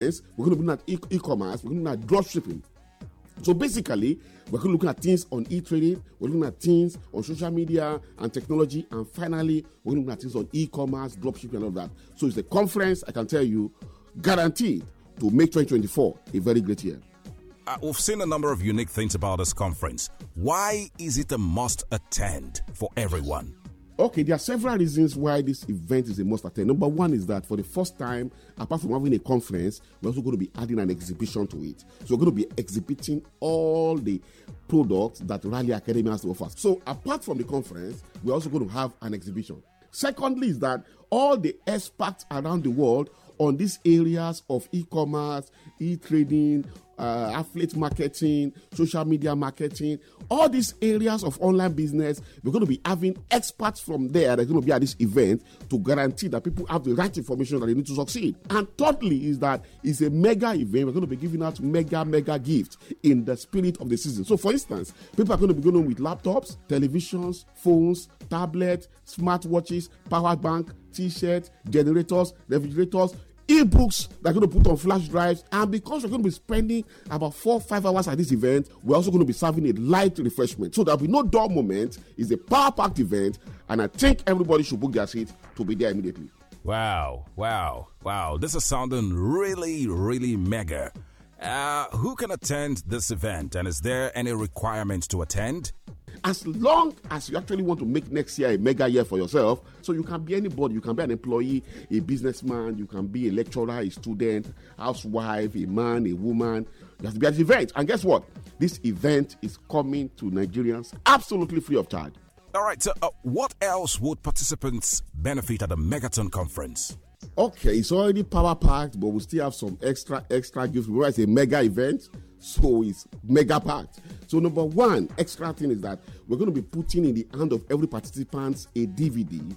we're going to be looking at e commerce, we're going to be looking at drop shipping. So basically, we're looking at things on e-trading, we're looking at things on social media and technology, and finally, we're looking at things on e-commerce, dropshipping, and all that. So it's a conference I can tell you, guaranteed to make 2024 a very great year. Uh, we've seen a number of unique things about this conference. Why is it a must attend for everyone? Okay, there are several reasons why this event is a must attend. Number one is that for the first time, apart from having a conference, we're also going to be adding an exhibition to it. So we're going to be exhibiting all the products that Rally Academy has to offer. So apart from the conference, we're also going to have an exhibition. Secondly, is that all the experts around the world on these areas of e-commerce, e-trading, uh, affiliate marketing, social media marketing, all these areas of online business. We're going to be having experts from there that are going to be at this event to guarantee that people have the right information that they need to succeed. And thirdly, is that it's a mega event. We're going to be giving out mega, mega gifts in the spirit of the season. So, for instance, people are going to be going with laptops, televisions, phones, tablets, smartwatches, power bank, t-shirts, generators, refrigerators, ebooks that are going to put on flash drives. And because we're going to be spending about four, five hours at this event, we're also going to be serving a light refreshment. So there'll be no dull moment. It's a power packed event. And I think everybody should book their seat to be there immediately. Wow, wow, wow. This is sounding really, really mega. Uh, who can attend this event? And is there any requirement to attend? As long as you actually want to make next year a mega year for yourself, so you can be anybody, you can be an employee, a businessman, you can be a lecturer, a student, housewife, a man, a woman. You have to be at the event. And guess what? This event is coming to Nigerians absolutely free of charge. All right, so uh, what else would participants benefit at a Megaton conference? Okay, it's already power packed, but we still have some extra extra gifts. We're it's a mega event, so it's mega part. So number one extra thing is that we're going to be putting in the hand of every participant a DVD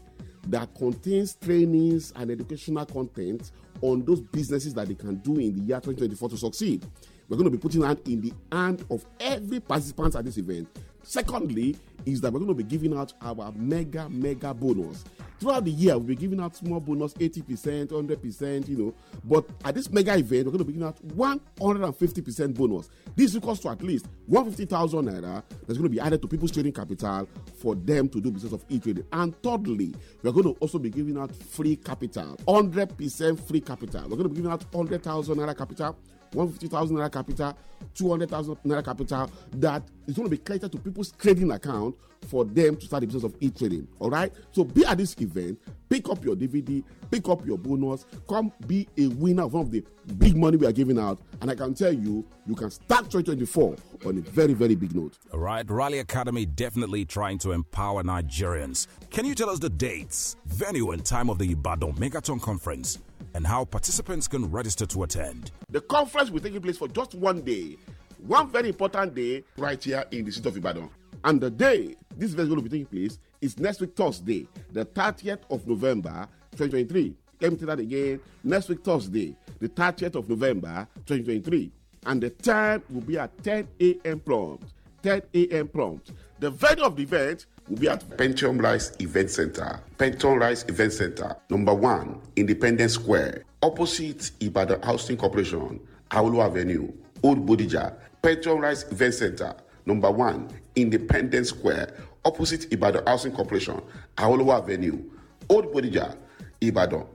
that contains trainings and educational content on those businesses that they can do in the year 2024 to succeed. We're going to be putting that in the hand of every participant at this event Secondly, is that we're going to be giving out our mega, mega bonus. Throughout the year, we'll be giving out small bonus 80%, 100%, you know. But at this mega event, we're going to be giving out 150% bonus. This equals to at least 150,000 naira that's going to be added to people's trading capital for them to do business of e trading. And thirdly, we're going to also be giving out free capital 100% free capital. We're going to be giving out 100,000 naira capital. 150,000 naira capital, 200,000 naira capital that is going to be credited to people's trading account for them to start the business of e trading. All right. So be at this event, pick up your DVD, pick up your bonus, come be a winner of one of the big money we are giving out. And I can tell you, you can start 2024 on a very, very big note. All right. Rally Academy definitely trying to empower Nigerians. Can you tell us the dates, venue, and time of the Ibadan Megaton Conference? and how participants can register to attend. The conference will take place for just one day, one very important day right here in the city of Ibadan. And the day this event is going to be taking place is next week, Thursday, the 30th of November, 2023. Let me say that again. Next week, Thursday, the 30th of November, 2023. And the time will be at 10 a.m. prompt. 10 a.m. prompt. The venue of the event We'll be at Pentium Rise Event Center. Pentium Rise Event Center, number one, Independence Square, opposite Ibadan Housing Corporation, Aulu Avenue, Old Bodija. Pentium Rise Event Center, number one, Independence Square, opposite Ibadan Housing Corporation, Aulu Avenue, Old Bodija, Ibadan.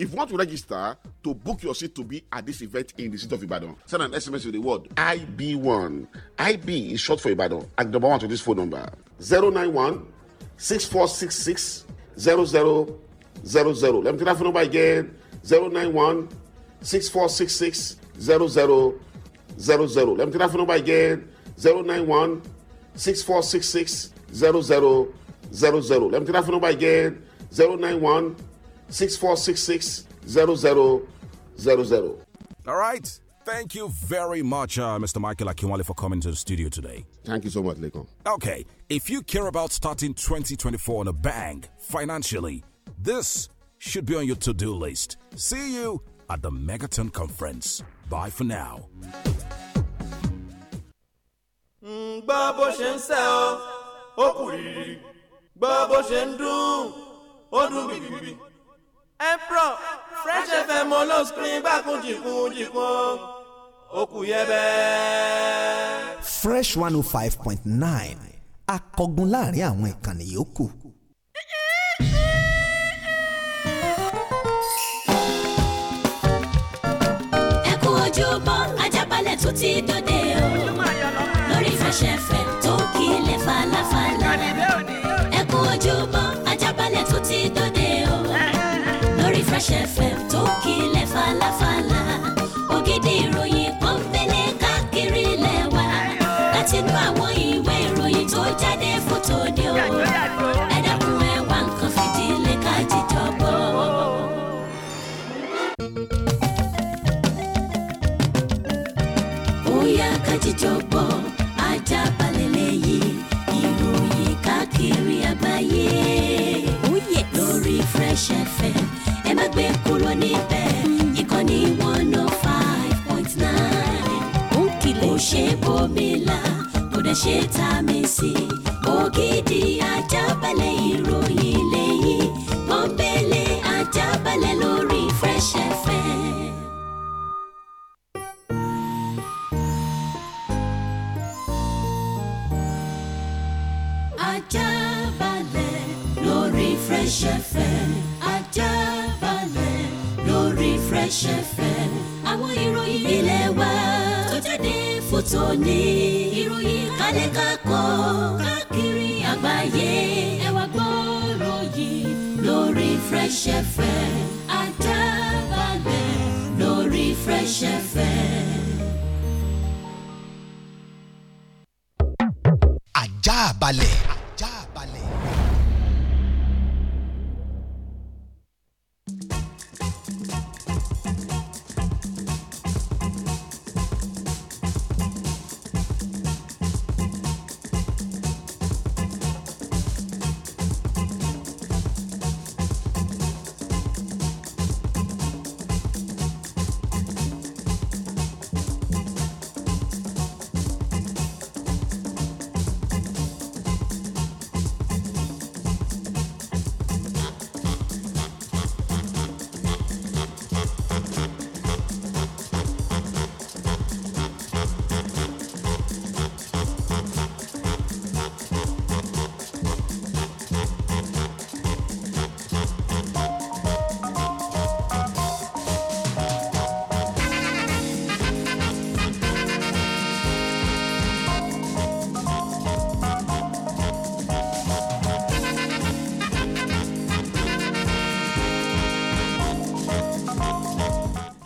If you want to register to book your seat to be at this event in the city of Ibadan, send an SMS with the word IB1. IB is short for Ibadan. And number one to this phone number 091 6466 0000. Let me take that phone number again 091 6466 0000. Let me take that phone number again 091 6466 0000. Let me take that phone number again 091 091- 6466 0000. All right. Thank you very much, uh, Mr. Michael Akinwale, for coming to the studio today. Thank you so much, Lekon. Okay, if you care about starting 2024 on a bang financially, this should be on your to do list. See you at the Megaton Conference. Bye for now. ẹ̀prọ̀ Fresh FM olóòsìn gbàkún jìkún jìkún òkú yẹbẹ. Fresh one oh five point nine akọgun láàrin àwọn ìkànnì yòókù. ẹ kú ojúbọ ajábalẹ̀ tó ti dòde o lórí Fresh FM tó kílẹ̀ falafala ẹ kú ojúbọ ajábalẹ̀ tó ti dòde. fresh fm tó kílẹ̀ falafala.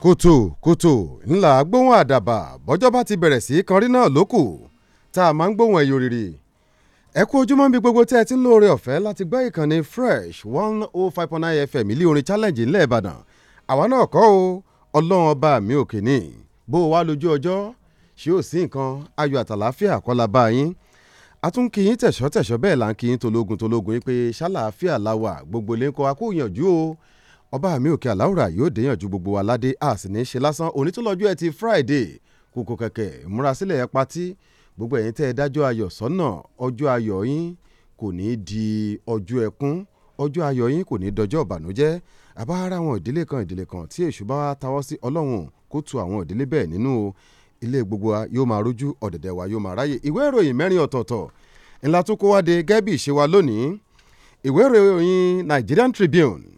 kùtùkùtù ńlá gbóhùn àdàbà bọ́jọ́ bá ti bẹ̀rẹ̀ sí kanrí náà lókù tá a máa ń gbóhùn ẹ̀yọ́ rírì ẹ kú ojúmọ́ bí gbogbo tẹ́ ẹ ti ń lóore ọ̀fẹ́ láti gbọ́ ìkànnì fresh one oh five point nine fm ilé orin challenge ńlẹ̀ ìbàdàn àwa náà kọ́ o ọlọ́run ọba mi òkè ní bó o wá lójú ọjọ́ ṣé ò sí nǹkan ayọ̀ àtàlàáfíà kọ́lá bá yín atúnkìyín tẹ̀sọ́ tẹ̀sọ́ bẹ́ẹ̀ là ń kìyín tológun tológun yín pé ṣàlàáfíà la ọba mi òkè aláwùrà yóò déyàn ju gbogbo wa ládé a sì ní í ṣe lásán òní tó lọ́jọ́ friday kòkò kẹ̀kẹ́ ìmúrasílẹ̀ ẹ̀ patí gbogbo ẹ̀yin tẹ́ ẹ dájọ́ ayọ̀ sọ́nà ọjọ́ ayọ̀ yín kò ní í di ọjọ́ ẹkún ọjọ́ ayọ̀ yín kò ní í dọjọ́ ìbànújẹ́ àbá ara àwọn ìdílé kan ìdílé kan tí èṣù bá tawọ́ sí ọlọ́run kó tu àwọn ìdílé bẹ́ẹ̀ nínú o ilé gbogbo wa yóò máa rójú ọ̀dẹ̀dẹ̀ wa yóò máa ráyè ìwé ìròyìn mẹ́rin ọ̀tọ̀ọ̀tọ̀ ńlá tó kó wá de gẹ́bí ìṣe wa lónìí ìwé ìròyìn Nigerian Tribune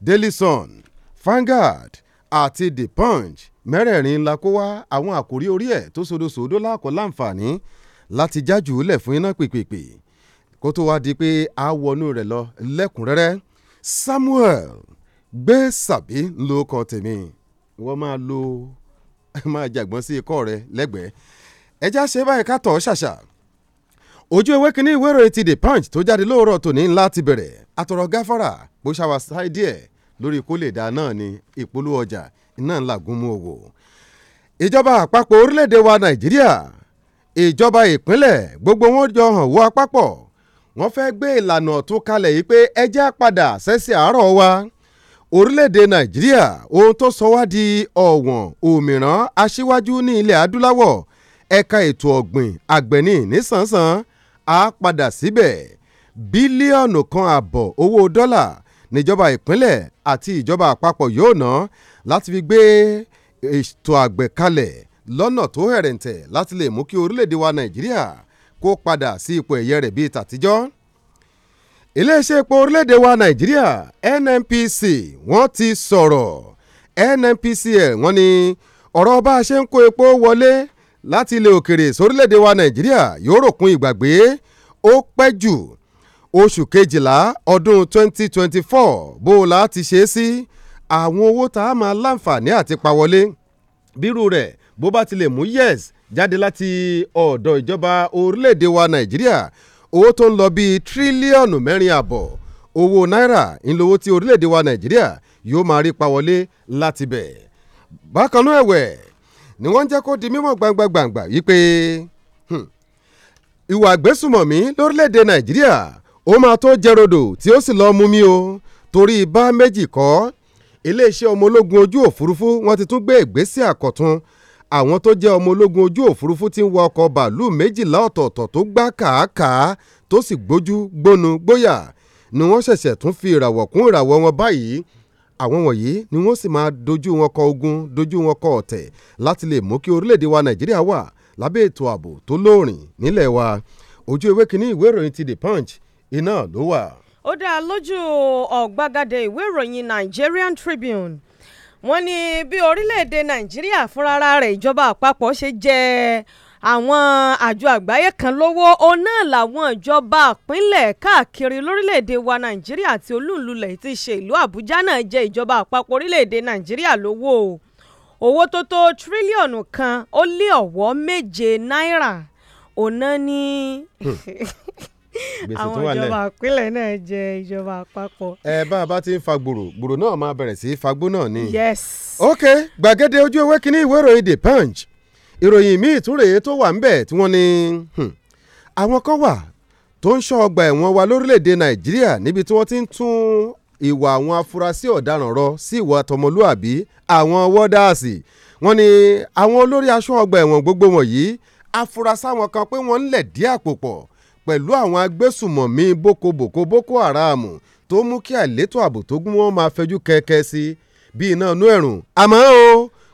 Daily Sun, Vanguard àti The Punch mẹ́rẹ̀ẹ̀rin la kó wá àwọn àkòrí orí ẹ̀ tó sodosòdo láàkó láǹfààní láti jájú lẹ̀ fún iná pèpèpè kó tó wá di pé a wọnú rẹ̀ lọ lẹ́kùnrẹ́rẹ́ Samuel gbé sàbí ló kọ tèmi wọ́n máa lo máa jàgbọ́n sí ikọ́ rẹ lẹ́gbẹ̀ẹ́ ẹja ṣe báyìí ká tọ̀ ọ́ ṣàṣà ojú ewé kínní ìwé ìròyìn ti the punch tó jáde lóòrọ̀ tòní ńlá ti bẹ̀rẹ̀ àtọ̀rọ̀ gáfárà bó ṣàwà sáì díẹ̀ lórí kólèdà náà ni ìpolówó ọjà iná ńlá gúnmú owó ìjọba àpapọ̀ orílẹ̀-èdè wa nàìjíríà ìjọba ìpínlẹ̀ gbogbo wọn jọ hàn wọ àpapọ̀ wọ́n fẹ́ gbé ìlànà tó kalẹ̀ yìí pé ẹ jẹ́ padà sẹ́sì àárọ̀ wa orílẹ̀-èdè nàìjíríà ohun tó sọ wá di ọ̀wọ̀n òmìrán aṣíwájú ní ilẹ̀ adúláwọ̀ ẹ̀ka ètò ọ̀gbìn àgbẹ̀ni nísànsán á padà síbẹ̀ bílíọ̀nù kan àbọ̀ owó dọ́là níjọba ìpínlẹ̀ àti ìjọba àpapọ̀ yóò ná láti fi gbé ètò àgbẹ̀ kalẹ̀ lọ́nà tó hẹ̀rẹ̀ǹtẹ̀ láti lè mú kí orílẹ̀-èdè wa nàìjíríà kó padà sí ipò ẹ̀yẹ rẹ̀ bíi tàtijọ́ iléeṣẹ́ epo orílẹ̀-èdè wa nàìjíríà nnpc wọ́n ti sọ̀rọ̀ nnpcl wọ́n ní ọ̀rọ̀ bá a ṣe ń kó epo wọlé láti ilẹ̀ òkèrè sórílẹ̀‐èdè wa nàìjíríà yóò ròkun ìgbàgbé ó pẹ́ jù oṣù kejìlá ọdún 2024 bó o la ti ṣe é sí àwọn owó tá a máa láǹfààní àti pa wọlé bírú rẹ̀ bó bá ti lè mú yes jáde láti ọ̀dọ̀ ìjọba orílẹ̀‐èdè wa nàìjíríà owó tó ń lọ bíi tírílíọ̀nù mẹ́rin àbọ̀ owó náírà ńlọ́wọ́ tí orílẹ̀‐èdè wa nàìjíríà yóò máa rí pa wọlé láti bẹ̀. bákan náà ẹ̀wẹ̀ ni wọ́n ń jẹ́ kó di mímọ̀ gbangbangba wípé hmm, ìwà àgbésùmọ̀mí lórílẹ̀‐èdè nàìjíríà ó máa tó jẹrodò tí ó sì lọ́ọ́ mú mi o torí bá méjì kọ́ iléeṣẹ́ ọmọ ológun ojú òfurufú wọ́n ti tún gbé ìgbésẹ̀ àkọ́tún àwọn tó jẹ́ ọmọ ológun ojú òfurufú ti ń wa ọkọ̀ bàálù méjìlá ọ̀tọ̀ọ̀tọ̀ tó gbá kàákàá tó sì gbójú gbónu gbóyà ni wọ́n ṣẹ̀ṣẹ̀ tún fi ìràwọ̀ kún ìràwọ̀ wọn báyìí àwọn wọ̀nyí ni wọ́n sì máa dojú wọn kọ ogun dojú wọn kọ ọ̀tẹ̀ láti lè mú kí orílẹ̀-èdè wa nàìjíríà wà lábẹ́ ètò ààbò tó lóòrìn nílẹ̀ wa ojú ewé kínní ìwé ìròyìn ti the punch iná ló wà. ó dá lójú ọ̀gbagadẹ ìwé ìròyìn Nigerian Tribune wọ́n ní bí orílẹ̀-èdè nàìjíríà fúnra rẹ̀ ìjọba àpapọ̀ ṣe jẹ́ àwọn àjọ àgbáyé kan lówó òun náà làwọn ìjọba ìpínlẹ̀ káàkiri lórílẹ̀‐èdè wa nàìjíríà àti olúńlulẹ̀ ti ṣe ìlú àbújá náà jẹ ìjọba àpapọ̀ orílẹ̀‐èdè nàìjíríà lówó owó tó tó tírílíọ̀nù kan ó lé ọ̀wọ́ méje náírà òun náà ní hmm. àwọn ìjọba àpínlẹ̀ náà jẹ ìjọba àpapọ̀. ẹ bá a bá ti ń fa gbòòrò gbòòrò náà máa bẹ̀rẹ̀ sí í fagbó náà ni. yes. ok gbàgede ojú ewé kínní ìwé ìròyìn the punch ìròyìn míì tún rèé tó wà ńbẹ̀ tí wọ́n ní hmm, àwọn kan wà tó ń ṣọ́ ọgbà ẹ̀wọ̀n wa lórílẹ̀‐èdè nàìjíríà níbi tí wọ́n ti ń tún ìwà àwọn afurasí ọ̀daràn rọ sí ìwà tọmọlúàbí àwọn wọ́dáàsì wọ́n ní àwọn olórí aṣọ ọgbà ẹ̀wọ̀n gbogbo wọ̀nyí afurasí àwọn kan pé wọ́n ń lẹ̀ dí àpò pọ̀ pẹ̀lú àwọn agbésùmọ̀mí boko boko boko haram tó mú kí àlétò ààbò tó gún wọn máa fẹjú kẹ̀kẹ́ sí bíi iná inú ẹ̀rùn àmọ́ o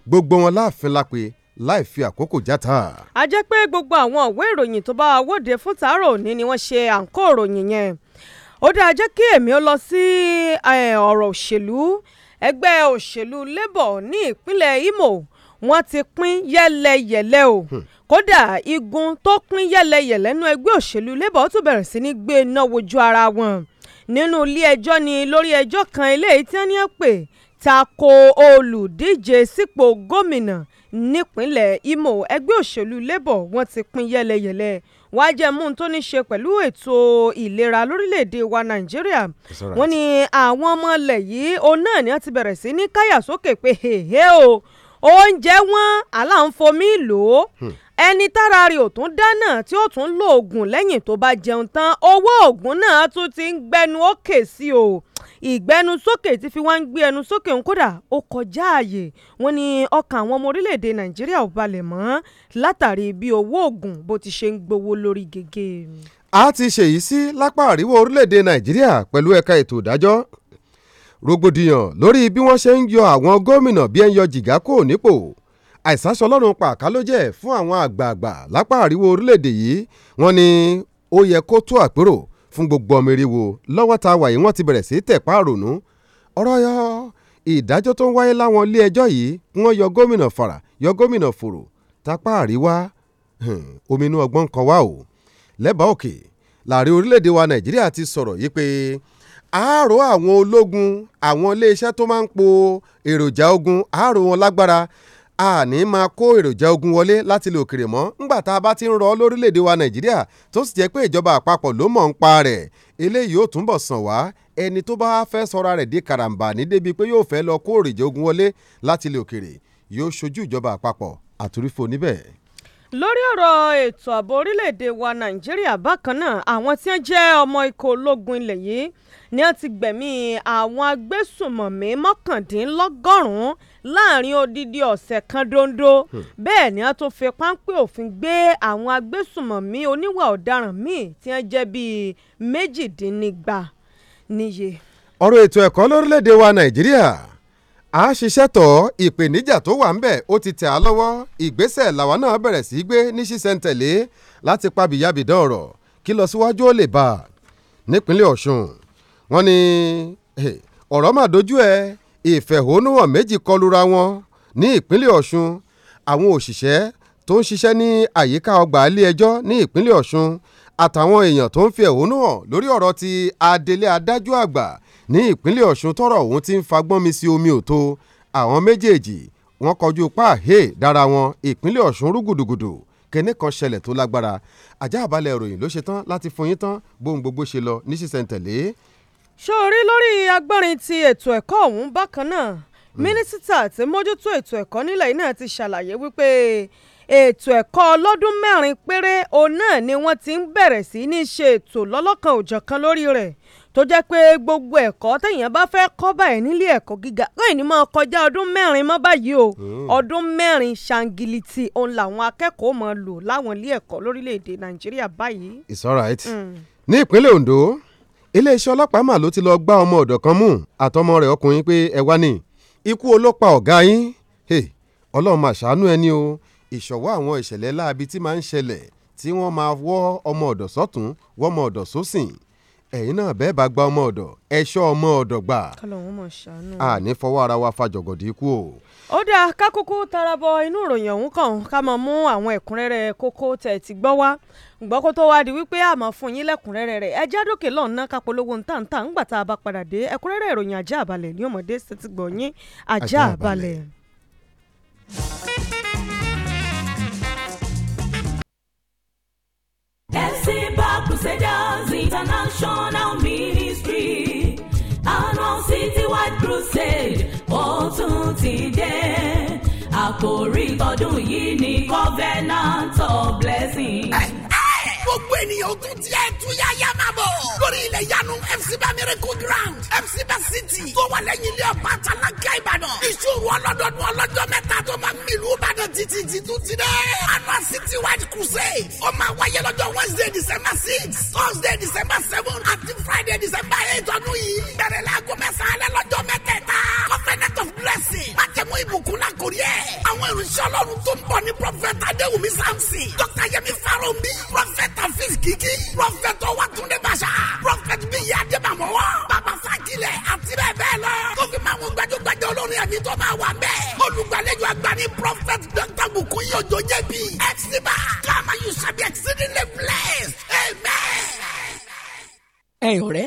gbogbo wọn láàfin lápè láì fi àkókò játa. a jẹ́ pé gbogbo àwọn ìwé ìròyìn tó bá wọ́de fún tàárọ̀ òní ni wọ́n ṣe àǹkó ìròyìn yẹn ó dáa jẹ́ kí èmi ó lọ sí ọ̀rọ̀ òṣèlú ẹgbẹ́ òṣèlú labour ní ìpínlẹ̀ imo wọ́n ti pín yẹ́lẹyẹ̀lẹ o hmm. kódà igun tó pín yẹ́lẹyẹ̀lẹ nú ẹgbẹ́ òṣèlú labour tún bẹ̀rẹ̀ sí ní gbé iná wojú ara wọn nínú ilé ẹjọ́ ni lórí ẹjọ́ kan eléyìí tí wọ́n ní pè ta ko olùdíje sípò gómìnà nípínlẹ̀ Imo ẹgbẹ́ òṣèlú Labour wọ́n ti pín yẹ́lẹyẹ̀lẹ wọ́n á jẹ́ mú un tó ní ṣe pẹ̀lú ètò ìlera lórílẹ̀‐èdè wa Nàìjíríà wọ́n ní àwọn ọmọ ilẹ̀ yìí òun náà ni wọ́n ti bẹ̀rẹ̀ sí ní káyà sókè pé hèhè o oúnjẹ wọn aláǹfomí lò ó hmm. ẹni tára rẹ̀ ò dáná tí ó tún lo oògùn lẹ́yìn tó bá jẹun tán owó oògùn náà tún ti ń gbẹnu ókè sí o ìgbẹ́nusókè tí fi wá ń gbé ẹnu sókè ń kódà ó kọjá ààyè wọn ni ọkàn àwọn ọmọ orílẹ̀-èdè nàìjíríà ò balẹ̀ mọ́ látàrí bí owó oògùn bó ti ṣe ń gbowó lórí gègé. a ti ṣèyí sí lápá àríwá orílẹ̀-èdè nàìjíríà pẹ̀lú ẹ̀ka ètò ìdájọ́ rògbòdìyàn lórí bí wọ́n ṣe ń yọ àwọn gómìnà bí ẹ jìgá kò nípò àìsàsọ ọlọ́run fún àwọn àgbààgbà lápá àríwá orílẹ̀-èdè yìí wọ́n ní ó yẹ kó tó àpérò fún gbogbo ọmọ eriwo lọ́wọ́ tá a wà yìí wọ́n ti bẹ̀rẹ̀ sí tẹ̀pá àrònú ọ̀rọ̀ yọ ìdájọ́ tó ń wáyé láwọn ilé ẹjọ́ yìí wọ́n yọ gómìnà fara yọ gómìnà fòrò tapá àríwá omi inú ọgbọ́n kan wá o lẹ́bàá òkè láàrin orílẹ̀-èdè wa nàìjíríà ti sọ̀rọ̀ yìí pé àárò àwọn ológun àwọn iléeṣẹ́ tó máa ń po èròjà ogun àárò wọn lágbára a ní máa kó èròjà ogun wọlé láti ilẹ̀ òkèrè mọ́ ńgbà tá a bá ti ń rọ lórílẹ̀‐èdè wa nàìjíríà tó sì jẹ́ pé ìjọba àpapọ̀ ló mọ̀ ń pa rẹ̀ eléyìí ó túnbọ̀ sàn wá ẹni tó bá fẹ́ sọra rẹ̀ di karambà ní débi pé yóò fẹ́ lọ kó èròjà ogun wọlé láti ilẹ̀ òkèrè yóò ṣojú ìjọba àpapọ̀ àtúrífò níbẹ̀ lórí ọ̀rọ̀ ètò ààbò orílẹ̀-èdè wa nàìjíríà bákan náà àwọn tí wọ́n jẹ́ ọmọ ikọ̀ ológun ilẹ̀ yìí ni wọ́n ti gbẹ̀mí àwọn agbésùmọ̀mí mọ́kàndínlọ́gọ́rùn-ún láàrin odidi ọ̀sẹ̀ kan dondo hmm. bẹ́ẹ̀ ni wọ́n tún fi páńpẹ́ òfin gbé àwọn agbésùmọ̀mí oníwà ọ̀daràn míì tí wọ́n jẹ́ bíi méjìdínnígba níye. ọ̀rọ̀ ètò ẹ̀kọ́ lórílẹ̀-èdè wa nàìjíríà a ṣiṣẹ́ tọ̀ ìpèníjà tó wà ńbẹ̀ ó ti tẹ̀ á lọ́wọ́ ìgbésẹ̀ làwa náà bẹ̀rẹ̀ sí í gbé ní ṣísẹ̀ntẹ̀lé láti pa bìyàbìdán ọ̀rọ̀ kí lọ síwájú ó lè bá a nípínlẹ̀ ọ̀ṣun wọ́n ní ọ̀rọ̀ mà dojú ẹ ìfẹ̀hónúhàn méjì kọlura wọn ní ìpínlẹ̀ ọ̀ṣun àwọn òṣìṣẹ́ tó ń ṣiṣẹ́ ní àyíká ọgbà ilé ẹjọ́ ní ìpínlẹ̀ ọ̀ṣun àtàwọn èèyàn tó ń fi ẹ̀hónú hàn lórí ọ̀rọ̀ ti adelé adájọ́ àgbà ní ìpínlẹ̀ ọ̀ṣun tọ́rọ̀ ọ̀hún ti ń fagbọ́n mi sí omi òtó àwọn méjèèjì wọ́n kọjú páàhé dára wọn ìpínlẹ̀ ọ̀ṣun rúgùdùgùdù kẹ́ni kan ṣẹlẹ̀ tó lágbára ajá àbálẹ̀ ìròyìn ló ṣe tán láti fún yín tán bóun gbogbo ṣe lọ ní ṣísẹ̀ntẹ̀lé. sórí lórí agbọ́nrin ti ètò ẹ̀kọ́ ọ̀hún bákan náà hmm. mínísítà tí mójútó ètò ẹ̀kọ́ nílẹ̀ yìí ti ṣàlàyé wípé ètò ẹ̀kọ́ ọlọ́dún mẹ́rin péré òun náà ni wọ́n ti ń bẹ̀rẹ̀ sí ní ṣe ètò lọ́lọ́kan òjọ̀kan lórí rẹ̀ tó jẹ́ pé gbogbo ẹ̀kọ́ téèyàn bá fẹ́ kọ́ báyìí nílé ẹ̀kọ́ gíga lóyìn ní máa kọjá ọdún mẹ́rin mọ́ báyìí o hmm. ọdún mẹ́rin ṣangiliti òun làwọn akẹ́kọ̀ọ́ máa lò láwọn ilé ẹ̀kọ́ lórílẹ̀‐èdè nàìjíríà báyìí. it's alright. Hmm. ní ìpínlẹ̀ ondo iléeṣẹ́ ọlọ́pàá mà ló ti lọ gbá ọmọ ọ̀dọ̀ kan mú àtọmọ rẹ̀ ọkùnrin pé ẹ wá ní ikú olópa ọ̀gá yín ọlọ́run máa ṣàánú ẹni o ìṣọ̀wọ́ àwọn ìṣẹ̀lẹ̀ ẹ̀yin náà bẹ́ẹ̀ bá gba ọmọ ọ̀dọ̀ ẹ̀ṣọ́ ọmọ ọ̀dọ̀ gbà. kọlọ́hún mọ̀ ṣàánú. a ní fọwọ́ ara wa fa ikú o. ó dáa ká kúkú tarabọ inú ìròyìn ọ̀hún kan ká máa mú àwọn ẹ̀kúnrẹ́rẹ́ kókó tẹ̀ ti gbọ́ wá gbọ́ kó tó wáá di wípé àmọ́ fún yín lẹ́kùnrẹ́rẹ́ rẹ̀ ẹ já dókè lọ́nà kápolówó ń tàǹtà ńgbà tá a bá padà dé ẹ̀kúnrẹ́rẹ́ ìròyìn ajá àbálẹ̀ FC Bar Crusaders International Ministry Anon City Wide Crusade ó tún ti dé. Àkòrí tọdún yìí ni Covenant of Blessing. Gbogbo ènìyàn tún tiẹ̀ tún yáyá mi bọ̀ lórí ilẹ̀ yanu fc bá miracle ground fc bá city tó wà lẹ́yìn ilé ọba àtàlágà ìbàdàn ìṣòro ọlọ́dọọdún ọlọ́jọ́ mẹ́ta tó máa ń mìlú ìbàdàn títí títú ti dẹ́. anua city wide crusade ó máa wáyé lọ́jọ́ wednesday december six thursday december seven àti friday december eight ọdún yìí bẹ̀rẹ̀ láago mẹ́sàn-án lọ́jọ́ mẹ́tẹ̀ẹ̀ta covenant of blessing ìbùkún lákòrí ẹ̀. àwọn ìrìnsẹ̀ ọlọ́run tó ń bọ̀ ní prọfẹ̀tà adéwùmí samson dr yemi faromi prọfẹ̀tà fis kiki prọfẹ̀tà watunde basa prọfẹ̀tà bíyì adébàmọ́wọ́ bàbá fagilẹ̀ àti bẹ́ẹ̀ bẹ́ẹ̀ lọ. tó fi máa wọn gbajúgbajà olórin ẹ̀mí tó máa wà bẹ́ẹ̀. olùgbàlejò àgbà ní prọfẹ̀tà dr bukun yọjọ jẹbi ẹ̀sìnbà kàmá you shall be exceedingly blessed amen. ẹ ọ̀rẹ́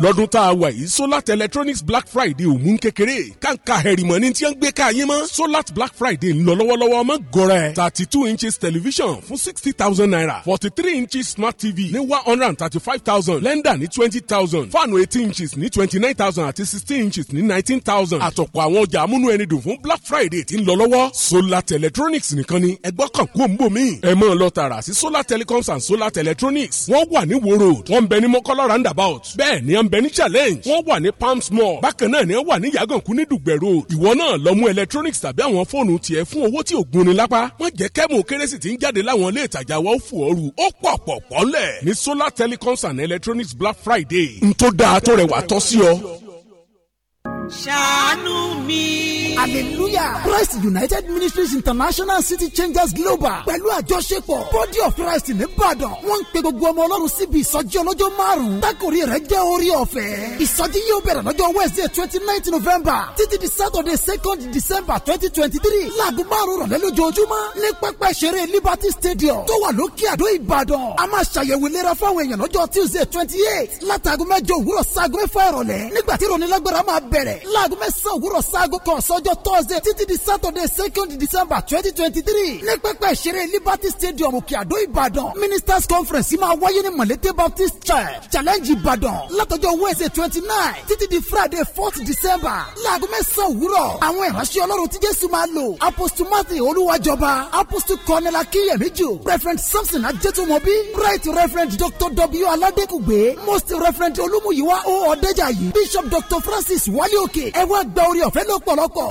lọ́dún tá a wà yìí solar electronics black friday ò mú kékeré kàǹkà hẹ̀rìmọ̀ ni tí wọ́n gbé ká mọ́ solar black friday ń lọ lọ́wọ́lọ́wọ́ ọmọ gọ̀rẹ́ thirty two inches television fún sixty thousand naira forty three inches smart tv ní one hundred and thirty five thousand blender ní twenty thousand fáànù eighteen inches ní twenty nine thousand àti sixteen inches ní nineteen thousand àtọ̀pọ̀ àwọn ọjà amúnú ẹni dùn fún black friday tí ń lọ lọ́wọ́ solar electronics nìkan ni ẹgbọ́ kan kú òǹbò mi ẹ mọ̀ lọ tààrà sí solar telecoms and solar electronics wọ́n wà ní wo road wọ́n ń bẹ ní mọ́kọ́lá roundabout bẹ́ẹ̀ ni à ń challenge wọ́n wà ní palms mall bákan náà ni wọ́n wà ní yàgànkú ní dùgbẹ̀ ìwọ náà lọ mú electronics tàbí àwọn fóònù tiẹ̀ fún owó tí ò gúnni lápá wọ́n jẹ́ kẹ́mù kérésì tí ń jáde láwọn ilé ìtajà wa ó fò ooru ó pọ̀ pọ̀ pọ́lẹ̀ ní solar telecoms and electronics black friday n tó dáa tó rẹwà tọ́ sí ọ. ṣàánú mi hallelujah christ united ministries international city changers global pẹ̀lú àjọṣepọ̀ body of christ nìbàdàn wọ́n ń pe gbogbo ọmọ ọlọ́run síbi ìsọjí ọlọ́jọ́ márùn-ún tákòrí rẹ̀ jẹ́ orí ọ̀fẹ́ ìsọjí yóò bẹ̀rẹ̀ lọ́jọ́ wednesday twenty nine november títí di saturday second december twenty twenty three láago márùn-ún rọ̀lẹ́ lójoojúmọ́ ní pẹ́pẹ́ ṣeré liberty stadium tó wà lókè àdó ìbàdàn a máa ṣàyẹ̀wò ìlera fáwọn èèyàn lọ́jọ́ tuesday twenty eight látàgọ́ mẹ́jọ òwúrọ̀ sáago mẹ́fà ìrọ̀lẹ́ nígbà tí ìrònílágbára máa bẹ̀rẹ̀ láago mẹ́sàn-án òwúrọ̀ sáago látọjọ́ thursday títí di saturday second december twenty twenty three ní pẹ́pẹ́ ìṣeré liberty stadium òkè àdó ìbàdàn ministers conference máa wáyé ní malete baptist church challenge ìbàdàn látọjọ́ wednesday twenty nine títí di friday fourth december láago mẹ́sàn-án òwúrọ̀ àwọn ìránṣẹ́ ọlọ́run tí jésù máa lò apostle matthew olúwàjọba apostle cornel akínyẹ̀míjò reverend samson ajẹ́tùmọ̀bí right reverend dr w aládékùgbé most reverend olúmúyíwá o ọ̀dẹ́jàyí bishop dr francis wálé òkè ẹ wá gba orí ọ̀fẹ́ lọ́pọ̀lọpọ̀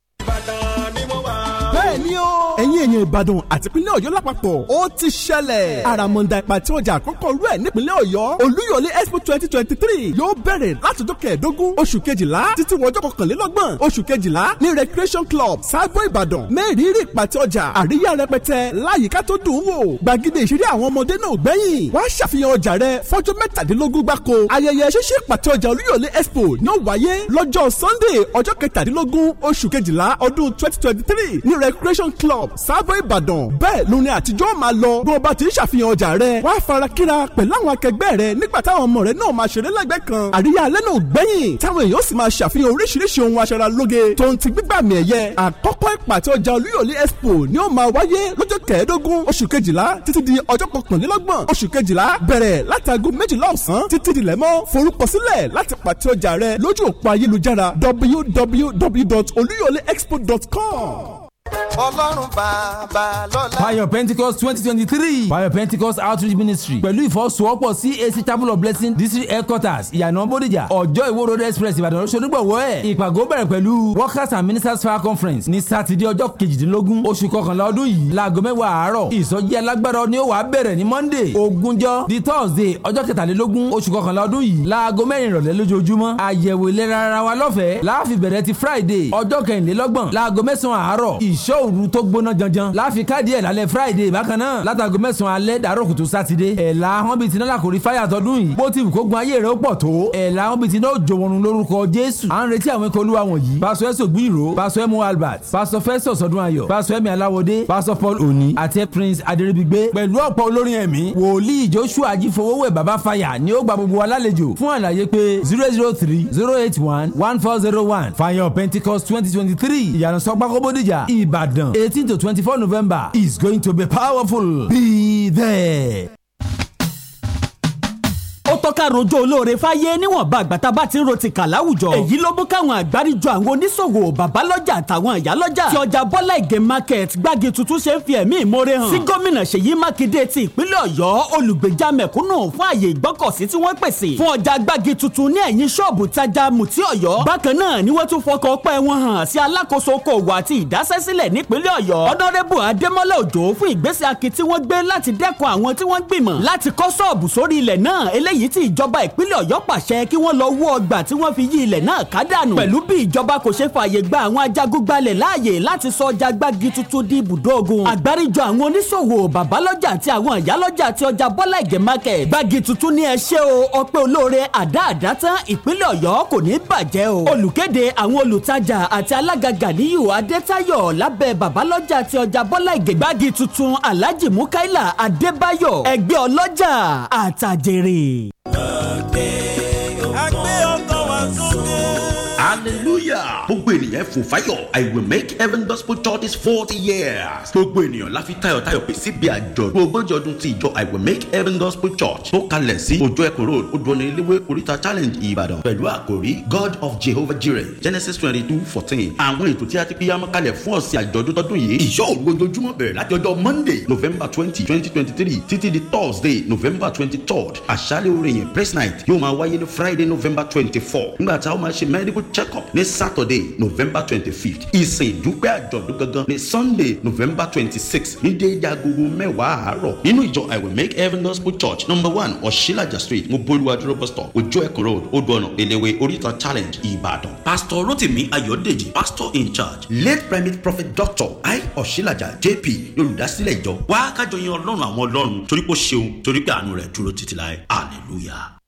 bẹ́ẹ̀ ni o. ẹ̀yin èèyàn ìbàdàn àti ìpínlẹ̀ ọ̀yọ́ lápapọ̀ ó ti ṣẹlẹ̀. àràmọ̀ǹdà ìpàtí ọjà àkọ́kọ́ rú ẹ̀ nípínlẹ̀ ọ̀yọ́ olúyọ̀lé expo twenty twenty three yóò bẹ̀rẹ̀ látọjọ́ kẹẹ̀ẹ́dógún oṣù kejìlá títí wọjọ́ kọkànlélọ́gbọ̀n oṣù kejìlá ní recreation club sábò ìbàdàn mẹ́rìírí ìpàtí ọjà àríyá rẹpẹtẹ láyìíká tó dùn wò gbàgede ìṣeré àwọn ọmọdé náà gbẹ̀yìn wá ṣàfihàn ọjà rẹ fọ́jọ́ mẹ́tàdínlógún gbáko ayẹyẹ ṣíṣe ìpàtí ọjà olúyọ̀lé expo ní ó wáyé lọ́jọ́ sunday ọjọ́ kẹtàdínlógún oṣù kejìlá ọdún twenty twenty three ní recreation club sábò ìbàdàn bẹ́ẹ̀ lóni àtijọ́ máa lọ bí o bá ti ń ṣàfihàn ọjà rẹ wàá fara kíra pẹ̀lú àwọn akẹgbẹ́ rẹ nígbà táwọn ọmọ rẹ náà máa ṣeré lẹ́gbẹ̀ẹ́ kan àríyá alẹ́ náà gbẹ̀yìn táwọn èèyàn sì máa ṣàfihàn oríṣiríṣi ohun aṣaralóge tó ń ti gbígbàmì ẹ̀yẹ àkọ́kọ́ ìpàtẹ ọjà olúyọ̀lé expo ni ó máa wáyé lọ́jọ́ kẹẹ̀ẹ́dógún oṣù kejìlá títí di ọjọ́ kọkànlélọ́gbọ̀n oṣù kejìlá bẹ̀rẹ̀ látago méjìlá ọ̀sán títí dilẹ̀ mọ́ forúkọsílẹ̀ láti pàtẹ ọlọ́run bàbá lọ́la. fire pentecost twenty twenty three fire pentecost outreach ministry pẹ̀lú ìfọwọ́sowọ́pọ̀ cac chapel of blessing district headquarters ìyànà bódìjà ọjọ́ ìwó road express ìbàdàn ṣonígbọ̀wọ́ ẹ̀ ìpàgọ́ bẹ̀rẹ̀ pẹ̀lú workers and ministers fire conference ní sátidé ọjọ́ kejìdínlógún oṣù kọkànlá ọdún yìí láago mẹ́wàá àárọ̀ ìsọjí alágbára ni ó wà bẹ̀rẹ̀ ní monday ogúnjọ́ di thursday ọjọ́ kẹtàlélógún oṣù kọkànlá ọdún yìí láago mẹ́rin ìrọ̀lẹ́ lójoojúmọ́ àyẹ̀wò ìlera ara wa lọ́fẹ̀ẹ́ láàfin bẹ̀rẹ̀ ti friday ọjọ́ kẹrìnlélọ́gbọ̀n láago mẹ́sàn-án àárọ̀ ìṣ ìṣọ́ òru tó gbóná janjan láfi káàdì ẹ̀ lálẹ́ friday bákan náà látago mẹ́sàn-án alẹ́ dàrọ́ kùtù sátidé ẹ̀la hàn bíi tiná làkòrí fáyà tọdún yìí bó ti wù kó gun ayé rẹ̀ ó pọ̀ tó ẹ̀la hàn bíi tiná òjò wọnú lórúkọ jésù à ń retí àwọn ikọ̀ olúwa wọ̀nyí pásọ ẹ̀sọ̀ gbìrò pásọ ẹ̀mú albert pásọ fẹ́sọ̀ sọdún ayọ̀ pásọ ẹ̀mí aláwọ̀dé pásọ paul òní àti prince adéríbigbé pẹ̀lú ọ̀pọ̀ olórin ẹ̀mí wòlíì joshua ajífowówẹ̀ baba fire ni ó gba gbogbo wa lálejò fún àlàyé pé zero zero three zero eight one one four zero one fire pentecost twenty twenty three ìyànà sọgbà kóbódìjà ì Ibadan, 18 to 24 November is going to be powerful. Be there tọ́ ká rojọ́ olóore fáyé níwọ̀nba àgbàtà bá ti ro ti kà láwùjọ. èyí ló mú káwọn àgbáríjọ àwọn oníṣòwò babalọ́jà àtàwọn ìyálọ́jà tí ọjà bọ́lá ìgè market gbági tuntun ṣe ń fi ẹ̀mí ìmoore hàn. sí gómìnà ṣèyí mákindé ti ìpínlẹ̀ ọ̀yọ́ olùgbèjà mẹ̀kúnnù fún àyè ìgbọ́kọ̀sí tí wọ́n pèsè. fún ọjà gbági tuntun ní ẹ̀yìn ṣọ́ọ̀bù tajà mùtí ọ̀yọ́. bákan náà ni tí ìjọba ìpínlẹ̀ ọ̀yọ́ pàṣẹ kí wọ́n lọ wó ọgbà tí wọ́n fi yí ilẹ̀ náà ká dànù. pẹ̀lú bí ìjọba kò ṣe fààyè gba àwọn ajagúgbalẹ̀ láàyè láti sọ ọjà gbági tuntun di ibùdó ogun. àgbáríjọ àwọn oníṣòwò bàbálọ́jà àti àwọn ìyálọ́jà àti ọjà bọ́lá ìgè market. gbági tuntun ní ẹ o ọpẹ́ olóore àdá àdátán ìpínlẹ̀ ọ̀yọ́ kò ní bàjẹ́ o. olùkéde àwọn olùtajà àti alága ganiyu adétayọ̀ lábẹ́ bàbálọ́jà àti ọjà bọ́lá ìgè gbági tuntun alhaji mukaila adébáyọ̀ ẹgbẹ́ ọlọ́jà àtàjèrè. fòfáyọ̀ i will make heaven gospel church this forty years. gbogbo ènìyàn la fi tayọ̀tayọ̀ pè síbi àjọ̀dún ogójì ọdún ti ìjọ i will make heaven gospel church tó kalẹ̀ sí ojú ẹkùn road odúniléwé oríta challenge ìbàdàn pẹ̀lú àkòrí god of jehovah jireh genesis twenty two fourteen. àwọn ètò tí a ti fi yámọ́ kalẹ̀ fún ọ̀sẹ̀ àjọ̀dún tọdún yìí ìṣọ́ ògbójojúmọ́ bẹ̀rẹ̀ láti ọjọ́ monday november twenty twenty twenty three títí di thursday november twenty third àṣálẹ̀ orin yẹn praise night yóò máa wáyé ní friday november twenty four nígbà tá a ó medical check up saturday november november twenty fifth ìsìn ìdúpẹ́ àjọ̀dún gangan ní sunday november twenty sixth ní déédé agogo mẹ́wàá àárọ̀ nínú ìjọ i will make heaven gospel church number one oshilaja street moboluwa dúró bus stop ojú ẹkùn road odò ọ̀nà èlèwé oríta challenge ìbàdàn. pastor rotimi ayọ̀dèjì pastor in charge late primate prophet doctor i oshilaja jp olùdásílẹ̀ ìjọ wá kájọ yin ọlọ́run àwọn ọlọ́run torí pé ó ṣeun torí pé àánú rẹ̀ dúró títí láé hallelujah.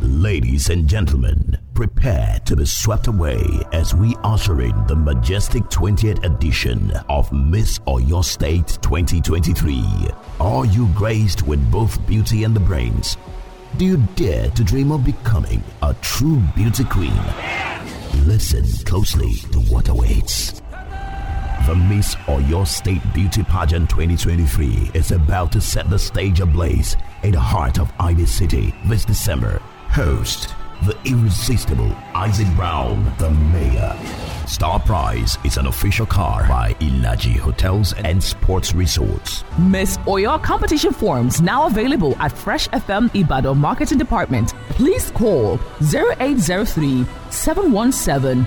Ladies and gentlemen, prepare to be swept away as we usher in the majestic 20th edition of Miss or Your State 2023. Are you graced with both beauty and the brains? Do you dare to dream of becoming a true beauty queen? Listen closely to what awaits. The Miss or Your State Beauty Pageant 2023 is about to set the stage ablaze in the heart of Ivy City this December. Host the irresistible Isaac Brown, the mayor. Star Prize is an official car by Ilaji Hotels and Sports Resorts. Miss Oyo competition forms now available at Fresh FM Ibadan Marketing Department. Please call 0803 717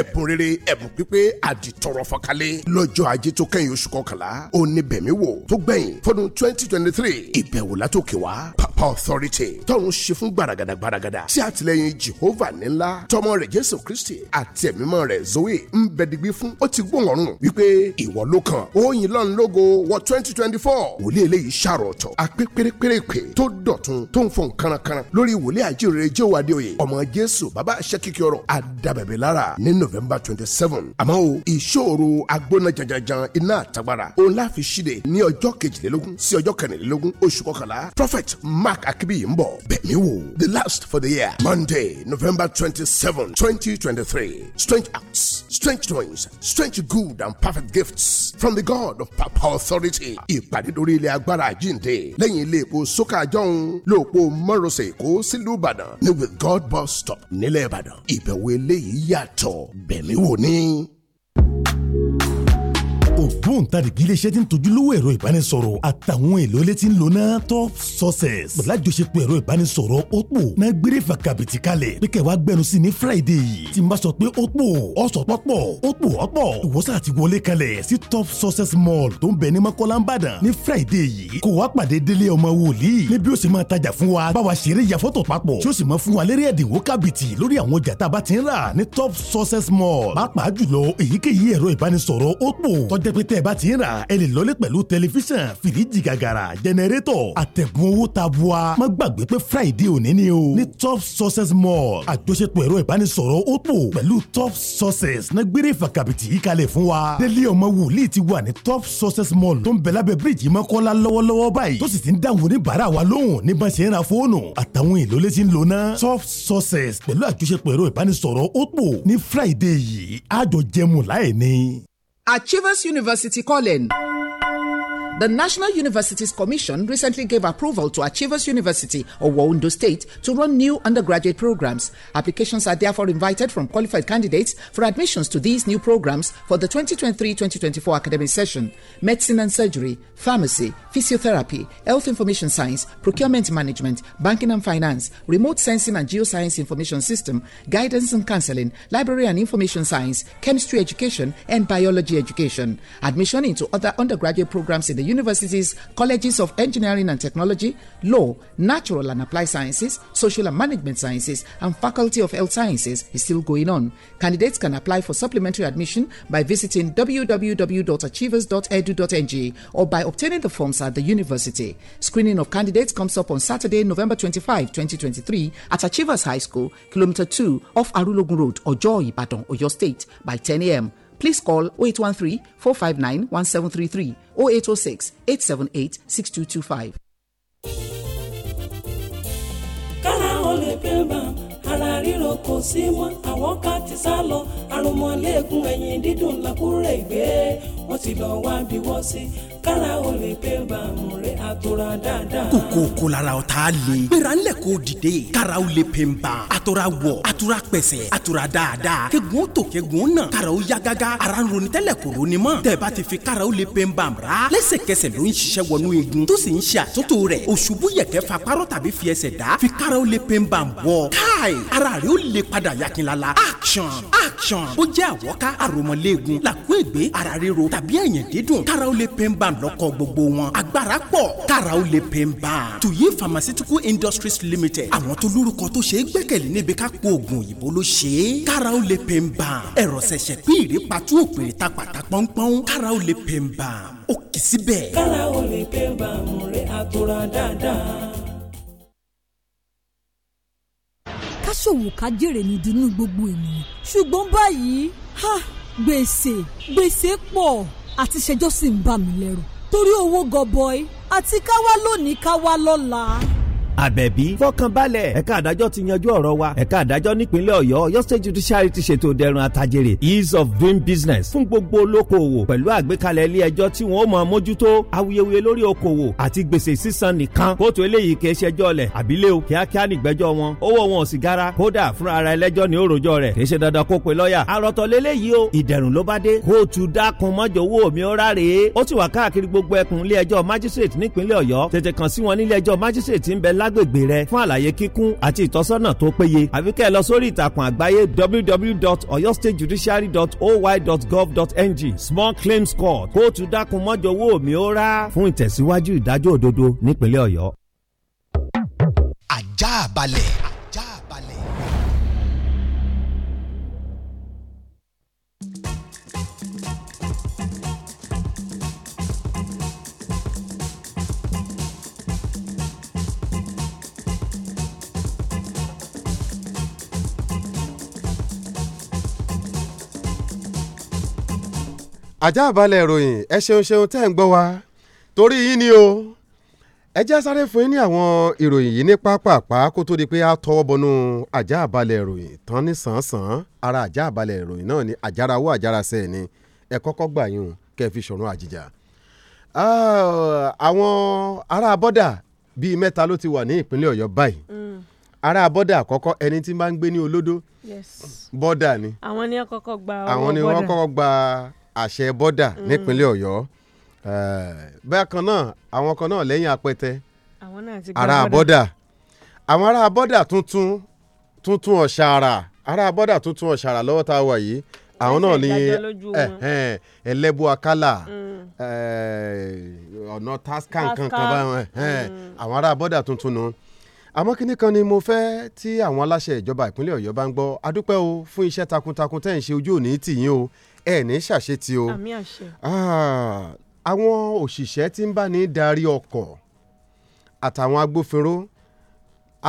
ẹ̀bùn rere ẹ̀bùn pípé àdìtọ̀rọ̀ fọ́nkálé lọ́jọ́ ajé tó kẹ́yìn oṣù kọkànlá oníbẹ̀mí wò tó gbẹ̀yìn fọdún twenty twenty three ìbẹ̀wò látòkè wá authority tọ́run ṣe fún gbaragada gbaragada tí àtìlẹ́yìn Jehovah nílá tọmọ rẹ̀ Jésù Kristi àti ẹ̀mímọ́ rẹ̀ Zoe ń bẹ digbí fún ó ti gbóhùn wípé ìwọ ló kàn oyin lọ́n lógo wọ twenty twenty four wòlíì eléyìí ṣàròtọ̀ àpé pérépérépé tó dọ̀tun tó ń fọn kánakánná lórí wòlíì àjíire Jehova Adéoyè ọmọ Jésù bàbá àṣẹ kíkẹ́ àdàbẹ̀bẹ̀ lára ní November twenty seven àmọ́ o ìṣòro agbóná janjanjan iná àtagbára òun láfi ṣíde ní ọjọ́ kejìlélógún sí ọjọ́ kẹrìnlélógún oṣù kọkànlá prophet Mark Akibimbo, Bemiwu, the last for the year. Monday, November 27, 2023. Strange acts, strange noise, strange good and perfect gifts from the God of Papa Authority. Ìpàdé lórí ilẹ̀ agbára àjíǹde lẹ́yìn ilé epo Sókà Jọ́hún lóòpó Mọ́rọ̀sẹ̀ Èkó sílùú Ìbàdàn ní with God bus stop nílẹ̀ Ìbàdàn. Ìbẹ̀wò eléyìí yàtọ̀, bẹ̀mí wò ni ògbóǹtarìgì iléeṣẹ́ tí ń tojúlówó ẹ̀rọ ìbánisọ̀rọ̀ àtàwọn èlò ilé tí ń lo náà top success pẹ̀lú àjọṣepọ̀ ẹ̀rọ ìbánisọ̀rọ̀ oppo náà gbére fàkàbìtì kalẹ̀ pé kẹwàá gbẹnu sí ní friday yìí tí n bá sọ pé oppo ọ̀sọ̀ pọ̀pọ̀ oppo ọ̀pọ̀ ìwọ́sà àti wọlé kalẹ̀ sí top success mall tó ń bẹ ní mọ́kọ́lá ń bàdàn ní friday yìí kò wá pàdé délé ọmọ wòlíì ní bí ó sì máa tajà fún wa báwa ṣeré yàfọ́tò papọ̀ tí ó sì máa fún wa lérè ẹ̀dínwó kàbìtì lórí àwọn ọjà tá a jẹ́ pé tẹ́ ẹ bá ti ń rà ẹ lè lọlé pẹ̀lú tẹlifíṣàn fìríjì gàgàrà jẹnẹrétọ̀ àtẹ̀gùn owó ta bua má gbàgbé pé friday òní ni o ní top success mall àjọṣepọ̀ ẹ̀rọ ìbánisọ̀rọ̀ oppo pẹ̀lú top success náà gbére ìfàkàbìtì yìí kalẹ̀ fún wa délé ọmọ wòlíì ti wà ní top success mall tó ń bẹ lábẹ́ bíríìjì mọ́kọ́lá lọ́wọ́lọ́wọ́ báyìí tó sì ti ń dáhùn oníbàárà Achievers University College. The National Universities Commission recently gave approval to Achievers University of Wawundo State to run new undergraduate programs. Applications are therefore invited from qualified candidates for admissions to these new programs for the 2023-2024 academic session. Medicine and surgery, pharmacy, physiotherapy, health information science, procurement management, banking and finance, remote sensing and geoscience information system, guidance and counseling, library and information science, chemistry education, and biology education. Admission into other undergraduate programs in the the universities, colleges of engineering and technology, law, natural and applied sciences, social and management sciences, and faculty of health sciences is still going on. Candidates can apply for supplementary admission by visiting www.achievers.edu.ng or by obtaining the forms at the university. Screening of candidates comes up on Saturday, November 25, 2023 at Achievers High School, Kilometer 2 off Arulogun Road, Ojo, Ibadan, Oyo State by 10 a.m please call 0813 459 1733 0806 878 6225. ríro kò sí mọ́ àwọn ká ti sá lọ lẹ́ẹ̀kún ẹ̀yìn dídùn làkúrẹ́ ìgbé wọ́n ti lọ wá bí wọ́n sí kára o lè pé bàmù rẹ̀ àtòrà dáadáa. kòkó kò lára o tá a lè. gbéra ńlẹ̀ kò dìde. kára o lè pè ń ban. àtòrà wọ̀ àtòrà pẹ̀sẹ̀ àtòrà dáadáa. kegun ó tò kegun ó nà. kára o ya gágá. ara ń ronú tẹ́lẹ̀ kò ronú mọ́. tẹ̀bá ti fi kára o lè pè ń ban ra. lẹ́sẹ̀kẹsẹ̀ ló ń ṣiṣẹ́ wọnú igun tó sì ń ṣe àtúntò rẹ̀. òṣùbù yẹ̀kẹ́ fa párọ̀ tàbí fi ẹsẹ̀ dá. fi kára o lè pè ń ban bọ̀. káì ara rẹ̀ ó lè padà yakinlala. action action bó jẹ́ àwọ̀ká àròmọ̀lẹ́gun làkún ìgbé ara tàbí ẹ̀yìn dídùn kára ó lè pain balm lọ́kọ̀ gbogbo wọn agbára pọ̀ kára ó lè pain balm tuyi pharmaceutical industries limited àwọn tó lórúkọ tó ṣe é gbẹ́kẹ̀lé níbi ká po oògùn òyìnbó ló ṣe é kára ó lè pain balm ẹ̀rọ ṣẹ̀ṣẹ̀ pín ìrẹ́pàtú òpèrè ta pàtà pọ́npọ́n kára ó lè pain balm ó kì í síbẹ̀. kára ó lè pain balm rẹ̀ àtòrà dáadáa. ká ká jèrè nìdí ní gbogbo ènìyàn ṣùgbọ́n báyìí gbèsè gbèsè pọ̀ àti ṣẹjọ́ sì ń bà mí lẹ́rù torí owó gọbọi àti káwá lónìí káwá lọ́la àbẹ̀bí fọkànbalẹ̀ ẹ̀ka àdájọ́ ti yanjú ọ̀rọ̀ wa ẹ̀ka àdájọ́ nípínlẹ̀ ọ̀yọ́ ọ̀yọ́ state judiciary ti ṣètò dẹrùn àtàjèrè ease of doing business fún gbogbo olókoòwò pẹ̀lú àgbékalẹ̀ ilé ẹjọ́ tí wọ́n mọ̀ mójútó awuyewuye lórí okòwò àti gbèsè sísan nìkan kóòtù eléyìí kì í ṣẹjọ́ lẹ̀ àbílẹ̀ o kíákíá nígbẹ́jọ́ wọn owó wọn ò sì gara kódà fúnra ara ẹlẹ́jọ́ ní òròjọ́ rẹ̀ kì í ṣe dandan kó pe lọ́ọ̀yà àròtọ̀ lélẹ́yìí o ìdẹ̀rùn ló bá dé kóòtù dákun mọ́jọ owó mi ó ráre ó sì wà káàkiri gbogbo ẹkùn ilé ẹjọ́ magistrate nípínlẹ̀ ọ̀yọ́ tètè kàn sí wọn nílé ẹjọ́ magistrate ń bẹ lá lágbègbè rẹ fún àlàyé kíkún àti ìtọ́sọ́nà tó péye àbí kẹ́ ẹ lọ sórí ìtàkùn àgbáyé www.oyostatejudiciary.oy.gov.ng small claims court kóòtù dákun mọ́jọ owó mi ó rà fún ìtẹ̀síwájú ìdájọ́ òdodo nípínlẹ̀ ọ̀yọ́. àjàbalẹ̀. ajá balẹ̀ ìròyìn ẹ ṣeun ṣeun tẹ́ ń gbọ́ wa torí yín ni o ẹ já sáré fún yín ní àwọn ìròyìn yìí ní pápápá kó tó di pé a tọwọ́ bọnú ajá balẹ̀ ìròyìn tán ní sàn-án ara ajá balẹ̀ ìròyìn náà ni àjárawó àjárasẹ̀ ni ẹ kọ́kọ́ gbà yín o kẹ́ ẹ fi ṣọ̀run àjìjà. Ah, àwọn ará bọ́dà bíi mẹ́ta ló ti wà ní ìpínlẹ̀ ọ̀yọ́ báyìí mm. ará bọ́dà àkọ́kọ́ ẹni tí máa ń gbé ní olódó bọ́dà ni àwọn ni wọ́n kọ́kọ́ gba àṣẹ bọ́dà mm. nípínlẹ̀ ọ̀yọ́ eh, bákan náà àwọn kan náà lẹ́yìn apẹtẹ ara bọ́dà àwọn ará bọ́dà tuntun tuntun ọ̀ṣàrà ará bọ́dà tuntun Ara lọ́wọ́ tá a wà yìí àwọn náà ní ẹlẹ́bù akálà mm. eh, ọ̀nà tascan kankan báwọn mm. àwọn ará bọ́dà tuntun nù. àmọ́ kínní kan ni mo fẹ́ tí àwọn aláṣẹ ìjọba ìpínlẹ̀ ọ̀yọ́ bá ń gbọ́ adúpẹ́ o fún iṣẹ́ takuntakun tẹ́ ń ṣe ojú òní tìyín o ẹ ní ṣàṣetì o ah, àwọn òṣìṣẹ́ tí ń bá ní darí ọkọ̀ àtàwọn agbófinró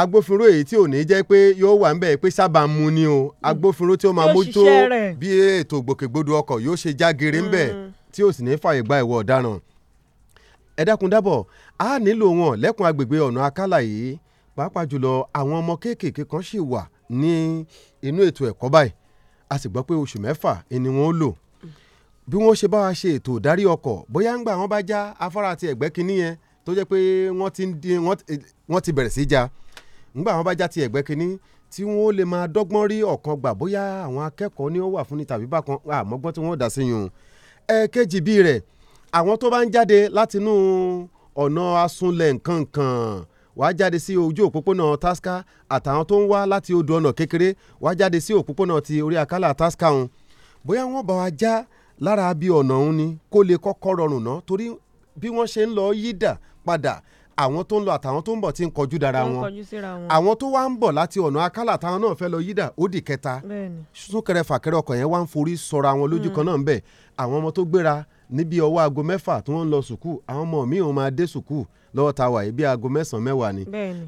agbófinró èyí tí ò ní jẹ́ pé yóò wà ń bẹ̀ pé sábà mu ni o hmm. agbófinró tí ó máa mójútó bí ètò ìgbòkègbodò ọkọ̀ yóò ṣe jágere ń bẹ̀ hmm. tí ò sì ní fààyè gba ìwọ ọ̀daràn ẹ dákun dábọ̀ a nílò wọn lẹ́kùn agbègbè ọ̀nà akálà yìí pàápàá jùlọ àwọn ọmọ kéékèèké kan ṣì wà ní inú ètò ẹ̀kọ́ báyìí a sì gbọ́ pé oṣù mẹ́fà ni wọ́n lò bí wọ́n ṣe bá wa ṣe ètò ìdarí ọkọ̀ bóyá ń gbà wọ́n bá já afárá àti ẹ̀gbẹ́ kínní yẹn tó jẹ́ pé wọ́n ti bẹ̀rẹ̀ sí já ńgbà wọ́n bá já ti ẹ̀gbẹ́ kínní tí wọ́n lè máa dọ́gbọ́n rí ọ̀kan gbà bóyá àwọn akẹ́kọ̀ọ́ ni ó wà fún ni tàbí bákan àmọ́gbọ́n tí wọ́n dà sí yùn ẹ̀ẹ́kejì bíi rẹ̀ àwọn tó bá ń jáde látinú ọ̀nà asunlẹ̀ nǹkan nǹkan wàá jáde sí ojú òpópónà tasca àtàwọn tó ń wá láti odò ọ̀nà kékeré wàá jáde sí òpópónà ti orí àkàlà tasca òun bóyá wọ́n bá wa já lára bí ọ̀nà òun ni kó lè kọ́kọ́ rọrùn ná torí bí wọ́n ṣe ń lọ yídà padà àwọn tó ń lọ àtàwọn tó ń bọ̀ tí ń kọjú dára wọn àwọn tó wá ń bọ̀ láti ọ̀nà akálà táwọn náà fẹ́ lọ yídà ó di kẹta súnkẹrẹ fàkẹrẹ ọkọ̀ yẹn wá ń forí sọra wọn lójú kan mm. náà ń bẹ̀ àwọn ọmọ tó gbéra níbi ọwọ́ aago mẹ́fà tí wọ́n ń lọ sùkúù àwọn ọmọ mi ò máa dé sùkúù lọ́wọ́ ta wà yìí bí aago mẹ́sàn-án mẹ́wàá ni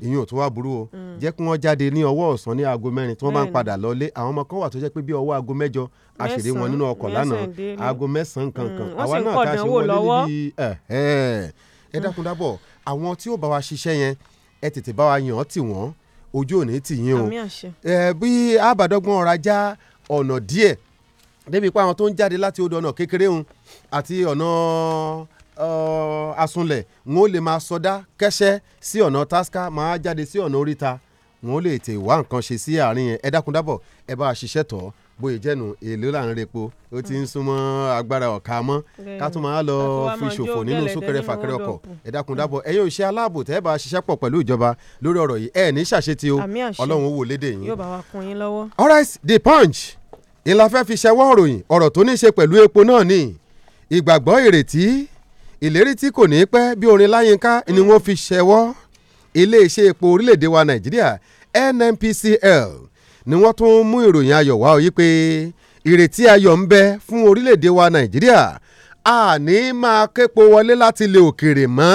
ìyún ò tún wá burú o mm. jẹ́ kí wọ́n jáde ní ọwọ́ ọ̀sán ní aago mẹ́rin tí wọ́n bá ń padà lọ́lé àwọn ọmọ kan wà tó jẹ́ pé bí ọwọ́ aago mẹ́jọ a ṣèrè wọn nínú ọkọ̀ lánàá aago mẹ́sàn-án kankan mm, àwa náà ta ṣe wọlé níbi eh, eh. ẹ dákun dábọ̀ àwọn tí ó bá wa ṣiṣẹ́ yẹn ẹ tètè bá wa yàn án tì wọ́n ojú ò ní tì yín o bí àbádọ́gbọ́n ọ̀rọ̀ ajá ọ̀nà díẹ̀ débi pé àwọn tó ń jáde láti odò ọ̀nà kékeré òun àti ọ̀nà Eh, asunlẹ̀ wọn ó lè máa sọdá kẹ́sẹ́ sí ọ̀nà tasca máa jáde sí ọ̀nà oríta wọn ó lè tè wá nǹkan ṣe sí àárín yẹn ẹ dákun dábọ̀ ẹ bá a ṣiṣẹ́ tọ̀ bóyá jẹ́nu èlò là ń repo ó ti ń súnmọ́ agbára ọ̀ka mọ́ ká tún máa lọ fi ṣòfò nínú súnkẹrẹ fàkẹrẹ ọkọ̀ ẹ dákun dábọ̀ ẹ̀yin òṣìṣẹ́ aláàbò tẹ́ ẹ bá a ṣiṣẹ́ pọ̀ pẹ̀lú ìjọba lórí ọ̀rọ̀ yìí ẹ ní ṣàṣetì o ọlọ́run wò léde yín. all right the punch ìlà fẹ́ fi ṣẹwọ́ òròyìn ọ̀rọ̀ tó ní ṣe pẹ̀lú epo náà ni ìgbàgbọ́ ìrètí ìlérí tí kò ní pẹ́ bí orin láyínká ni wọ́n fi ṣẹwọ́ iléeṣẹ́ epo orílẹ̀-èdè wa nàìjíríà nnpcl ni wọ́n tún mú ìròyìn ayọ̀ wá ọ yí pé ìrètí ayọ̀ ń bẹ fún orílẹ̀-èdè wa nàìjíríà a ní máa képo wọlé láti ilẹ̀ òkèèrè mọ́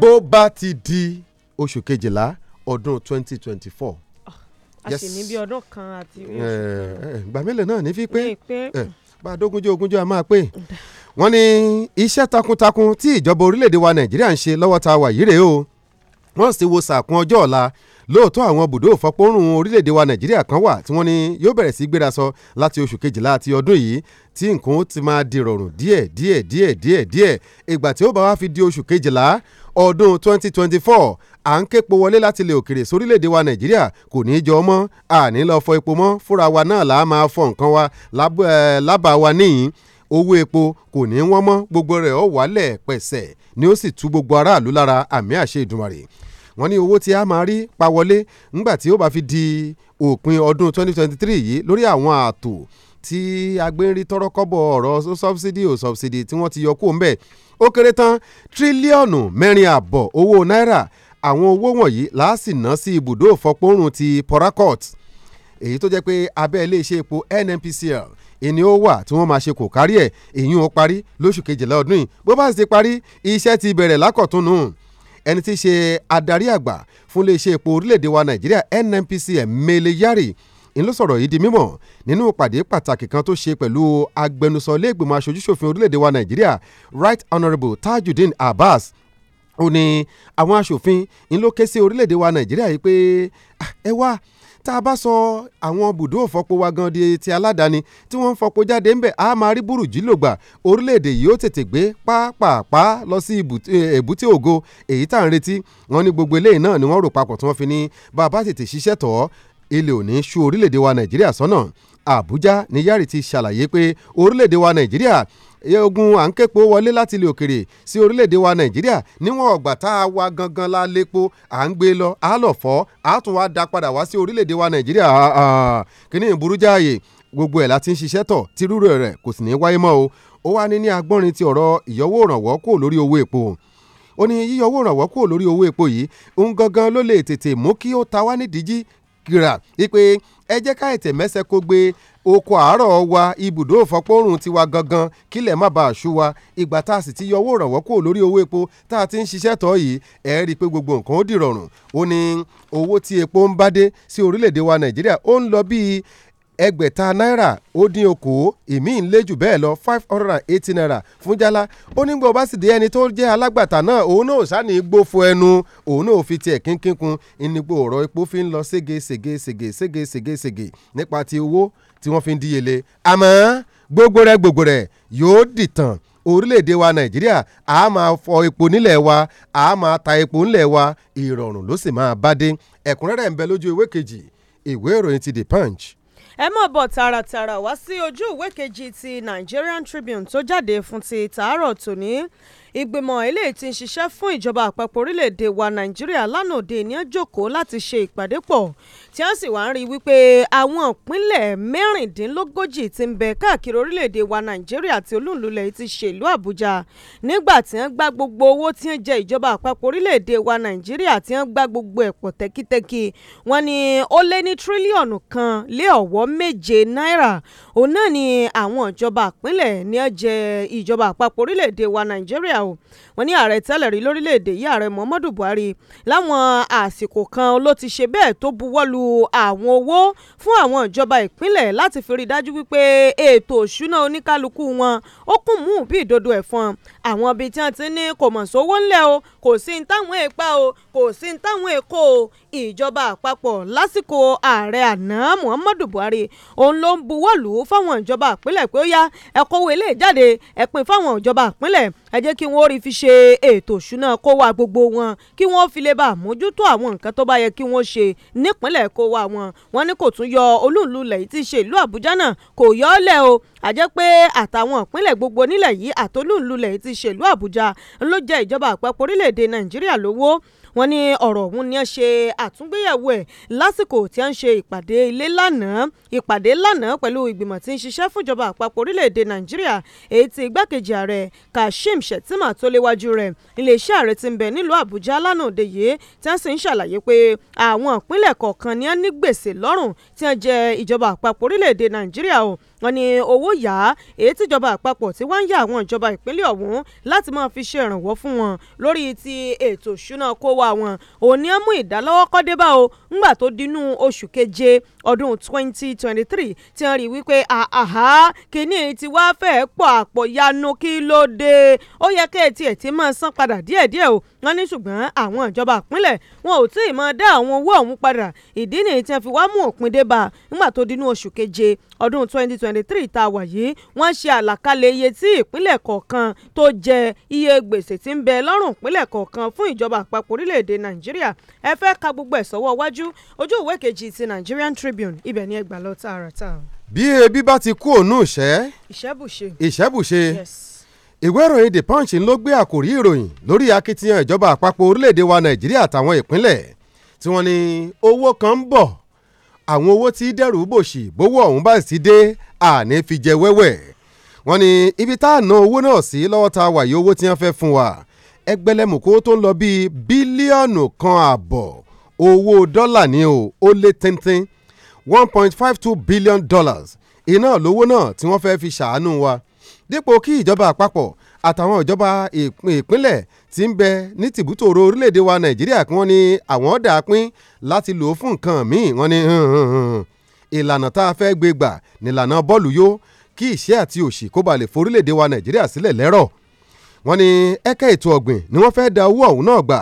bó bá ti di oṣù kejìlá ọdún 2024 ah, a sì ní bí ọdún kan àti oṣù kan. gbàmílẹ̀ náà ní fi pé bá a dógúnjọ́ ogúnjọ́ a máa pè wọ́n ní iṣẹ́ takuntakun tí ìjọba orílẹ̀-èdè wa nàìjíríà ń ṣe lọ́wọ́ ta wà yìí rèé o wọ́n sì wo sàkún ọjọ́ ọ̀la lóòótọ́ àwọn bùdó òfọpọ́rùn orílẹ̀-èdè wa nàìjíríà kan wà tí wọ́n ní yóò bẹ̀rẹ̀ sí gbéra sọ láti oṣù kejìlá àti ọdún yìí tí nǹkan ó ti máa di rọrùn díẹ̀ díẹ̀ díẹ̀ díẹ̀ díẹ̀ ìgbà tí ó bá wá fi di oṣù kejìlá ọdún 2024 à ń képo wọlé láti ilẹ̀ òkèrè sórílẹ̀-èdè wa nàìjíríà kò ní í jọ mọ́ àní lọ́ọ́ fọ epo mọ́ fúnra wa náà làá máa fọ nǹkan wa eh, lábàá wa níyìn owó epo kò ní wọ́n mọ́ gbogbo rẹ̀ ó wálẹ̀ pẹ̀sẹ̀ ni ó sì tú gbogbo aráàlú lára àmì àṣẹ Èdùmàrè wọ́n ní owó tí a máa rí pa wọlé ńgbà tí ó bá fi di òpin ọdún 2023 yìí lórí àwọn ààtò tí agbẹ́rin tọrọ kọ́bọ̀ ọ̀rọ̀ sọ́bsidì ò sọ́bsidì tí wọ́n ti yọ kó ń bẹ̀ ó kéré tán tírílíọ̀nù mẹ́rin àbọ̀ owó náírà àwọn owó wọ̀nyí láàsì ná sí ibùdó ìfọpọ́run ti Port Harcourt èyí tó jẹ́ pé abẹ́ iléeṣẹ́ epo NNPCL ìní ó wà tí wọ́n máa ṣe kò kárí ẹ̀ èyí ó parí lóṣù kejìlá ọdún yìí bó bá sì ti parí iṣẹ́ ti bẹ̀rẹ̀ lákọ̀túnú ẹni tí í ṣe adarí àgbà fún iléeṣẹ́ epo orílẹ̀-èdè wa nàìjíríà NNPCL Mele Yari ń ló sọ̀rọ̀ yìí di mímọ̀ nínú ìpàdé pàtàkì kan tó ṣe pẹ̀lú agbẹnusọ iléègbìmọ̀ aṣojúṣòfin orílẹ̀-èdè wa nàìjíríà Right Honourable Tajudeen Abbas ó ní àwọn aṣòfin ń ló ké sí orílẹ̀-èdè wa nàìjíríà yìí pé ah, ẹ wá tá a bá sọ àwọn bùdó òfọpo wa gan di ti aládàáni tí wọ́n ń fọpo jáde ńbẹ̀ a máa rí burújí lò gbà orílẹ̀-èdè yìí ó tètè gbé pápápá lọ sí eh, èbúté ògo èyí tá à ń retí wọn ní gbogbo eléyìí náà ni wọ́n rò papọ̀ tí wọ́n fi ní bàbá tètè ṣiṣẹ́ tọ̀ ọ́ ilé òní ṣú orílẹ̀-èdè wa nàìjíríà sọ́nà àbújá ni yari ti ṣàlàyé pé orílẹ̀-èdè wa nàìjíríà ogun à ń képo wọlé láti ilẹ̀ òkèrè sí orílẹ̀-èdè wa nàìjíríà níwọ̀n ọ̀gbà tá a wa gangan la lépo à ń gbé lọ a lọ fọ́ a tún wá da padà wá sí orílẹ̀-èdè wa nàìjíríà kíní ìburú jáàyè gbogbo ẹ̀ la ń ṣiṣẹ́ tọ̀ tírúurú rẹ̀ kò sì ní wáyé mọ́ o ó wá ní ní agbọ́nrin ti ọ̀rọ̀ ìyọwó ìrànwọ́ kò lórí owó epo ó ní yíyọ owó ìrànwọ́ kúrò lórí owó epo yìí òun gangan ló lè tètè mú kí ó ta wá nídìíjì kíra wípé ẹ jẹ́ ká ètè mẹ́sẹ̀ kó gbé oko àárọ̀ wa ibùdó ìfọpọ́rùn tiwa gangan kílẹ̀ má bàa ṣú wa ìgbà tá a sì ti yọwọ́ ìrànwọ́ kúrò lórí owó epo tá a ti ń ṣiṣẹ́ tọ́ yìí ẹ̀ rí i pé gbogbo nǹkan ó dìrọ̀rùn ó ní owó tí epo ń bá dé sí orílẹ̀-èdè wa nàìjíríà ó ń lọ bíi ẹgbẹ̀ta náírà ó dín okòó ìmí ń lé jù bẹ́ẹ̀ lọ five hundred and eighty naira fún jálá ó nígbà ọba sì dé ẹni tó jẹ́ alágbàtà náà òun náà sani gbófo ẹnu òun náà fi tiẹ̀ kínkínkun ìnigbó ọ̀rọ̀ epo fi ń lọ ségesègesègesègesège nípa ti owó tí wọ́n fi ń díyelé àmọ́ gbogbo rẹ̀ gbogbo rẹ̀ yóò dìtàn orílẹ̀-èdè wa nàìjíríà a máa fọ epo nílẹ̀ wa a máa ta epo nílẹ̀ wa ìrọ̀rùn ló sì máa bá dé ẹ̀kúnrẹ́rẹ́ ń bẹ lójú ìwé kejì ìwé ìròyìn ti the punch ẹ mọ̀ bọ̀ tààràtààrà wá sí ojú ìwé kejì ti Nigerian Tribune tó jáde fún ti tàárọ̀ tòní ìgbìmọ̀ eléyìí tí ń ṣiṣẹ́ fún ìjọba àpapọ̀ orílẹ̀-èdè wa Nàìjíríà lánàá òde ní ẹjọ́kọ̀ọ́ láti ṣe ìpàdé pọ̀ tí wọ́n sì wá ń rí wípé àwọn ìpínlẹ̀ mẹ́rìndínlógójì ti ń bẹ káàkiri orílẹ̀-èdè wa nàìjíríà àti olúńlulẹ̀ ti ṣe ìlú àbújá nígbà tí wọ́n gba gbogbo owó tí wọ́n jẹ ìjọba àpapọ̀ orílẹ̀-èdè wa nàìjíríà tí wọ́n gba gbogbo ẹ̀pọ̀ tẹ́kítẹ́kí wọn ni ó lé ní tírílíọ̀nù kan lé ọ̀wọ́ méje náírà òun náà ni àwọn ìjọba ìpínlẹ̀ ní wọ́n ìjọba àpapọ̀ orílẹ̀-èdè wa nàìjíríà o wọn ní ààrẹ tẹ́lẹ̀ rí lórílẹ̀-èdè yìí ààrẹ muhammadu buhari láwọn àsìkò kan ló ti ṣe bẹ́ẹ̀ tó buwọ́lu àwọn owó fún àwọn ìjọba ìpínlẹ̀ láti fi rí i dájú wípé ètò òṣùná oníkálukú wọn ó kún mú bí ìdodo ẹ̀fọn àwọn ibi tí wọ́n ti ní kò mọ̀ sówó ńlẹ̀ o kò sí ní táwọn èèpa o kò sí ní táwọn èkó o ìjọba àpapọ̀ lásìkò ààrẹ àná Muhammadu Buhari òun ló ń buwọ́lù fáwọn ìjọba ìpínlẹ̀ pé ó yá ẹ kówó ilé ìjáde ẹ fáwọn ìjọba ìpínlẹ̀ ẹ jẹ́ kí wọ́n rí fi ṣe ètò ìṣúná kó wa gbogbo wọn kí wọ́n fi lè bá àmójútó àwọn nǹkan tó bá yẹ kí wọ́n ṣe nípínlẹ̀ ẹ̀kọ́ wa wọn wọn ní kò tún yọ olúùlú ilẹ̀ yìí ti ṣe ìlú àbújá náà kò yọ ọ́ lẹ̀ o àjẹ́ pé àtàwọn ìpínlẹ̀ gbogbo nílẹ̀ yìí àtolúùlú ilẹ̀ yìí ti ṣe ìlú àbújá ló jẹ́ ìjọba àpapọ̀ orílẹ̀-èdè nàìjíríà lówó wọ́n ní ọ̀rọ̀ ọ̀hún ni wọ́n ṣe àtúngbéyẹ̀wò ẹ̀ lásìkò tí wọ́n ṣe ìpàdé ilé lánàá ìpàdé lánàá pẹ̀lú ìgbìmọ̀ tí ń ṣiṣẹ́ fúnjọba àpapọ̀ orílẹ̀-èdè nàìjíríà èyí tí igbákejì ààrẹ kashim shettima tó léwájú rẹ̀ iléeṣẹ́ ààrẹ ti ń bẹ nílùú àbújá lánàá òde yìí tí wọ́n sì ń ṣàlàyé pé àwọn ìpínlẹ̀ kọ̀ọ̀kan ni wọ́n ní gbèsè lọ́rùn tí wọ́n jẹ ìjọba àpapọ̀ orílẹ̀ nàìjíríà o wọn ní owó yá èyí tíjọba àpapọ̀ tí wọ́n ń yá àwọn ìjọba ìpínlẹ̀ ọ̀hún láti máa fi ṣe ìrànwọ́ fún wọn lórí ti ètò ìṣúná kó wa wọn òun ni ó mú ìdálọ́wọ́kọ́ dé bá o ńgbà tó dinú oṣù keje ọdún twenty twenty three tí wọ́n rí wípé àhà kínní ti wá fẹ́ẹ́ pọ̀ àpọ̀ yanu kí ló dé ó yẹ kí etí ẹ̀ máa san padà díẹ̀díẹ̀ o wọ́n ní ṣùgbọ́n àwọn ìjọba ìpínlẹ̀ wọn ò tí ì máa dá àwọn owó ọ̀hún padà ìdí nìyí tí wọ́n fi wá mú òpin dé bá nígbà tó dinú oṣù keje ọdún 2023 tá a wà yìí wọ́n ṣe àlàkalẹ̀ iye tí ìpínlẹ̀ kọ̀ọ̀kan tó jẹ iye gbèsè tí ń bẹ lọ́rùn ìpínlẹ̀ kọ̀ọ̀kan fún ìjọba àpapọ̀ orílẹ̀-èdè nàìjíríà ẹ fẹ́ ka gbogbo ẹ̀ sọ́wọ́ wájú ojú ìwé kejì ti Nigerian Tribune ibẹ̀ ni ẹ gbà lọ tààràtà. bí ebi bá ti kú òun ìṣẹ́ ìṣẹ́bùṣe ìṣẹ́bùṣe ìwé ìròyìn The Punch ló gbé àkòrí ìròyìn lórí akitiyan ìjọba àpapọ̀ orílẹ̀-èdè wa nàìjíríà àtàwọn ìpínlẹ̀ tí wọ́n ní owó kan ń bọ̀ àwọn owó tí dẹ́rù bòṣì bówó ọ̀hún bá sì dé àní fi jẹ wẹ́wẹ́ wọ́n ní ibi tá à ná owó náà sí lọ́wọ́ ta wàyí owó tí wọ́n fẹ́ fún wa ẹgbẹ̀lẹ́mùkó tó ń lọ bíi bílíọ̀nù kan àbọ̀ owó dọ́là ní o ó lé tíntín one point five two billion dollars iná lówó náà tí wọ́n fẹ́ fi ṣàánú wa dípò kí ìjọba àpapọ̀ àtàwọn ìjọba ìpínlẹ̀ tí ń bẹ ní tìbútòrò orílẹ̀-èdè wa nàìjíríà kí wọ́n ní àwọn dà pín láti lò ó fún nǹkan míì wọ́n ní ìlànà tá a fẹ́ gbé gbà nílànà bọ́ọ̀lù yó kí ìṣẹ́ àti òṣì kó ba lè forílẹ̀-èdè wa nàìjíríà sílẹ̀ lẹ́rọ̀ wọ́n ní ẹ̀ka ètò ọ̀gbìn ni wọ́n fẹ́ da owó ọ̀hún náà gbà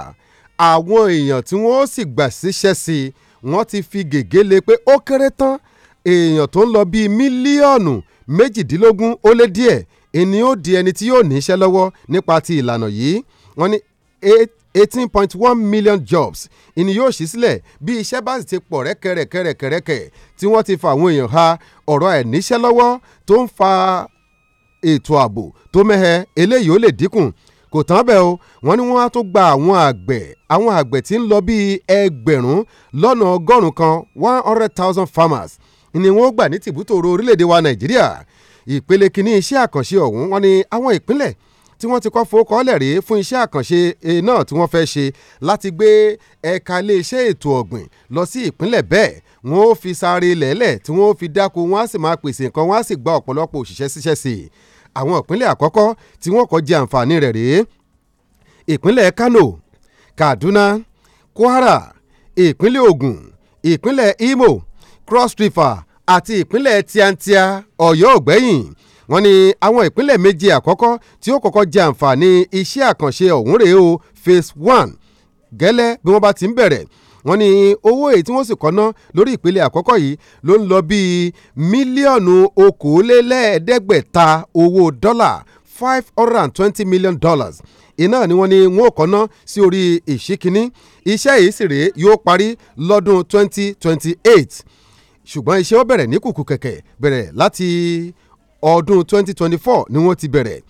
àwọn èèyàn tí wọ́n sì gbà síṣẹ́ sí i wọ́n ti fi gègé lé pé ó kéré tán èèyàn tó ń lọ bíi mílíọ̀nù méjìdínlógún ó lé díẹ̀ èni ó di ẹni tí yóò níṣẹ́ lọ́wọ́ nípa ti ìlànà yìí wọ́n ní eighteen point one million jobs ìní yóò ṣí sílẹ̀ bí iṣẹ́ bá sì ti pọ̀ rẹ́kẹ̀rẹ́kẹ̀rẹ́kẹ̀ tí wọ́n ti fa àwọn èèyàn ha ọ̀rọ̀ àìníṣẹ́ lọ́wọ́ tó ń fa ètò ààbò tó mẹ́hẹ eléyìí ó lè dínkù kò tán bẹ́ẹ̀ o wọ́n ní wọ́n á tó gba àwọn àgbẹ̀ àwọn àgbẹ̀ tí ń lọ bíi ẹgbẹ̀rún lọ́nà ọgọ́rùn-ún kan one hundred thousand farmers ni wọ́n gbà ní tìbútòrò orílẹ̀-èdè wa nàìjíríà ìpele kìíní iṣẹ́ àkànṣe ọ̀hún wọ́n ní àwọn ìpínlẹ̀ tí wọ́n ti kọ́ fowókọ́lẹ̀ rèé fún iṣẹ́ àkànṣe náà tí wọ́n fẹ́ ṣe láti gbé ẹ̀ka iléeṣẹ́ ètò ọ̀gbìn lọ sí ìpínlẹ̀ bẹ́ẹ̀ wọ́n ó fi sáré lẹ́lẹ̀ tí wọ́n ó fi dáko wọ́n á sì máa pèsè nǹkan wọ́n á sì gba ọ̀pọ̀lọpọ̀ òṣìṣẹ́ síṣẹ́ sí i àwọn ìpínlẹ̀ àkọ́kọ́ tí wọ́n kọ́ jẹ àǹfààní rẹ̀ rèé ìpínlẹ̀ Kano Kaduna Kwara ìpínlẹ̀ Ògùn ìpínlẹ̀ Imo Cross River àti ìpínlẹ̀ tiantia Ọ̀yọ́ ògbẹ́yìn wọ́n ní àwọn ìpínlẹ̀ méje àkọ́kọ́ tí ó kọ́kọ́ jẹ àǹfààní iṣẹ́ àkànṣe ọ̀hún rèé o phase one gẹ́lẹ́ bí wọ́n bá ti ń bẹ̀rẹ̀ wọ́n ní owó èyí tí wọ́n sì kọ́ná lórí ìpele àkọ́kọ́ yìí ló ń lọ bíi mílíọ̀nù okòólélẹ́ẹ̀ẹ́dẹ́gbẹ̀ta owó dọ́là five hundred and twenty million dollars iná ni wọ́n ní wọn ò kọ́ná sí orí ìṣíkíní iṣẹ́ yìí sì rèé yóò parí lọ́dún twenty twenty eight ṣùgbọ́n iṣẹ́ ó bẹ̀rẹ̀ ní kùkù kẹ̀kẹ̀ bẹ̀rẹ̀ láti ọdún 2024 ni wọ́n ti bẹ̀rẹ̀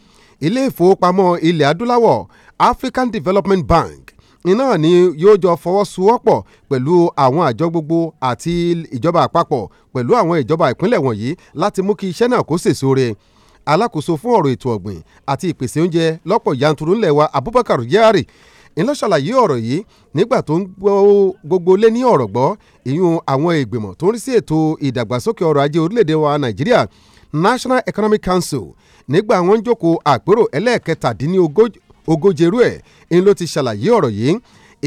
ilé ìfowópamọ́ ilẹ̀ adúláwọ̀ African Development Bank iná ni yóò jọ fọwọ́sowọ́pọ̀ pẹ̀lú àwọn àjọ gbogbo àti ìjọba àpapọ̀ pẹ̀lú àwọn ìjọba ìpínlẹ̀ wọ̀nyí láti mú kí iṣẹ́ náà kó sèso re alákòóso fún ọ̀rọ̀ ètò ọ̀gbìn àti ìpèsè oúnjẹ lọ́pọ̀ yanturu ńlẹ̀ wa Abubakar Yari ńlọ ṣàlàyé ọ̀rọ̀ yìí nígbà tó ń gbọ́ gbogbo lé ní ọ̀rọ̀ gbọ́ ìyún àwọn ìgbìmọ̀ tó ń rí sí ètò ìdàgbàsókè ọrọ̀ ajé orílẹ̀-èdè wa Nàìjíríà National Economic Council nígbà wọn ń jókòó àpérò ẹlẹ́ẹ̀kẹtàdínlógóje rú ẹ̀ ń ló ti ṣàlàyé ọ̀rọ̀ yìí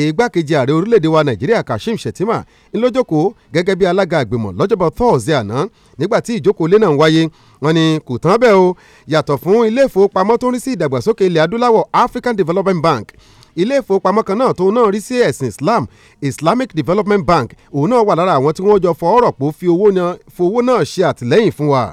igbákejì ààrẹ orílẹ̀-èdè wa nàìjíríà kashim shettima ńlọ́jọ́kọ́ gẹ́gẹ́ bí alága àgbìmọ̀ lọ́jọ́bọ̀ thursday àná nígbà tí ìjókòó ilé náà ń wáyé wọn ni kò tán bẹ́ẹ̀ o yàtọ̀ fún ilé ìfowópamọ́ tó ń rí sí ìdàgbàsókè ilẹ̀ adúláwọ̀ african development bank ilé ìfowópamọ́ kan náà tó náà rí sí ẹ̀sìn islam islamic development bank òun náà wà lára àwọn tí wọ́n jọ fọwọ́rọ̀ pò fi owó náà ṣe àtìlẹ́yìn fún wa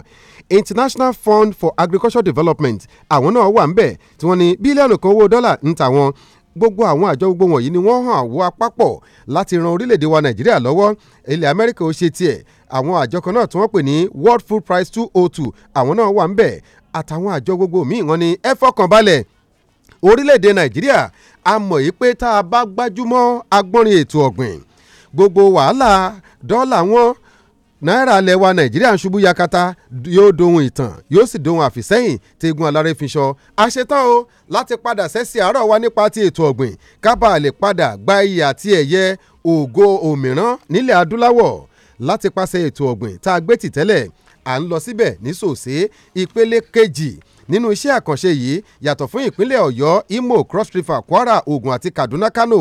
International Fund for Agricultural Development àwọn náà wà ń bẹ̀ tí wọ́n ní bílíọ̀nù kan owó dọ́là ń ta wọn gbogbo àwọn àjọ gbogbo wọ̀nyí ni wọ́n hàn àwọ̀ apápọ̀ láti ran orílẹ̀-èdè wa nàìjíríà lọ́wọ́ ilẹ̀ amẹ́ríkà ó ṣe tiẹ̀ àwọn àjọ kan náà tí wọ́n pè ní world food price two oh two àwọn náà wà ń bẹ̀ àtàwọn àjọ gbogbo míì wọ́n ní ẹ fọkàn balẹ̀ orílẹ̀-èdè nàìjíríà a mọ̀ yìí pé tá a bá gbájúmọ́ agbọ́nrin ètò ọ̀gbìn gbogbo wàhálà dọ́là wọn náírà ilẹ̀ wa nàìjíríà ń ṣubú yakata yóò dohun ìtàn yóò sì dohun àfìsẹ́yìn tegun aláré fi sọ àṣetán o láti padà sẹ́sì àárọ̀ wa nípa ti ètò ọ̀gbìn kábà lè padà gba iyì àti ẹ̀yẹ ògo òmíràn nílẹ̀ adúláwọ̀ láti pàṣẹ ètò ọ̀gbìn tá a gbé tì tẹ́lẹ̀ à ń lọ síbẹ̀ ní sòsé ìpele kejì nínú iṣẹ́ àkànṣe yìí yàtọ̀ fún ìpínlẹ̀ ọ̀yọ́ imo cross river kwara ogun àti kaduna kano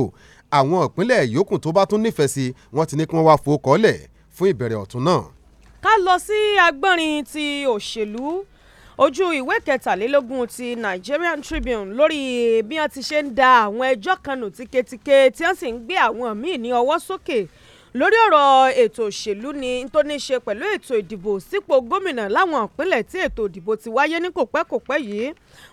àwọn ìpínlẹ̀ yòókù tó bá tún nífẹ̀ẹ́ sí wọ́n ti ní kí wọ́n wá fòókọ́lẹ̀ fún ìbẹ̀rẹ̀ ọ̀tún náà. ká lọ sí agbọ́nrin ti òṣèlú ojú ìwé kẹtàlélógún ti Nigerian Tribune lórí bí wọ́n ti ṣe ń da àwọn ẹjọ́ kan nù tíketíke tí wọ́n sì ń gbé àwọn míì ní ọwọ́ sókè lórí ọ̀rọ̀ ètò òṣèlú ni tó ní í ṣe pẹ̀lú ètò ìdìbò sípò gómìnà láwọn ìpínlẹ̀ tí ètò ìdìbò ti wáyé ní kòpẹ́kòpẹ́ yìí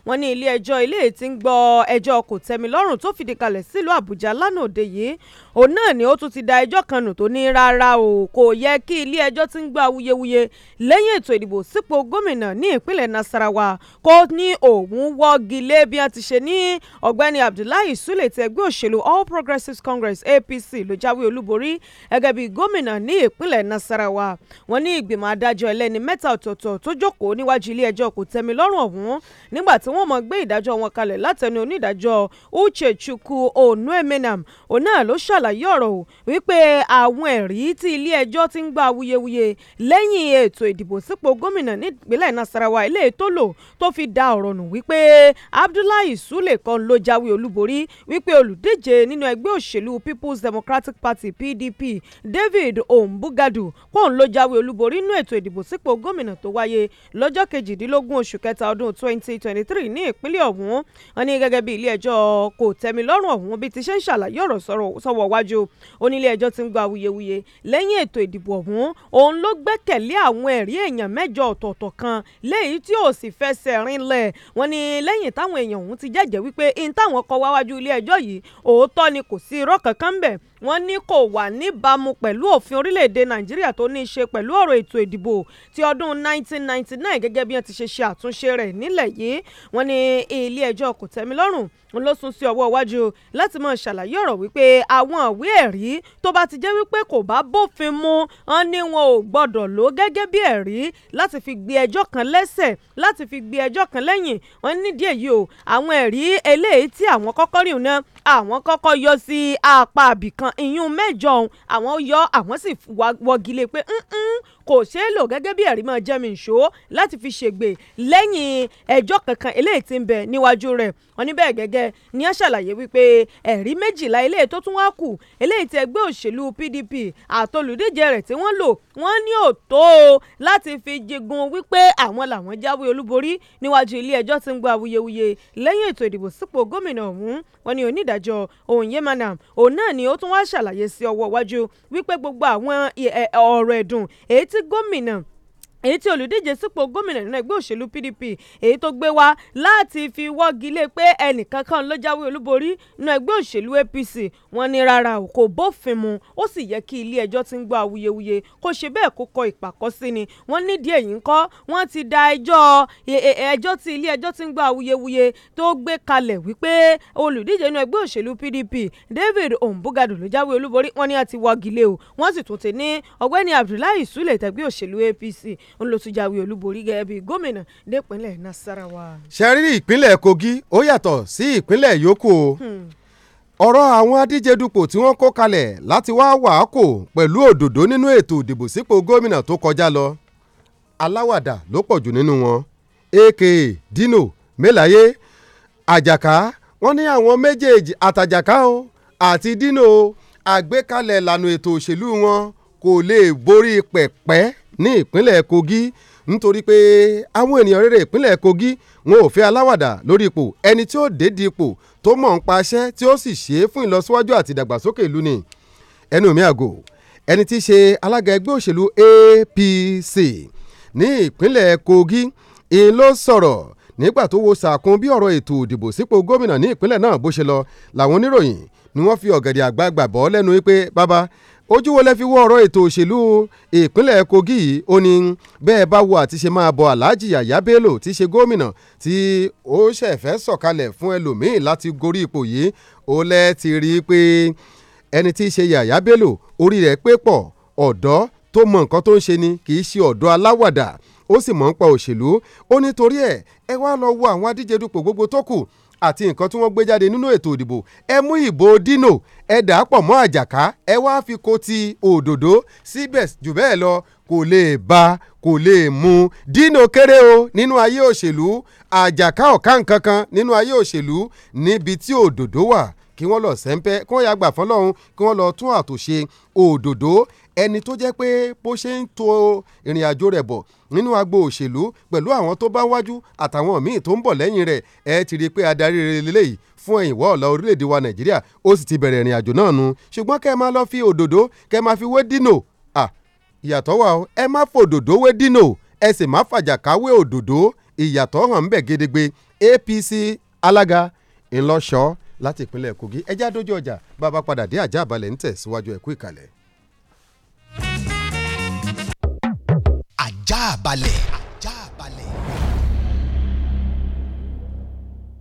wọ́n ní ilé-ẹjọ́ eléyìí tí ń gbọ́ ẹjọ́ kòtẹ́milọ́rùn tó fìdí kalẹ̀ sílùú àbújá lánàá òde yìí òun náà ni ó tún ti da ẹjọ́ kan nù tó ní rárá o kò yẹ kí ilé-ẹjọ́ tí ń gbọ́ awuyewuye lẹ́yìn ètò ìdìbò sípò gómìnà ní ìpínlẹ̀ nasarawa kó ní òun wọ́gi lé bí wọ́n ti ṣe ní ọ̀gbẹ́ni abdullahi sule ti ẹgbẹ́ òṣèlú all progressives congress apc ló jáwé olúborí gẹ́gẹ́ bí gómìnà ní ìpínlẹ̀ nasarawa wọ́n ní ìgbìmọ̀ adájọ́ ẹlẹ́ni mẹ́ta ọ̀tọ̀ọ̀tọ̀ tó jókòó níwájú ilé-ẹjọ́ kòtẹ́milọ́rùn ọ̀hún nígbà tí wọ́n mọ̀ gbé ìdájọ́ wọn kalẹ̀ látẹnu onídàájọ́ Uche Chukwu Onuemenam òun náà ló ṣàlàyé ọ̀rọ̀ o wípé àwọn ẹ̀rí tí ilé ẹjọ́ ti ń gba awuyewuye lẹ́yìn ètò ìdìbò sípò gómìnà nípínlẹ̀ Nasarawa ilé tó lò tó fi da ọ̀rọ̀ nù wípé Abdullahi Sule kan ló jáwé olúborí wípé olùdíje nínú ẹgbẹ́ òṣèlú People's Democratic Party PDP David Ombugadu kóun ló jáwé olúborí nínú ètò ìdìbò sípò gómìnà tó wáyé lọ́jọ́ kejìdínlógún oṣù kẹta ọdún twenty twenty twenty-three ní ìpínlẹ̀ ọ̀hún wọn ní gẹ́gẹ́ bí ilé ẹjọ́ kò tẹ́mi lọ́rùn ọ̀hún bí ti ṣe ń ṣàlàyé ọ̀rọ̀ sọ̀wọ́ wájú onílé ẹjọ́ ti ń gba awuyewuye lẹ́yìn ètò ìdìbò ọ̀hún òun ló gbẹ́kẹ̀lé àwọn ẹ̀rí èèyàn mẹ́jọ ọ̀tọ̀ọ̀tọ̀ kan léyìí tí ò sì fẹsẹ̀ rinlẹ̀ wọn ní lẹ́yìn táwọn èèyàn ọ̀hún ti jẹ́jẹ́ wípé wọ́n ní kò wà níbàámu pẹ̀lú òfin orílẹ̀-èdè nàìjíríà tó ní í ṣe pẹ̀lú ọ̀rọ̀ ètò ìdìbò ti ọdún 1999 gẹ́gẹ́ bí wọ́n ti ṣe ṣe àtúnṣe rẹ̀ nílẹ̀ yìí wọ́n ní ilé ẹjọ́ kòtẹ́milọ́rùn òun ló sún sí ọwọ́ iwájú láti máa ṣàlàyé ọ̀rọ̀ wípé àwọn ìwé ẹ̀rí tó bá ti jẹ́ wípé kò bá bófin mu wọn ní wọn ò gbọ́dọ̀ lò gẹ́gẹ́ bí ẹ̀rí láti fi gbé ẹjọ́ kan lẹ́sẹ̀ láti fi gbé ẹjọ́ kan lẹ́yìn wọn nídìí èyí o àwọn ẹ̀rí eléyìí tí àwọn kọ́kọ́ rìn náà àwọn kọ́kọ́ yọ sí apá àbìkan ìyún mẹ́jọ àwọn yọ àwọn sì wọgilé pé kò ṣeé lò gẹ́gẹ́ bí ẹ̀rí máa jẹ́mi ìṣó láti fi ṣègbè lẹ́yìn ẹjọ́ kankan eléyìí tí ń bẹ níwájú rẹ̀ wọ́n ní bẹ́ẹ̀ gẹ́gẹ́ ni a ṣàlàyé wípé ẹ̀rí méjìlá eléyìí tó tún wá kù eléyìí tí ẹgbẹ́ òṣèlú PDP àtolùdíje rẹ̀ tí wọ́n lò wọ́n ní òtó láti fi jigun wípé àwọn làwọn jáwé olúborí níwájú ilé ẹjọ́ tí ń gba awuyewuye lẹ́yìn ètò ìdìbò sípò gómìnà ọ̀hún wọ́n ní onídàájọ́ Onyemana òun náà ni ó tún wá ṣàlàyé sí ọwọ́ iwájú wípé gbogbo àwọn ọ̀rọ̀ ẹ̀dùn èyí t gwamminan èyí tí olùdíje sípò gómìnà nínú ẹgbẹ́ òṣèlú pdp èyí tó gbé wá láti fi wọ́gi lé pé ẹnìkankan ló jáwé olúborí nínú ẹgbẹ́ òṣèlú apc wọ́n ní rárá o kò bófin mu ó sì yẹ kí ilé ẹjọ́ ti ń gbọ́ awuyewuye kó ṣe bẹ́ẹ̀ kó kọ ìpàkọ́ sí ni wọ́n nídìí èyí ń kọ́ wọ́n ti da ẹjọ́ ẹjọ́ tí ilé ẹjọ́ ti ń gbọ́ awuyewuye tó gbé kalẹ̀ wípé olùdíje nínú ẹgbẹ́ òṣèlú pdp david ombugadu ló jáwé olúborí wọ́n ní àti wọ́gi lé o wọ́n sì tún ti ní ọgbẹ́ni abdullahi sule apc ń lọ tún jáwé olúborí gẹ́gẹ́ bí gómìnà nípínlẹ̀ Nasarawa. sẹ́rí ìpínlẹ̀ Kogi ó yàtọ̀ sí ìpínlẹ̀ yòókù o hmm. ọ̀rọ̀ àwọn adíjedupò tí wọ́n kó kalẹ̀ láti wá wàákò pẹ̀lú òdòdó nínú ètò ìdìbò sípò gómìnà tó kọjá lọ aláwàdà ló pọ̀jù nínú wọn aka Dino Melaye Àjàká wọ́n ní àwọn méjèèjì àtàjàká o àti Dino o àgbékalẹ̀ ìlànà ètò òṣèlú wọn kò lè borí pẹ̀pẹ́ ní ìpínlẹ̀ Kogi nítorí pé àwọn ènìyàn rere ìpínlẹ̀ Kogi wọn ò fẹ́ aláwàdà lórí ipò ẹni tí ó dédi ipò tó mọ̀ ń paṣẹ́ tí ó sì ṣe é fún ìlọsíwájú àti ìdàgbàsókè ìlú ni ẹnu mi àgò ẹni tí í ṣe alága ẹgbẹ́ òṣèlú APC ní ìpínlẹ̀ Kogi ìn ló sọ̀rọ̀ nígbà tó wo sàkún bí ọ̀rọ̀ ètò ìdìbò sípò gómìnà ní ìpínlẹ̀ náà bó ṣe lọ làwọn oníròyìn ni wọ́n fi ọ̀gẹ̀dẹ̀ àgbààgbà bọ́ lẹ́nu wípé bàbá ojú wo lẹ fi wọ ọ̀rọ̀ ètò òṣèlú ìpínlẹ̀ Kogi yìí ó ní bẹ́ẹ̀ bá wo àti ṣe máa bọ Alhaji Yahaya Bello tí í ṣe gómìnà tí ó ṣẹ̀fẹ́ sọ̀kalẹ̀ fún ẹlòmíín láti gorí ipò yìí ó lẹ́ ti rí i pé ẹni tí í ṣe Yahaya Bello orí rẹ̀ pé pọ̀ ọ̀dọ́ tó mọ nǹkan tó ń ṣe ni kì í ṣe ọ̀dọ́ aláwàdà ó sì mọ̀ ń pa òṣèlú ó nítorí ẹ̀ ẹ wá lọ wo àwọn adíje gbogbo tó kù àti nǹkan tí wọ́n gbé jáde nínú ètò ìdìbò ẹ mú ìbò dino ẹ dà á pọ̀ mọ́ àjàká ẹ wá fi kó ti òdòdó síbẹ̀ jù bẹ́ẹ̀ lọ kò lè ba kò lè mu dino kéré o nínú ayé òṣèlú àjàká ọ̀ká nǹkan kan nínú ayé òṣèlú níbi tí òdòdó wà kí wọ́n lọ sẹ́ńpẹ́ kí wọ́n yà gbà fọlọ́run kí wọ́n lọ tún àtòṣe òdòdó ẹni tó jẹ́ pé bó ṣe ń to ìrìn àjò rẹ̀ bọ̀ nínú agbo òṣèlú pẹ̀lú àwọn tó bá wájú àtàwọn míì tó ń bọ̀ lẹ́yìn rẹ̀ ẹ ti rí i pé adarí rere lélẹ́yìí fún ẹ̀yìn wọ́ ọ̀la orílẹ̀-èdè wa nàìjíríà ó sì ti bẹ̀rẹ̀ ìrìn àjò náà nu ṣùgbọ́n kẹ́ ẹ máa lọ fi òdòdó kẹ́ ẹ máa fi wé dínò ìyàtọ̀ wà ó ẹ má fòdòdó wé dínò ẹ sì má fàjàkáwé òdòdó ìyàtọ̀ hàn ń gedegbe APC alága ńlọṣọ láti ìpínlẹ̀ Kogi ẹjẹ́ àdójú ọjà bàbá padà dé àjà àbálẹ̀ ń tẹ̀ ẹ̀kú ìkàlẹ̀. Àjààbalẹ̀.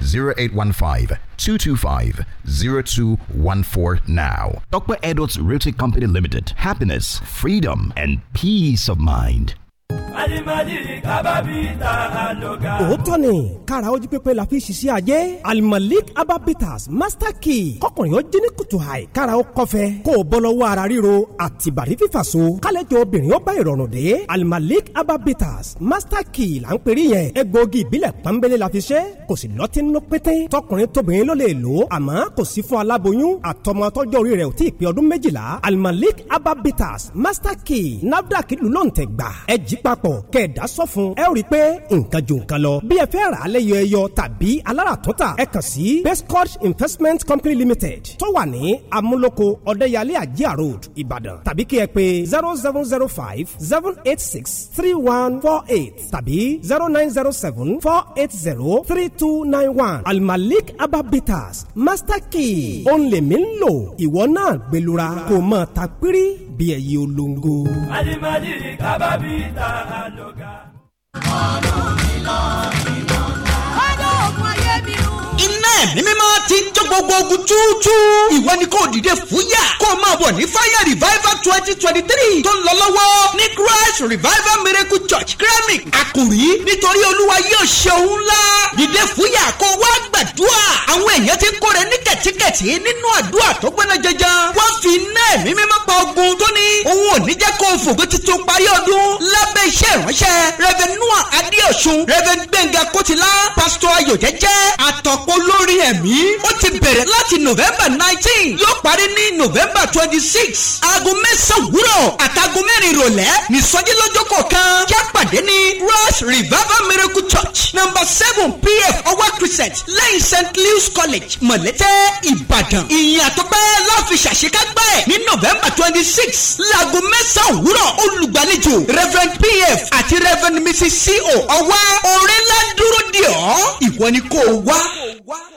0815 225 0214 now. Dr. Edwards Realty Company Limited. Happiness, freedom, and peace of mind. alimadiri kababita aloga. òótọ́ ni kára ojú pépé la fi ṣiṣẹ́ ajé alimalik ababitas master key kọkùnrin ó jí ní kùtù àì kára ó kọfẹ kó o bọ́ lọ́wọ́ ara ríro àti bàrí fífà so kálẹ̀jọ obìnrin ó bá ìrọ̀rùn dé alimalik ababitas master key là ń pèrè yẹn egbòogi ìbílẹ̀ pọ́nbélé la fi ṣe kò sì lọ́tí nínú pété tọkùnrin tóbìnrin ló lè lò àmọ́ kò sí fún aláboyún àtọmọ tọjọ́ orí rẹ̀ ò tí ì pé ọdún méjìlá alimalik ababitas master key nafdac lulọ̀ǹtẹ̀ gbà papọ̀ kẹ̀ẹ́dá sọ fún ẹ ó rí i pé nǹkan jò nǹkan lọ bí ẹ fẹ́ rà á lẹ́yọ ẹyọ tàbí aláràtúntà ẹ kàn sí bestcourt investment company limited tó wà ní amúlòkó ọ̀dẹ́yàlé àjíà road ìbàdàn tàbí kí ẹ pé zero seven zero five seven eight six three one four eight tàbí zero nine zero seven four eight zero three two nine one almalik ababitas master key ònlẹ̀mí ń lò ìwọ náà gbẹlura kò mọ̀ ta pírí bí ẹ̀yìn olóńgó. alimadi kábàbí ta ọ̀nà mi lọ mi lọ ayé mi iná ẹ̀mí mímọ́ ti ń jó gbogbo ogun túútú. ìwọ ni kò dìde fúyà kó máa bọ̀ ní fire revival twenty twenty three tó ń lọ lọ́wọ́ ní christ revival miracle church kremlin akuri nítorí olúwa yóò ṣe òun ńlá. dìde fúyà kó wá gbàdúrà àwọn èèyàn ti kóre ní kẹ̀tíkẹ̀tì nínú àdúrà tó gbẹ́nà jẹjẹn wọ́n fi iná ẹ̀mí mímọ́ pa ogun tó ní òun ò ní jẹ́ kó fògo tuntun parí ọdún lábẹ́ iṣẹ́ ìránṣẹ́ revenue ọ̀pọ̀ lórí ẹ̀mí ó ti bẹ̀rẹ̀ láti november nineteen yóò parí ní november twenty six aago mẹ́sàn-án wúrọ̀ àtàgọ́ mẹ́rin ìrọ̀lẹ́ nìsọjí lọ́jọ́ kọ̀ọ̀kan kí a pàdé ní rush revival miracle church number seven pf ọwá crescent lẹ́yìn st louis college mọ̀lẹ́tẹ̀ ìbàdàn ìyìn àtọ́pẹ́ láfi ṣàṣekágbá ẹ̀ ní november twenty six laago mẹ́sàn-án wúrọ̀ olùgbàlejò reverend pf àti reverend mrs co ọwá orin ńlá dúró dè ọ́ ìwọ ni kò wá. lengua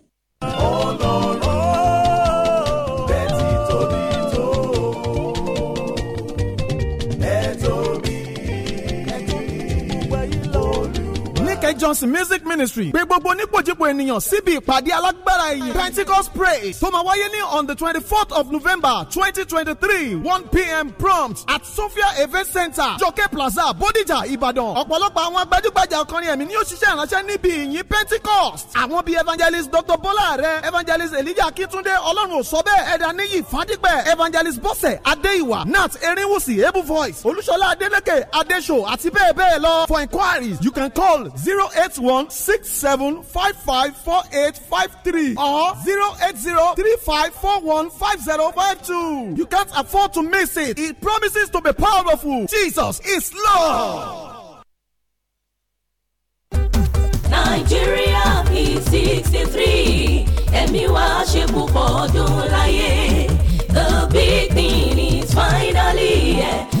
Johnson Music Ministry pé gbogbo onípòjìpò ènìyàn síbi ìpàdé alágbára ìyìn Pentecost praise tó máa wáyé ní on the twenty fourth of November twenty twenty three one pm prompt at Sophia Event Center Jọkẹ́ Plaza Bodija, Ìbàdàn ọ̀pọ̀lọpọ̀ àwọn gbajúgbajà ọkùnrin ẹ̀mí ni yóò ṣiṣẹ́ ìránṣẹ́ níbi ìyìn Pentecost àwọn bíi evangelist Dr. Bọ́lá rẹ̀ evangelist Elijah Akíntúndé Ọlọ́run ò sọ bẹ́ẹ̀ ẹ̀dá níyì Fádípẹ̀ evangelist Bọ́sẹ̀ Adéìwà Nat Erinwusi Able Voice Olúṣọlá Adeleke, Adéṣò àti bẹ́ẹ̀ bẹ́ẹ̀ lọ for inquiries you can call zero eight one six seven five five four eight five three or zero eight zero three five four one five zero five two. You can't afford to miss it. It promises to be powerful. Jesus is Lord. Nigeria P sixty three ẹ̀mí wa ṣe púpọ̀ ọdún láyé the big thing is finally. Yeah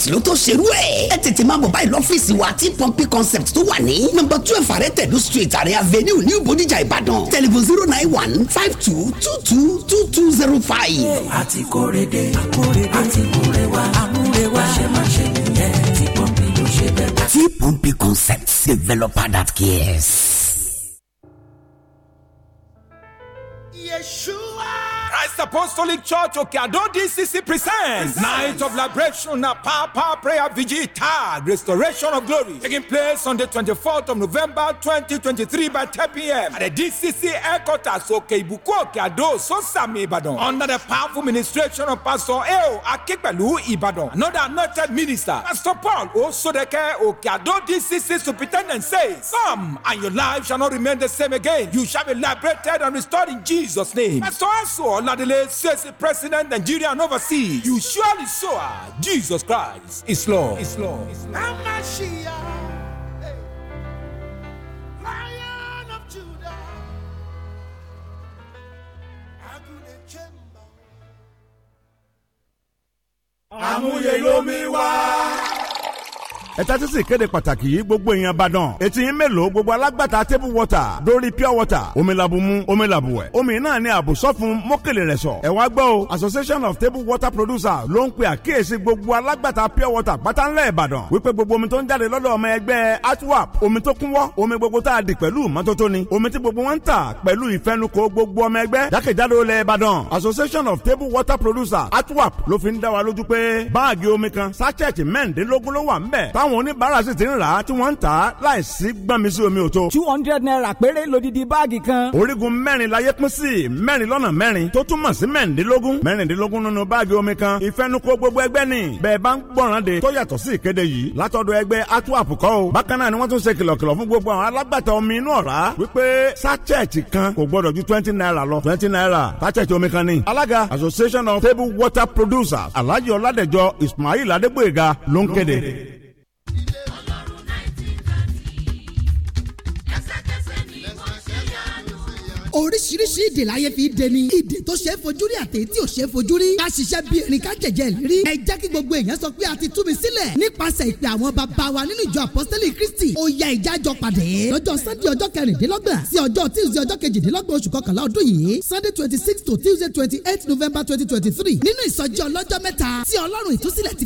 concept ló tó ṣerú ẹ̀. ẹ tètè máa bọ̀ báyìí lọ́fíìsì wa tí pọ́ńpì concept tó wà ní. nọ́mbà twelve àrẹ tẹ̀lú street àrẹ avenue new Bodija Ìbàdàn telephone zero nine one five two two two two two zero five. a ti kórè dé a kórè dé a ti múre wá a múre wá ṣe má ṣe nìyẹn tí pọ́ńpì ló ṣe bẹ́ẹ̀. tí pọ́ńpì concept developer that cares. Apostolic Church Okeado DCC presents Night of Liberation, a Power Prayer vigita Restoration of Glory, taking place on the 24th of November 2023 by 10 p.m. at the DCC headquarters Okeibuku Okeado, Sosami Ibadan, under the powerful ministration of Pastor Eo Akipelu Ibadan, another anointed minister, Pastor Paul Osodeke Okeado DCC Superintendent says, Come and your life shall not remain the same again. You shall be liberated and restored in Jesus' name. Pastor Aso Oladele Wale says the president, Nigeria and overseas, you surely saw Jesus Christ is Lord. Is Lord. Is Lord. Amashiach, hey. Lion of Judah. Àmúyẹ lómi wá ẹ̀ta títí ìkéde pàtàkì yìí gbogbo èèyàn Ìbàdàn etí yín mélòó gbogbo alágbàtà table water lórí pure water omi labumu omi labuwẹ̀ omi náà ni àbùsọ fún mọ́kèlè rẹ̀ sọ. ẹ gbọ́ o association of table water producers ló ń pe àkíyèsí gbogbo alágbàtà pure water pátánlẹ̀ Ìbàdàn wípé gbogbo omi tó ń jáde lọ́dọ̀ ọmọ ẹgbẹ́ atwap omi tó kúnwọ́ omi gbogbo tá a dì pẹ̀lú mọ́tótó ni omi tí gbogbo wọn ń tà pẹ̀lú ìfẹnukò association of table water producers atwap ló fi ń dá wa lójú pé báàgì omi kan sachet táwọn oníbàárà sì ti ń rà á tí wọ́n ń tà á láìsí gbàmísí omi òtó. two hundred naira péré lodidi báàgì kan. orígun mẹ́rin la yẹ pín sí mẹ́rin lọ́nà mẹ́rin tó túmọ̀ sí mẹ́rìndínlógún mẹ́rìndínlógún nínú báàgì omi kan ìfẹnukò gbogbo ẹgbẹ́ ni bẹ́ẹ̀ bá ń gbọ̀ràn de tó yàtọ̀ sí ìkéde yìí látọ̀dọ̀ ẹgbẹ́ atuap kọ́ o. bákan náà ni wọ́n tún ṣe kìlọ̀kìlọ̀ fún gbogbo àwọn alágbàtà omi inú ọ̀rá wípé twenty naira lọ twenty naira sachet omi kan ni. association of table water producers alhaji ọládẹjọ ismail adégbòyega ló ń kéde. oríṣiríṣi ìdè láyé fi dè ni ìdè tó ṣe é fojú rí àti tí ò ṣe é fojú rí ká ṣiṣẹ́ bí erin ká jẹ̀jẹ̀ rírí ẹ jẹ́ kí gbogbo èèyàn sọ pé a ti tú mi sílẹ̀ nípasẹ̀ ìpè àwọn bàbá wa nínú ìjọ apọ́sítẹ́lì kristi ó ya ìjájọ pàdé lọ́jọ́ sunday ọjọ́ kẹrìndínlọ́gbọ̀n sí ọjọ́ tuesday ọjọ́ kejìdínlọ́gbọ̀n oṣù kọkànlá ọdún yìí sunday twenty six to tuesday twenty november twenty twenty three nínú ìsọjí ọlọ́jọ́ mẹ́ta tí ọlọ́run ìtúsílẹ̀ ti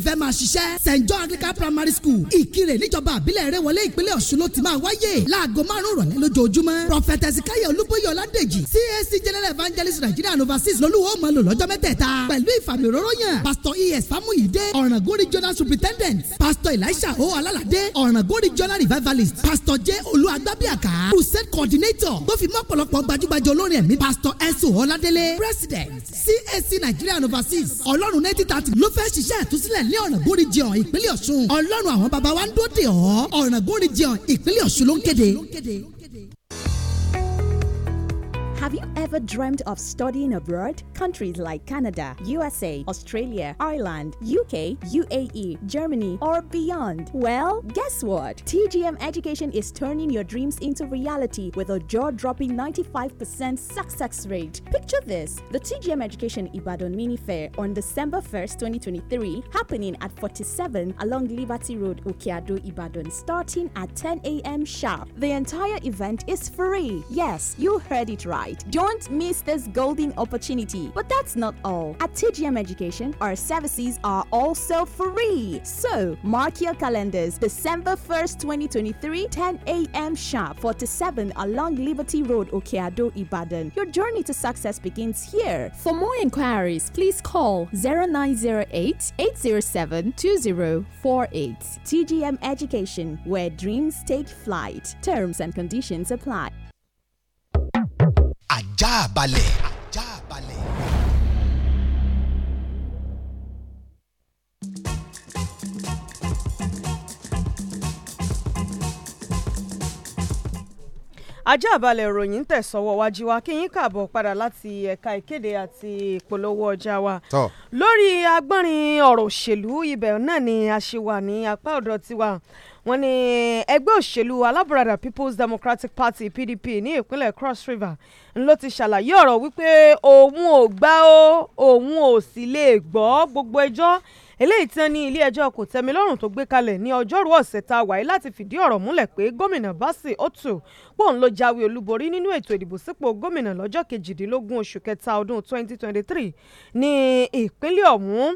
john anglican primary school ìkirè níjọba àbílẹ̀ ẹ̀rẹ́wọlé ìpínlẹ̀ ọ̀ṣun ló ti máa wáyé láago márùn-ún rọ̀lẹ́ lójoojúmọ́ prọfẹtẹsì káyọ̀ olúbóyè Ọládèjì CAC General Evangelist Nigeria and Overseas lolúwo máa lò lọ́jọ́ mẹ́tẹ̀ẹ̀ta pẹ̀lú ìfàmì òróró yàn Pastor E.S. Famuyide Ọ̀ràngún Regional Superintendent Pastor Elisha O. Alálàdé Ọ̀ràngún Regional Revivalist Pastor J. Olú Agbábíàká Crusade Coordinator tó fi mọ́ ọ̀pọ̀lọpọ̀ gbajúgbajù olórin ẹ̀mí Pastor S.O. Ọládélé President CSC Nigeria and Overseas Ọlọ́run ninety thirty ló fẹ́ ṣiṣẹ́ àtúnṣílẹ̀ ní Ọ̀ràngún Region ìpínlẹ̀ Ọ̀ṣun Ọlọ́run àwọn baba wa ń dóde ọ̀ Ọ̀ràngún Region ìpínlẹ̀ Ọ̀ṣun ló ń kéde. ever dreamt of studying abroad? Countries like Canada, USA, Australia, Ireland, UK, UAE, Germany, or beyond? Well, guess what? TGM Education is turning your dreams into reality with a jaw dropping 95% success rate. Picture this the TGM Education Ibadan Mini Fair on December 1st, 2023, happening at 47 along Liberty Road, Ukiado, Ibadan, starting at 10 a.m. sharp. The entire event is free. Yes, you heard it right. Join not miss this golden opportunity. But that's not all. At TGM Education, our services are also free. So, mark your calendars December 1st, 2023, 10 a.m. sharp, 47 along Liberty Road, Okeado, Ibadan. Your journey to success begins here. For more inquiries, please call 0908 807 2048. TGM Education, where dreams take flight. Terms and conditions apply. ajá balẹ̀. ajá balẹ̀. ajá balẹ̀ ìròyìn tẹ̀sọ́wọ́ wájú wa kí yín kààbọ̀ padà láti ẹ̀ka ìkéde àti ìpolówó ọjà wa. lórí agbọ́nrin ọ̀rọ̀ òṣèlú ibẹ̀ náà ni a ṣe wà ní apá ọ̀dọ̀ tiwa wọ́n ní ẹgbẹ́ òṣèlú alábùradà People's Democratic Party PDP ní ìpínlẹ̀ Cross River ló ti ṣàlàyé ọ̀rọ̀ wípé òun ò gbà ó òun ò sì lè gbọ́ gbogbo ẹjọ́ eléyìí tán ní ilé ẹjọ́ kòtẹ́milọ́rùn tó gbé kalẹ̀ ní ọjọ́rú ọ̀sẹ̀ tá a wáyé láti fìdí ọ̀rọ̀ múlẹ̀ pé gómìnà Bassey Otu pọ́ùn ló jáwé olúborí nínú ètò ìdìbò sípò gómìnà lọ́jọ́ kejìdínlógún oṣù kẹta ọdún 2023 ní ìpínlẹ̀ ọ̀hún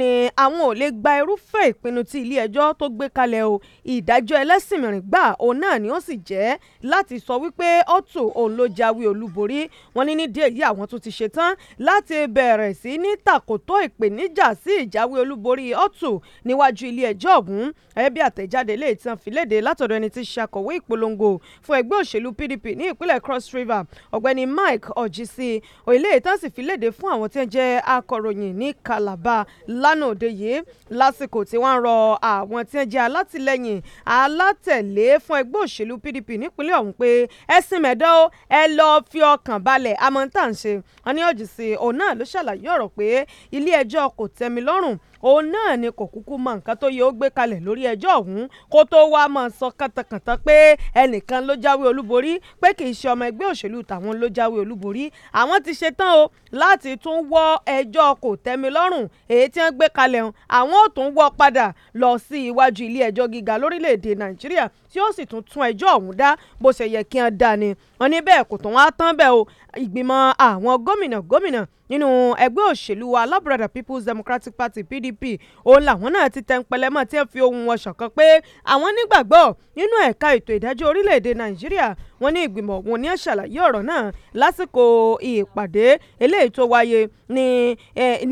ni àwọn ò lè gba irúfẹ́ ìpinnu tí ilé ẹjọ́ tó gbé kalẹ̀ o ìdájọ́ ẹlẹ́sìn mìíràn gbà òun náà ni ó sì jẹ́ láti sọ wípé ọ̀tún òun ló jáwé olúborí wọn ní nídìí èyí àwọn tó ti ṣetán láti bẹ̀rẹ̀ sí ní tàkótó ìpèníjà sí ìjáwé olúborí ọ̀tún níwájú ilé ẹjọ́ ọ̀hún ẹ̀ bí àtẹ̀jáde lè tàn fìlédè látọ̀dọ̀ ẹni tí ṣàkọ̀wé ìpolongo fún ẹgbẹ́ ẹgbẹ́ òṣèlú PDP ní ìpínlẹ̀ Cross River ọ̀gbẹ́ni Mike Ọ̀jísí òyìnlẹ̀ ìtàn sì fi léde fún àwọn tí ń jẹ́ akọ̀ròyìn ní Calabar lánàá òde yìí lásìkò tí wọ́n ń rọ àwọn tí ń jẹ́ alátìlẹyìn alátẹ̀lé fún ẹgbẹ́ òṣèlú PDP nípínlẹ̀ ọ̀hún pé ẹ sin mẹ́dọ́ o ẹ lọ́ọ́ fi ọkàn balẹ̀ àmọ́ ń tà ṣe wọn ní Ọ̀jísí òun náà ló ṣàlàyé ọ̀rọ̀ pé ilé ẹjọ́ kò tẹ́mi lọ́rùn òun náà ni kò kúkú mọ nǹkan tó yẹ ó gbé kalẹ̀ lórí ẹjọ́ ọ̀hún kó tó wá máa sọ kàtàkàtà pé ẹnìkan ló jáwé olúborí pé kì í ṣe ọmọ ẹgbẹ́ òṣèlú tàwọn ló jáwé olúborí àwọn ti ṣetán o láti tún wọ́ ẹjọ́ kò tẹ́milọ́rùn èyí tí wọ́n gbé kalẹ̀ hàn àwọn ò tún wọ́ padà lọ sí iwájú ilé ẹjọ́ gíga lórílẹ̀‐èdè nàìjíríà tí ó sì tún tún ẹjọ́ ọ̀hún dá bó ṣe yẹ kí wọ́n dá ni wọ́n ní bẹ́ẹ̀ kò tún wá tán bẹ́ẹ̀ o ìgbìmọ̀ àwọn gómìnà gómìnà nínú ẹgbẹ́ òṣèlú wa Labrador People's Democratic Party PDP òun làwọn náà ti tẹnpẹlẹ mọ́ tí ń fi ohun wọn ṣọ̀kan pé àwọn nígbàgbọ́ nínú ẹ̀ka ètò ìdájọ́ orílẹ̀-èdè Nàìjíríà wọ́n ní ìgbìmọ̀ ọ̀hún ní ṣàlàyé ọ̀rọ̀ náà lásìkò ìpàdé eléyìí tó wáyé ní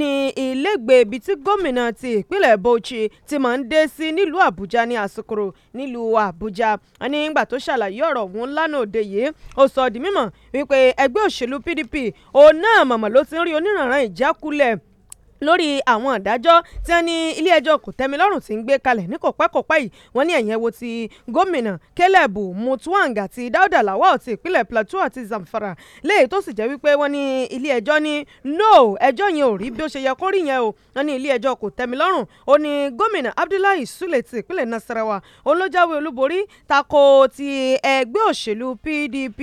ní ilégbèé ibi tí gómìnà ti ìpínlẹ̀ Bauchi ti máa ń dé sí nílùú Àbújá ní àsìkò nílùú Àbújá ní ìgbà tó ṣàlàyé ọ̀rọ̀ ọ̀hún lánàá òde yìí ó sọ di mímọ̀ wípé ẹgbẹ́ òṣèlú PDP òun náà mọ̀mọ́ ló ti ń rí onírànràn ìjákulẹ̀ lórí àwọn ìdájọ́ tí wọ́n ní ilé ẹjọ́ kòtẹ́milọ́rùn ti ń gbé kalẹ̀ ní kòpẹ́kòpẹ́ yìí wọ́n ní ẹ̀yìn ẹ̀wò ti gómìnà Caleb Mutuang àti Dauda Lawal ti ìpínlẹ̀ Plateau àti Zamfara léyìí tó sì jẹ́ wípé wọ́n ní ilé ẹjọ́ ní no ẹjọ́ yẹn ò rí bí ó ṣe yẹ kó rí yẹn o wọ́n ní ilé ẹjọ́ kòtẹ́milọ́rùn ó ní gómìnà Abdullahi Sule ti ìpínlẹ̀ Nasarawa òun ló jáwé olúborí tako ti ẹgbẹ́ òṣèlú PDP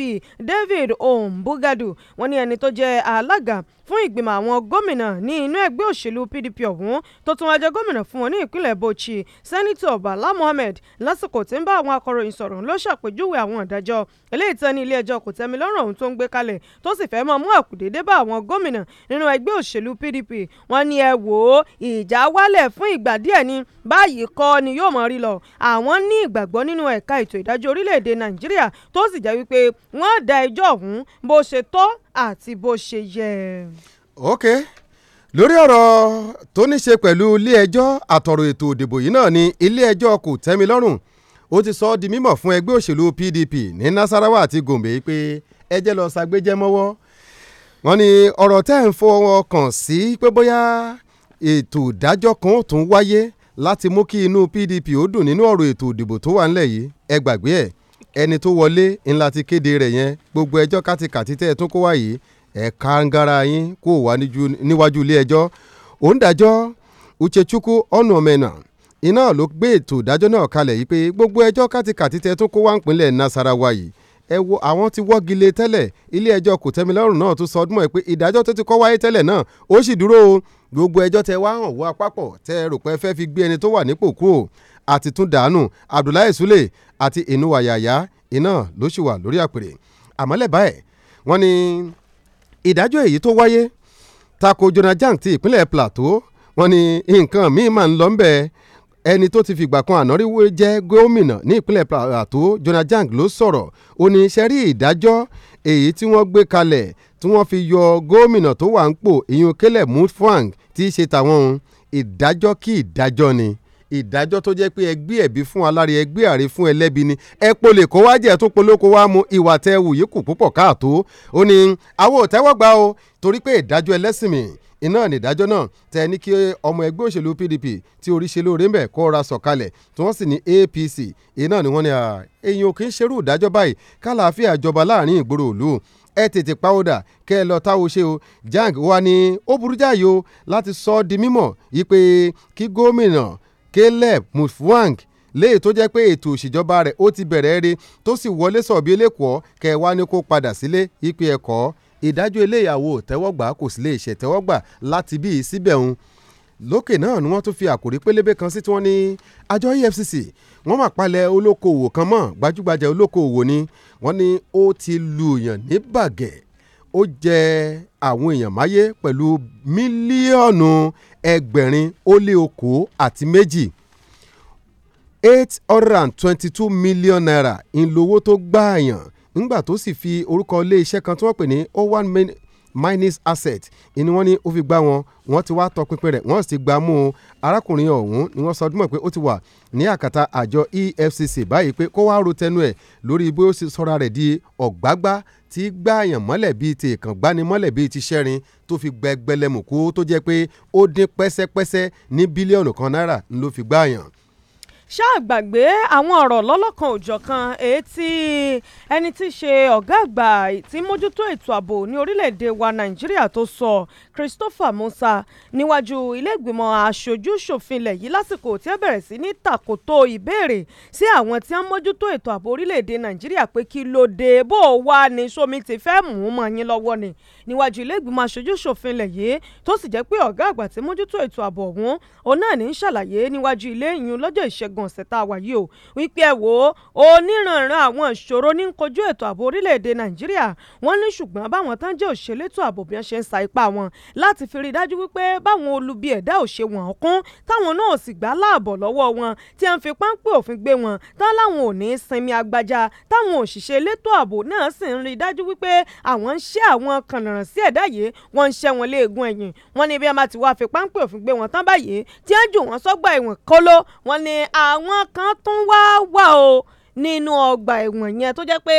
David Ombugadu wọ́n ní ẹni tó jẹ́ alága fún ìgbìmọ̀ àwọn gómìnà ní inú ẹgbẹ́ òṣèlú PDP ọ̀hún tó tún wá jẹ́ gómìnà fún wọn ní ìpínlẹ̀ Bauchi sẹ́nitọ̀ Bala Mohammed lásìkò tí ń bá àwọn akọ̀ròyìn sọ̀rọ̀ ló ṣàpèjúwe àwọn ìdájọ́ eléyìí tán ní ilé ẹjọ́ kò tẹ́mi lọ́rùn ọ̀hún tó ń gbé kalẹ̀ tó sì fẹ́ mọ́ mú àkùdé dé bá àwọn gómìnà nínú ẹgbẹ́ òṣèlú PDP wọ́n ní ẹ wò ó ìjà wálẹ̀ fún ìgbà díẹ̀ ni báyìí kọ́ ni yóò mọ̀ rí lọ àwọn ní ìgbàgbọ́ nínú ẹ̀ka ètò ìdájọ́ orílẹ̀-èdè Nàìjíríà tó sì jẹ́ wípé wọ́n da ẹjọ́ ọ̀hún bó ṣe tọ́ àti bó ṣe yẹ. ok lórí ọ̀rọ̀ tó ní ṣe pẹ̀lú ilé-ẹjọ́ àtọ̀rọ̀ ètò òdìbò yìí náà ni ilé-ẹjọ́ kò tẹ́mi lọ́rùn ó ti sọ ọ́ di mímọ̀ fún ẹgbẹ́ òṣèlú PDP ní Nasarawa àti Gombe pé ẹjẹ́ lọ ṣàgbéjẹ́ mọ́wọ́ wọ́n ní ọ̀rọ̀ tẹ́ ń fọwọ́ kàn sí pé bóyá ètò ìdájọ́ kan ó tún wáyé láti mú kí inú PDP ó dùn nínú ọ̀rọ̀ ètò òdìbò tó wà ńlẹ̀ yìí ẹ gbàgbé ẹ̀ ẹni tó wọlé ńlá ti kéde rẹ̀ yẹn gbogbo ẹjọ́ kátìkàtì tẹ́ ẹ tún kó wá yìí ẹ̀ka ngara yín kó wà níwájú ilé ẹjọ́ òǹdàjọ́ Uchechukwu Ọ̀nùmẹ̀nà iná ló gbé ètò ìdájọ́ náà kalẹ̀ yìí pé gbogbo ẹjọ́ kátìkàtì tẹ́ ẹ kó wá ìpínlẹ̀ Nasarawa yìí ẹ wo àwọn tí wọ́gi lé tẹ́lẹ̀ ilé ẹjọ́ kòtẹ́milọ́rùn náà tún sọ ọdún mọ́ ẹ pé ìdájọ́ tó ti kọ́ wáyé tẹ́lẹ̀ náà ó sì dúró o gbogbo ẹjọ́ tẹ wá hàn wọ apapọ̀ tẹ rò pé ẹ fẹ́ fi gbé ẹni tó wà nípò kú àti tún dànù Abdullahi Sule àti Inuwa Yaya iná ló sì wà lórí àpèrè àmọ́lẹ́bá ẹ̀ wọ́n ní ìdájọ́ èyí tó wáyé tako Jonah Jang ti ìpínlẹ̀ Plateau wọ́n ní nǹkan míì máa ń lọ ń bẹ́ẹ̀ ẹni tó ti fìgbà kan ànáríwó jẹ́ gómìnà ní ìpínlẹ̀ Plateau Jonah Jang ló sọ̀rọ̀ ó ní iṣẹ́ rí ìdájọ́ èyí tí wọ́n gbé kalẹ̀ tí wọ́n fi yọ gómìnà tó wà ń pò ìyún kẹlẹ̀ tí í ṣe tàwọn ìdájọ́ kí ìdájọ́ ni ìdájọ́ tó jẹ́ pé ẹgbẹ́ ẹ̀bí fún aláre ẹgbẹ́ àre fún ẹlẹ́bi ni ẹ polè kó wá jẹ́ tó polóko wá mu ìwà tẹ wù yìí kù púpọ̀ káàtó ó ní àwọn ò tẹ́wọ́ gbà o torí pé ìdájọ́ ẹlẹ́sìn mi iná nìdájọ́ náà tẹ ní kí ọmọ ẹgbẹ́ òṣèlú PDP tí oríṣẹ́ lóore ń kó ra sọ̀kalẹ̀ tí wọ́n sì ní APC iná ni wọ́n ní èyàn ò kì í ṣerú ìdájọ́ báyìí kálàáfíà jọba láàrin ìgboro òlu ẹ tètè pàwọ́dà kẹ́ ẹ lọ táwo ṣe o Jang wa ni ó burú jáyò láti sọ ọ́ di mímọ̀ yí pé kí gómìnà Caleb Mutfwang léyìí tó jẹ́ pé ètò òṣèjọba rẹ̀ ó ti bẹ̀rẹ̀ rí tó sì wọlé sọ̀bí elékòó kẹwàá ni kó padà sílé ìpè ẹ̀kọ́ ìdájọ́ iléyàwó tẹ́wọ́gbà kò sì lè ṣètẹ́wọ́gbà láti bíi síbẹ̀ òun lókè náà ni wọ́n tún fi àkòrí pélébé kan sí tí wọ́n ní àjọ EFCC wọ́n mà palẹ̀ olókoòwò kan mọ́ gbajúgbajà olókoòwò ni wọ́n ní ó ti lùyàn ní bàgẹ́ ó jẹ́ àwọn èèyàn máyé pẹ̀lú mílíọ̀nù ẹgbẹ̀rin ó lé okòó àti méjì eight hundred and twenty-two million naira ńlọ́wọ́ tó gbààyàn ńgbà tó sì fi orúkọ iléeṣẹ́ kan tí wọ́n pè ní o one minus asset ni wọ́n ní ó fi gbá wọn wọ́n ti wá tọpinpin rẹ̀ wọ́n sì gbá mú un arákùnrin ọ̀hún ni wọ́n sọ ọdún mọ̀ pé ó ti wà ní àkàtà àjọ EFCC báyìí pé kó wá ro tẹnu ẹ̀ lórí bí ó sì sọra rẹ̀ di ọ̀gbágbá tí gbààyàn mọ́lẹ̀ bíi ti ìkàngbáni mọ́lẹ̀ bíi ti sẹ́rin tó fi gbẹgbẹlẹmùkú tó jẹ́ pé ó dín pẹ́sẹ́pẹ́sẹ́ ní bílíọ̀nù kan náírà ló fi gbààyàn ṣáà gbàgbé àwọn ọ̀rọ̀ lọ́lọ́kan òjọ̀kan èyí tí ẹni tí í ṣe ọ̀gá àgbà tí mójútó ètò ààbò ní orílẹ̀-èdè wa Nàìjíríà tó sọ Christopher Musa níwájú iléègbìmọ̀ aṣojú-ṣòfin ilẹ̀ yìí lásìkò tí ó bẹ̀rẹ̀ sí ní tàkòtò ìbéèrè sí àwọn tí wọ́n mójútó ètò ààbò orílẹ̀-èdè Nàìjíríà pé kí ló dé bó o wá ní sómi ti fẹ́ mú un mọ́ yín lọ́wọ́ ni níwájú iléègbìmọ̀ aṣojú-ṣòfin ilẹ̀ yìí tó sì jẹ́ pé ọ̀gá àgbà tí mójútó ètò ààbò ọ̀hún òun náà ní í ṣàlàyé níwájú ilé ìyún lọ́jọ́ ìṣẹ́gun ọ̀sẹ̀ tá a wà yìí o wípé ẹ wò ó oníranran àwọn ìṣòro ní kojú ètò láti fi rí i dájú wípé báwọn olubi ẹ̀dá ò ṣe wọ̀n kún táwọn náà sì gbà láàbọ̀ lọ́wọ́ wọn tí a ń fi páńpẹ́ òfin gbé wọn tán láwọn ò ní í sinmi agbájá táwọn òṣìṣẹ́ elétò ààbò náà sì ń rí i dájú wípé àwọn ń ṣẹ́ àwọn kànàràn sí ẹ̀dá yìí wọ́n ń ṣẹ́ wọn léegun ẹ̀yìn wọ́n ní bí a máa ti wá fi páńpẹ́ òfin gbé wọn tán báyìí a ń jù nínú ọgbà ẹ̀wọ̀n yẹn tó jẹ́ pé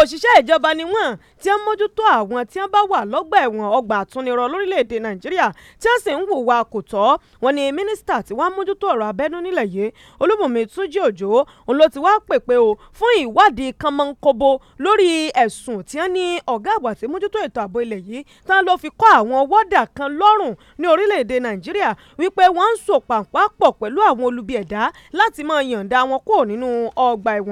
òṣìṣẹ́ ìjọba ni wọ́n tí ń mójútó àwọn tí wọ́n bá wà lọ́gbà ẹ̀wọ̀n ọgbà àtúnirọ̀ lórílẹ̀‐èdè nàìjíríà tí wọ́n sì ń hùwà kò tọ́ wọn ni mínísítà tí wọ́n mójútó ọ̀rọ̀ abẹ́nú nílẹ̀ yìí olúbùnmi túnjí òjò òun ló ti wá pèpè o fún ìwádìí kan mọ́ ń kobo lórí ẹ̀sùn tí wọ́n ní ọ̀gá àgbà tí mójútó ètò ààbò ilẹ̀ yìí tí ló fi kọ́ àwọn wọ́dà kan lọ́rùn ní orílẹ̀-èdè nàìjíríà wípé wọ́n ń sòpàǹpà pọ̀ pẹ̀lú àwọn olubi ẹ̀dá láti máa yọ̀ǹda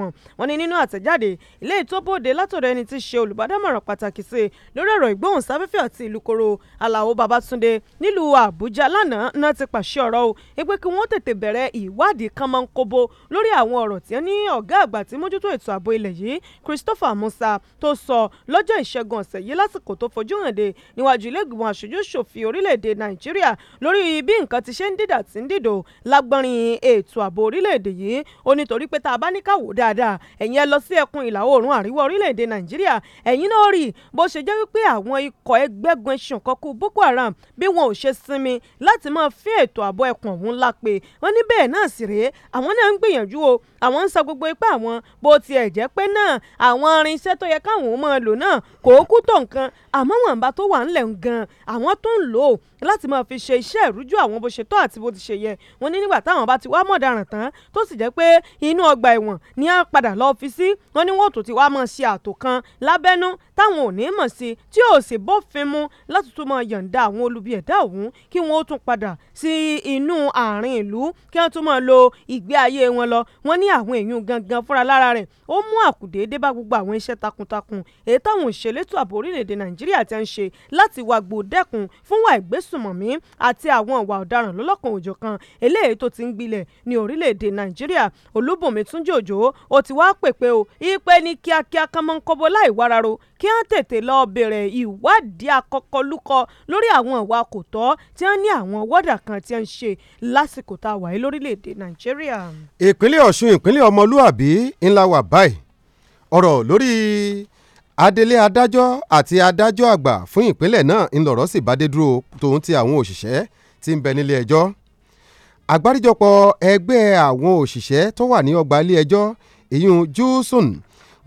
náà wọ́n ní nínú àtẹ̀jáde ilé tó bóde látọ̀dọ̀ ẹni tí ṣe olùbádámọ̀ràn pàtàkì sí lórí ọ̀rọ̀ ìgbóhùnsáfẹ́fẹ́ àti ìlúkoro Alao Babatunde nílùú Àbújá lánàá náà ti pàṣẹ ọ̀rọ̀ o wípé kí wọ́n tètè bẹ̀rẹ̀ ìwádìí kan máa ń kóbo lórí àwọn ọ̀rọ̀ tí ó ní ọ̀gá àgbà tí mójútó ètò ààbò ilẹ̀ yìí Christopher Musa tó sọ lọ́jọ́ ìṣẹ́gun ọ̀sẹ̀ yìí lásìkò tó fojú hàn dé níwájú ilé ìgbìmọ̀ aṣojú ṣòfin orílẹ̀-èdè Nàìjíríà lórí bí nǹkan ti ṣe ń dìdà tí ń dìdò lágbọ́nrin ètò ààbò orílẹ̀-èdè yìí ó pé tá a bá ní káwò dáadáa dáadáa ẹ̀yin ẹ lọ sí ẹkùn ìlà oòrùn àríwá orílẹ̀-èdè nàìjíríà ẹ̀yin náà rí bó ṣe jẹ́ wípé àwọn ikọ̀ ẹgbẹ́gun ẹṣin kọ́kú boko haram bí wọn ò ṣe sinmi láti máa fi ètò ààbò ẹkùn ọ̀hún lápè wọ́n ní bẹ́ẹ̀ náà sì rèé àwọn náà ń gbìyànjú o àwọn ń sa gbogbo ipá àwọn bó tiẹ̀ jẹ́ pé náà àwọn irinṣẹ́ tó yẹ káwọn ò máa lò náà kò kú tó nǹkan àmọ́ wọ̀nba tó wà ńlẹ̀ ń gan àwọn tó ń lò ó láti máa fi ṣe iṣẹ́ ìrújú àwọn bó ṣe tọ́ àti bó ti ṣe yẹ wọ́n ní nígbà táwọn bá ti wá mọ̀daràn tán tó sì jẹ́ pé inú ọgbà ẹ̀wọ̀n ni a padà lọ́ọ́ fi sí wọn ni wọn ò tó ti wá máa ṣe àtò kan lábẹ́nú táwọn ò ní mọ̀ sí tí ò sì bófin mu láti tún máa yọ̀ǹda àwọn olubi ẹ̀dá ọ̀hún kí wọ́n ó tún padà sí inú àárín ìlú kí wọ́n tún máa lo ìgbé ayé wọn lọ wọ́n ní àwọn èèyàn gangan fúnra lára rẹ̀ ó mú àkùdé dé bá gbogbo àwọn iṣẹ́ takuntakun èyí táwọn òṣèlétò ààbò orílẹ̀-èdè nàìjíríà ti ń ṣe láti wàgbò dẹ́kun fúnwà ìgbésùmọ̀mí àti àwọn ìwà ọ̀daràn lọ́lọ́kan òjọ̀kan eléyìí tó ti ń gbilẹ̀ ní orílẹ̀-èdè nàìjíríà olúbùnmi túnjí òjò ó ti wá pèpè kí wọ́n tètè lọ bẹ̀rẹ̀ ìwádìí akọkọlúkọ lórí àwọn ìwà kò tọ́ tí wọ́n ní àwọn wọ́dà kan tí wọ́n ń ṣe lásìkò tá a wà yìí lórílẹ̀‐èdè nàìjíríà. ìpínlẹ̀ ọ̀ṣun ìpínlẹ̀ ọmọlúàbí ńlá wà báyìí ọ̀rọ̀ lórí adelé adájọ́ àti adájọ́ àgbà fún ìpínlẹ̀ náà ńlọrọ̀ sì bá dé dúró tòun ti àwọn òṣìṣẹ́ tí ń bẹ nílé ẹjọ́ àgbáríjọpọ̀ ẹgbẹ́ àwọn òṣìṣẹ́ tó wà ní ọgbà ilé ẹjọ́ ìyún júùsùn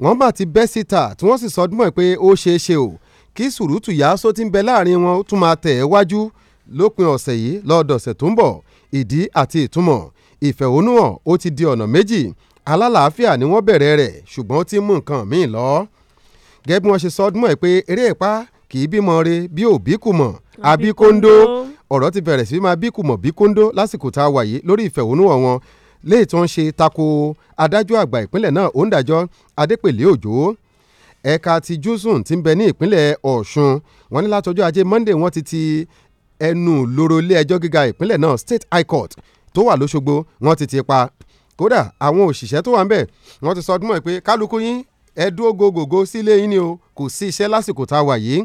wọ́n bá ti bẹ́ síta tí wọ́n sì sọdún ẹ̀ pé ó ṣeé ṣe o kí sùrùtù yá só ti ń bẹ láàrin wọn ó tún máa tẹ̀ ẹ́ wájú lópin ọ̀sẹ̀ yìí lọ́ọ̀dọ̀sẹ̀ tó ń bọ̀ ìdí àti ìtumọ̀ ìfẹ̀hónúhàn ó ti di ọ̀nà méjì alálàáfíà ni wọ́n bẹ̀rẹ̀ rẹ̀ ṣùgbọ́n ó ti mú nǹkan míì lọ. gẹ́gẹ́ bí wọ́n ṣe sọ ọdún mọ́ ẹ̀ pé eré ìpá kì í bímọ re bí ò bíkùmọ̀ àbíkóńdó ọ̀rọ̀ ti bẹ̀rẹ̀ sí máa bíkùmọ̀ bíkóńdó lásìkò tá a wà yìí lórí ìfẹ̀hónúhàn wọn léyìí tó ń ṣe tako adájọ́ àgbà ìpínlẹ̀ náà òǹdàjọ́ adépèlé òjò ẹ̀ka ti júùsùn ti ń bẹ ní ìpínlẹ̀ ọ̀ṣun wọ́n ní látọjọ́ ajé monday wọ́n ti ti ẹnu lóró ilé ẹjọ́ gíga ìpínlẹ̀ náà state high court tó wà lóṣogbo wọ́n ti ti pa kódà àwọn òṣìṣẹ́ tó wà ń bẹ̀ wọ́n ti sọ ọdún mọ́ ẹ pé kálukú yín ẹ dúró gogogo sílé yín ni o kò sí iṣẹ́ lásìkò tá a wà yìí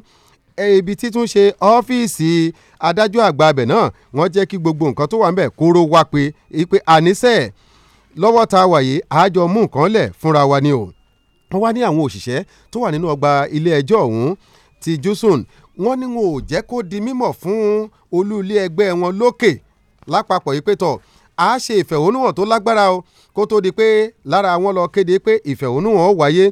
ibi títún ṣe ọ́fíìsì adájọ́ àgbà abẹ̀ náà wọ́n jẹ́ kí gbogbo nǹkan tó wà ń bẹ̀ kóró wá pé ipe àníṣẹ́ lọ́wọ́ tá a wà yìí àájọ mú nǹkan lẹ̀ fúnra wa ni o wọ́n wá ní àwọn òṣìṣẹ́ tó wà nínú ọgbà ilé ẹjọ́ ọ̀hún ti jusun wọ́n ní wọn ò jẹ́ kó di mímọ̀ fún olú ilé ẹgbẹ́ wọn lókè lápapọ̀ yìí pé tọ̀ a ṣe ìfẹ̀hónúhàn tó lágbára o kó tó di pé lára wọn lọ kéde pé ìfẹ̀hónúhàn ó wáyé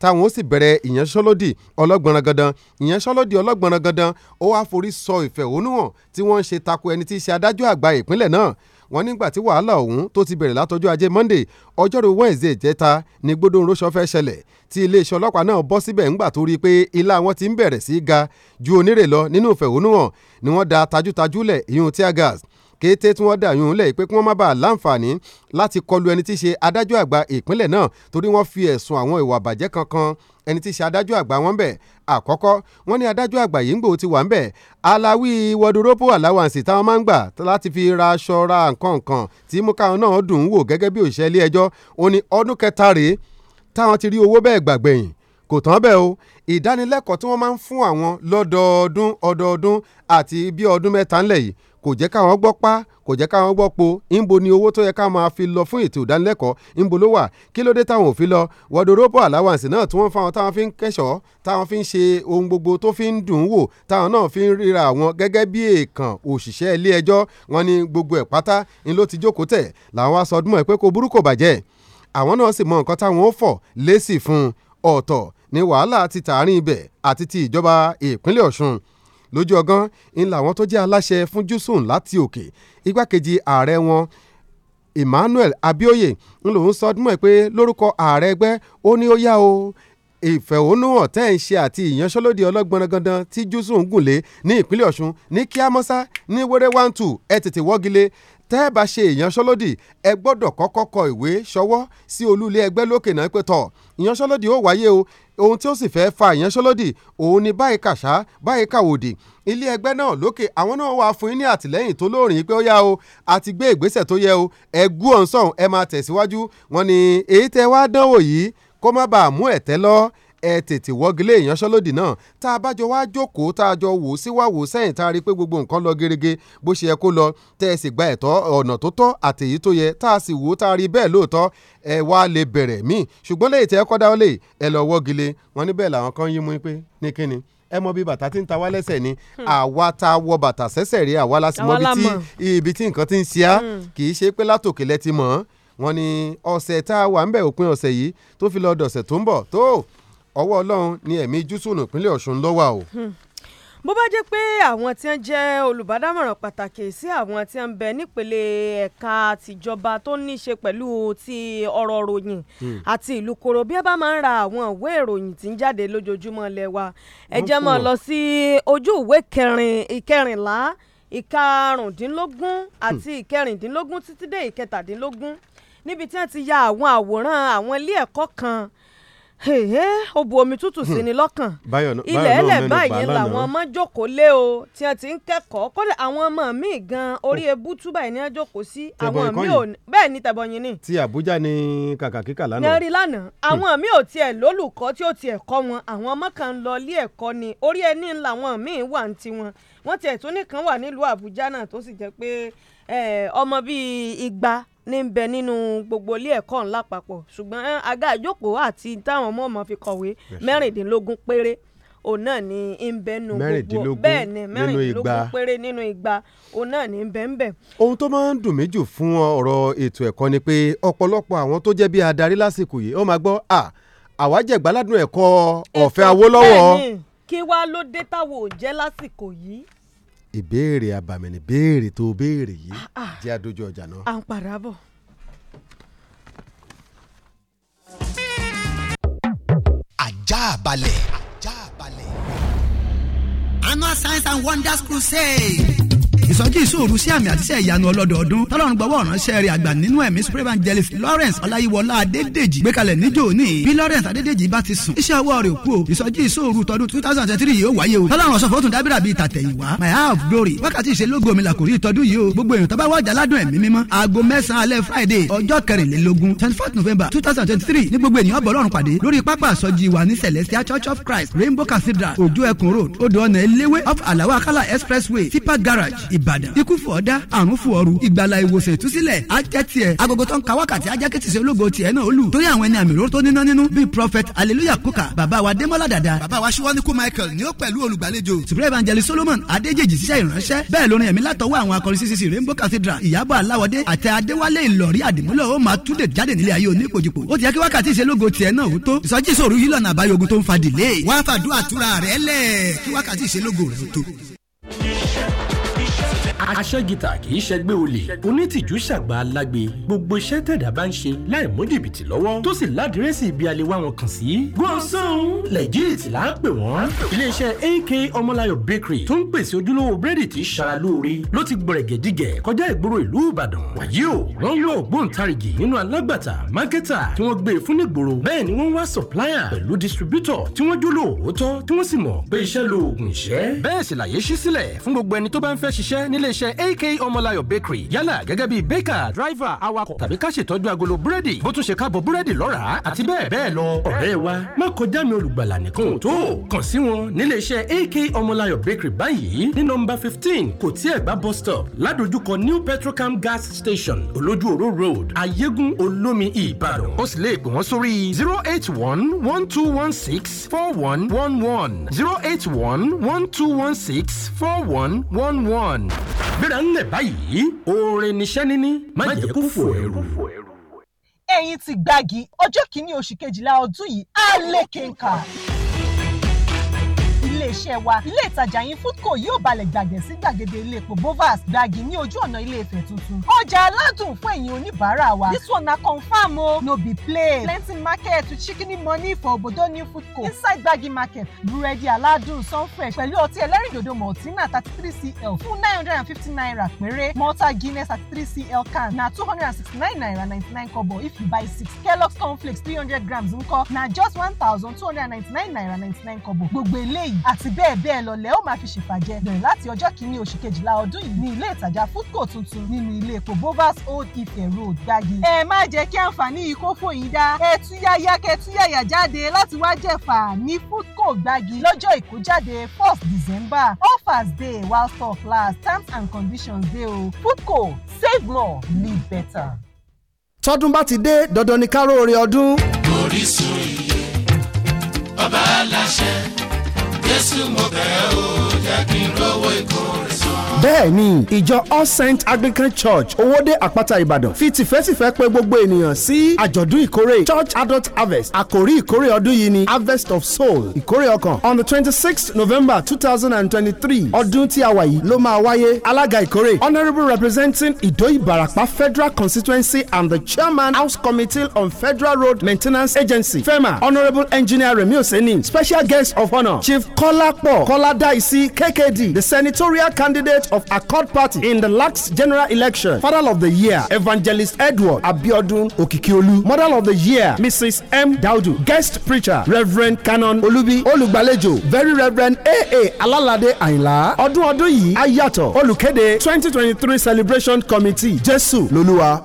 táwọn ó sì bẹ̀rẹ̀ ìyanṣẹ́lódì ọlọ́gbọ̀nrán gandan ìyanṣẹ́lódì ọlọ́gbọ̀nrán gandan ó wá forí sọ ìfẹ̀hónúhàn tí wọ́n ń ṣe tako ẹni tí í ṣe adájọ́ àgbà ìpínlẹ̀ náà wọ́n nígbà tí wàhálà ọ̀hún tó ti bẹ̀rẹ̀ látọjọ́ ajé Monday ọjọ́rùú Wednesday jẹ́ta ní gbọ́dọ̀ ńlọṣọ fẹ́ ṣẹlẹ̀ tí iléeṣẹ́ ọlọ́pàá náà bọ́ síbẹ̀ ńgbà tó rí i pé ilá wọn ti ń bẹ̀rẹ̀ sí í ga ju onírè lọ nínú ìfẹ̀hónúhàn ni wọ́n da tajútajú lẹ̀ ìyún tear gas kété tí wọ́n dà yún lẹ̀ pé kí wọ́n má bàa láǹfààní láti kọlu ẹni tí í ṣe adájọ́ àgbà ìpínlẹ̀ náà torí wọ́n fi ẹ̀sùn àwọn ìwà bàjẹ́ kankan ẹni tí í ṣe adájọ́ àgbà wọn bẹ̀ àkọ́kọ́ wọ́n ní adájọ́ àgbà yìí ń gbòó ti wà ń bẹ̀ aláwí wọdúrópò aláwàǹsì táwọn máa ń gbà láti fi ra aṣọ ra nǹkan nǹkan tí mú káwọn náà dùn ún wò gẹ́gẹ́ bí òṣìṣẹ́ ilé ẹjọ́ ó ní ọdún kẹta rèé táwọn ti rí owó bẹ́ẹ̀ gbàgbẹ̀yìn kò tán bẹ́ẹ̀ o ìdánilẹ́kọ̀ọ́ tí wọ́n máa ń fún àwọn lọ́dọọdún ọdọọdún àti bí ọdún mẹ́ta ńlẹ̀ yìí kò jẹ́ káwọn gbọ́ pa kò jẹ́ káwọn gbọ́ po ńbo ni owó tó yẹ ká máa fi lọ fún ètò ìdánilẹ́kọ̀ọ́ ńbo ló wà kí ló dé táwọn ò fi lọ wọdoróbó àláwàǹsì náà tí wọ́n fáwọn táwọn fi ń kẹ́ṣọ́ táwọn fi ń ṣe ohun gbogbo tó fi ń dùn wò táwọn náà fi ń ríra àwọn gẹ́gẹ́ bí èèkàn òṣìṣẹ́ ilé ẹjọ́ wọn ni gbogbo ẹ̀ pátá ni ló ti jókòó tẹ̀ làwọn aṣọdúnmọ̀ ẹ̀ pé kò burú bàjẹ́ àwọn náà sì mọ nǹkan táwọn ó fọ̀ lésì fún ọ̀tọ̀ ni wàhálà ti tààrin ibẹ̀ àti ti ìjọba ìpínlẹ̀ Ọ̀ṣun lójú ọgán ń làwọn tó jẹ́ aláṣẹ fún júsùn láti òkè igbákejì ààrẹ wọn Emmanuel Abioye ń lòún sọdúnmọ́ ẹ pé lórúkọ ààrẹ ẹgbẹ́ ó ní ó yá o ìfẹ̀hónúhàn tẹ́ ń ṣe àti ìyanṣẹ́lódì ọlọ́gbọ́n gandan tí júsùn gùnlé ní ìpínlẹ̀ Ọ̀ṣun ní kíámọ́sá ní wẹ́rẹ́ one two ẹ tètè wọ́gilé tẹ́ ẹ bá ṣe ìyanṣẹ́lódì ẹ gbọ́dọ̀ kọ́kọ́ kọ ìwé ṣọwọ́ sí olú ilé ẹgbẹ́ lókè náà pé tọ̀ ìyanṣẹ́lódì ó wáyé o ohun tí ó sì fẹ́ fa ìyanṣẹ́lódì òun ni báyìí kàṣá báyìí kàwòdì ilé ẹgbẹ́ náà lókè àwọn náà wà fún yín ní àtìlẹ́yìn tó lóòrìn yìí pé ó yá o àti gbé ìgbésẹ̀ tó yẹ o ẹ gú ọ̀nsán ẹ máa tẹ̀síwájú wọn ni èyí tẹ wá dánwò yìí kó má bàa mú ẹ̀tẹ́ lọ ẹ tètè wọ́gilé ìyanṣẹ́lódì náà tá a bá jọ wá jókòó tá a jọ wò síwáwò sẹ́yìn tá a rí i pé gbogbo nǹkan lọ gerege bó ṣe yẹ kó lọ tẹ́ ẹ sì gba ẹ̀tọ́ ọ̀nà tó tọ́ àtèyí tó yẹ tá a sì wò tá a rí bẹ́ẹ̀ lóòótọ́ ẹ wá lè bẹ̀rẹ̀ míì ṣùgbọ́n lẹ́yìn tẹ́ ẹ kọ́ dáwọ́ lè ẹ lọ wọ́gilé wọn níbẹ̀ làwọn kan yín mú pé ní kíni ẹ mọ bí bàtà tí ń ta wá lẹ́sẹ̀ ni hmm. àwa ta wọ bàtà sẹ́sẹ̀ rí àwa la ibi tí nǹkan ti ń ṣe hmm. kì í ṣe pé látòkè lẹ ti mọ̀ ọ́ wọ́n ní ọ̀sẹ̀ tá a wà ń bẹ̀ òpin ọ̀sẹ̀ yìí tó fi lọ́ọ́ dọ̀sẹ̀ tó ń bọ̀ tó ọwọ́ ọlọ́run ni ẹ̀mí júsùnù ìpínlẹ̀ ọ̀ṣun lọ́wọ́ o. Hmm. bó bá jẹ́ pé àwọn tí wọ́n jẹ́ olùbádámọ̀ràn pàtàkì sí àwọn tí wọ́n ń bẹ nípele ẹ̀ka tìjọba tó ní í ṣe pẹ̀lú ti ọ̀rọ̀ ròyìn hmm. àti ìlú koro bí ẹ bá máa ń ra àwọn ìwé ìròyìn tí ń jáde lójoojúmọ́ lẹ̀ wa ẹ jẹ́ máa lọ sí ojú ìwé kẹrin ìkẹrìnlá ìkarùndínlógún hmm. àti ìkẹrìndínlógún títí dé ìkẹtàdínlógún níbi tí wọ́n ti ya àwọn àwòrán àwọn ilé ẹ̀kọ́ kan ó bu omi tútù sí hmm. ni lọ́kàn ilẹ̀ ẹlẹ̀ báyìí làwọn ọmọ jókòó lé o tí wọ́n ti ń kẹ́kọ̀ọ́ kọ́lẹ̀ àwọn ọmọ míì gan orí oh. ebútú báyìí ni wọ́n jókòó sí àwọn míì ò bẹ́ẹ̀ ni tẹ̀bọ̀yìn ni. ti Àbújá ni kàkà kíkà lánàá. ní rí lánàá hmm. àwọn míì ò tiẹ̀ lólùkọ́ tí ó tiẹ̀ kọ́ wọn àwọn ọmọ kan lọ ilé ẹ̀kọ́ ni orí ẹni làwọn míì wà ní tiwọn wọ́n tiẹ̀ tún nìkan wà nílùú Àbújá náà tó sì jẹ́ pé ọmọ bíi igba ní í bẹ nínú gbogbo ilé ẹ̀kọ́ ńlá papọ̀ ṣùgbọ́n eh, àga ìjókòó àti táwọn ọmọ ọmọ fi kọ̀wé mẹ́rìndínlógún péré òun náà ni ń bẹ nínú gbogbo bẹ́ẹ̀ ni mẹ́rìndínlógún péré nínú igba òun náà ni ń bẹ ń bẹ. ohun tó máa ń dùn mí jù fún ọ̀rọ̀ ètò ẹ̀kọ́ ni pé ọ̀pọ̀lọpọ̀ àwọn tó jẹ́ bí adarí lásìkò yìí ó máa gbọ́ à àwa jẹ̀gbáládùn ẹ̀kọ́ ọ̀fẹ́ Awólọ́wọ̀. kí wàá ló dé táwọn ò jẹ́ lásìkò yìí ìbéèrè àbàmì ni béèrè tó béèrè yìí ah, ah. jẹ́ àdójú ọjà náà. à ń padà bọ̀. ajá balẹ̀. ajá balẹ̀. annual signs and wonders crusade ìsọjí ìṣòro sí àmì àtiṣẹ́ ìyanu ọlọ́dọọdún tọ́lọ́run gbọ́wọ́ ránṣẹ́ rẹ̀ àgbà nínú ẹ̀mí supreme evangelist Lawrence ọláyíwọlá adédèjì gbékalẹ̀ níjó ní bí Lawrence adédèjì bá ti sùn iṣẹ́ ọwọ́ rẹ̀ kú o ìsọjí ìṣòro tọdún two thousand and three yóò wáyé o tọ́lọ́run ọ̀sán fọ́tún dábìrà bíi tàtẹ̀yìnwá my house of glory wákàtí ìṣelógo mi là kò rí ìtọ́dún yìí o gbogbo èèyàn tó bá wájà ládùn ẹ̀mí mímọ́ aago mẹ́sàn-án alẹ́ Friday November two thousand twenty three ní gbogbo ènìyàn bọ̀ lọ́run pàdé wa ní Celestial Church of Christ Rainbow Cathedral Ojú Ẹkùn Road Odò off Alawa Akala Expressway Tipa Garage ìbàdàn ikú fò ọ̀dá àrùn fò ọ̀rù ìgbàlà ìwòsàn ìtúsílẹ̀ ajẹ́ tiẹ̀ agogo tó ń ka wákàtí ajẹ́ kìtì sí ológo tiẹ̀ náà ó lù torí àwọn ẹni àmì òróró tó níná nínú bíi prophet hallelujah kuka bàbá wa démọ́lá dàda bàbá wa ṣíwáníkù michael ni ó pẹ̀lú olùgbàlejò supreme evangelist solomon adéjèjì ṣiṣẹ́ ìránṣẹ́ bẹ́ẹ̀ lórin ẹ̀mí látọwọ́ àwọn akọrin ccc rainbow cathedral ìyábọ̀ aláwọ̀dé àti adéwálé ìlọ̀rí àdìmúlò ó máa túnde jáde nílé ayé oníkojúpo ó ti yẹ kí wákàtí ìṣelógo tiẹ̀ náà ó tó ìsọjí ìṣòro yìí lọ́nà àbáyọ ogun tó ń fa dìlé. wàá fàdúrà túra rẹ̀ lẹ̀ kí wákàtí ìṣelógo rẹ̀ ó tó aṣẹ́gita kì í ṣẹgbẹ́ olè onítìjú ṣàgbà alágbe gbogbo iṣẹ́ tẹ̀dá bá ń ṣe láì mú jìbìtì lọ́wọ́ tó sì ládírẹ́sì ibi a wọn kàn sí. gbọ́nsán legit là ń pè wọ́n. iléeṣẹ́ AK ọmọláyọ̀ bakery tó ń pèsè ojúlówó búrẹ́dì tí ṣara lóore ló ti gbọ̀rẹ̀gẹ̀dígẹ̀ kọjá ìgboro ìlú Ìbàdàn. wàyí o wọ́n yóò gbóǹtarìgì nínú alágbàtà mákẹ́tà tí wọ́n gbé e fún nígboro bẹ́ẹ̀ ni wọ́n wá supplier pẹ̀lú distributor tí wọ́n jóló òótọ́ tí wọ́n sì mọ̀ pé iṣẹ́ lo oògùn ìṣẹ́. bẹ́ẹ̀ sì làyé ṣí sílẹ̀ fún gbogbo ẹni tó bá ń fẹ́ ṣiṣẹ́ níléeṣẹ́ AK Ọmọláyọ̀ bakery yálà gẹ́gẹ́ bíi baker driver awakọ̀ tàbí ká ṣètọ́jú agolo búrẹ́dì bó tún ṣe káàbọ̀ búrẹ́dì lọ́ràá àti bẹ́ẹ̀ bẹ́ẹ̀ lọ. ọ̀rẹ́ wa má kọjá mi olùgbàlà nìkan ò tó kàn sí wọn nílé iṣẹ́ AK Ọmọláyọ̀ bakery báyìí ní nọ́mbà fifteen kò tí ẹ̀ gbá bus stop ládojúkọ new petrocam gas station olójú òró road ayégún olómi ìbàdàn ó sì lè pè wọ́n sórí zero eight one one two one six four one one one zero eight one one two one six four one one one gbéra ńlẹ̀ báyìí orin níṣẹ́ níní má jẹ́ kó fò ẹrù. ẹ̀yin ti gbági ọjọ́ kìíní oṣù kejìlá ọdún yìí á lè kéka iléeṣẹ́ wa ilé ìtajà yín foodco yóò balẹ̀ gbàgẹ̀ sí gbàgede ilé epo bovas gbàgì ní ojú ọ̀nà ilé Ifẹ̀ tuntun ọjà aládùn fún ẹ̀yin oníbàárà wa this one na confam o no be play plenty market to chicken money for obodo new foodco inside gbàgì market búrẹ́dì aládùn sunfresh pẹ̀lú ọtí ẹlẹ́rìndòdò maltina thirty three cl fún nine hundred and fifty naira péré malta guinness thirty three cl can na two hundred and sixty nine naira ninety nine kobo if you buy six kellogg's cornflakes three hundred grams ńkọ́ na just one thousand two hundred and ninety nine naira ninety nine kobo gbogbo eléyìí at àti bẹ́ẹ̀ bẹ́ẹ̀ lọ lẹ́ ó máa fi ṣèfàjẹ́ bẹ̀rẹ̀ láti ọjọ́ kìíní oṣù kejìlá ọdún yìí ní ilé ìtajà foodco tuntun nínú ilé epo bovas old ife road gbági. ẹ má jẹ́ kí àǹfààní yìí kó fò yín dá ẹ túyáyá kẹ túyáyá jáde láti wá jẹ̀fà ní foodco gbági lọ́jọ́ ìkójáde first december offers dey while stock last terms and conditions dey o foodco save more live better. tọ́dún bá ti dé dandan ni káró orin ọdún. orísun iye bàbá aláṣẹ. jésù mo bẹ̀ ọ́ jẹ́ kí n ìkórè. bẹ́ẹ̀ni ìjọ all saint anglican church owóde àpáta ìbàdàn fi tìfẹ́tìfẹ́ pè gbogbo ènìyàn sí àjọ̀dún ìkórè church adult harvest àkòrí ìkórè ọdún yìí ni harvest of soul ìkórè ọkàn on the twenty sixth november two thousand and twenty three ọdún tí a wà yìí ló máa wáyé alága ìkórè honourable representing ìdó ìbàràpá federal constituency and the chairman house committee on federal road maintenance agency fema honourable engineer remi oseni special guest of honour chief kọ́lápọ̀ kọ́ládàísí kkd the senatorial candidate branch of Accord Party in the last general election. Father of the Year, Evangelist Edward Abiodun Okikiolu. Model of the Year, Mrs. M. Daudu. Guest preacher, Reverend Canon Olubi Olugbalejo. Very Reverend A.A. Alalade Ayinla. Ọdún ọdún Ayato Olukede. 2023 Celebration Committee. Jésù lolúwa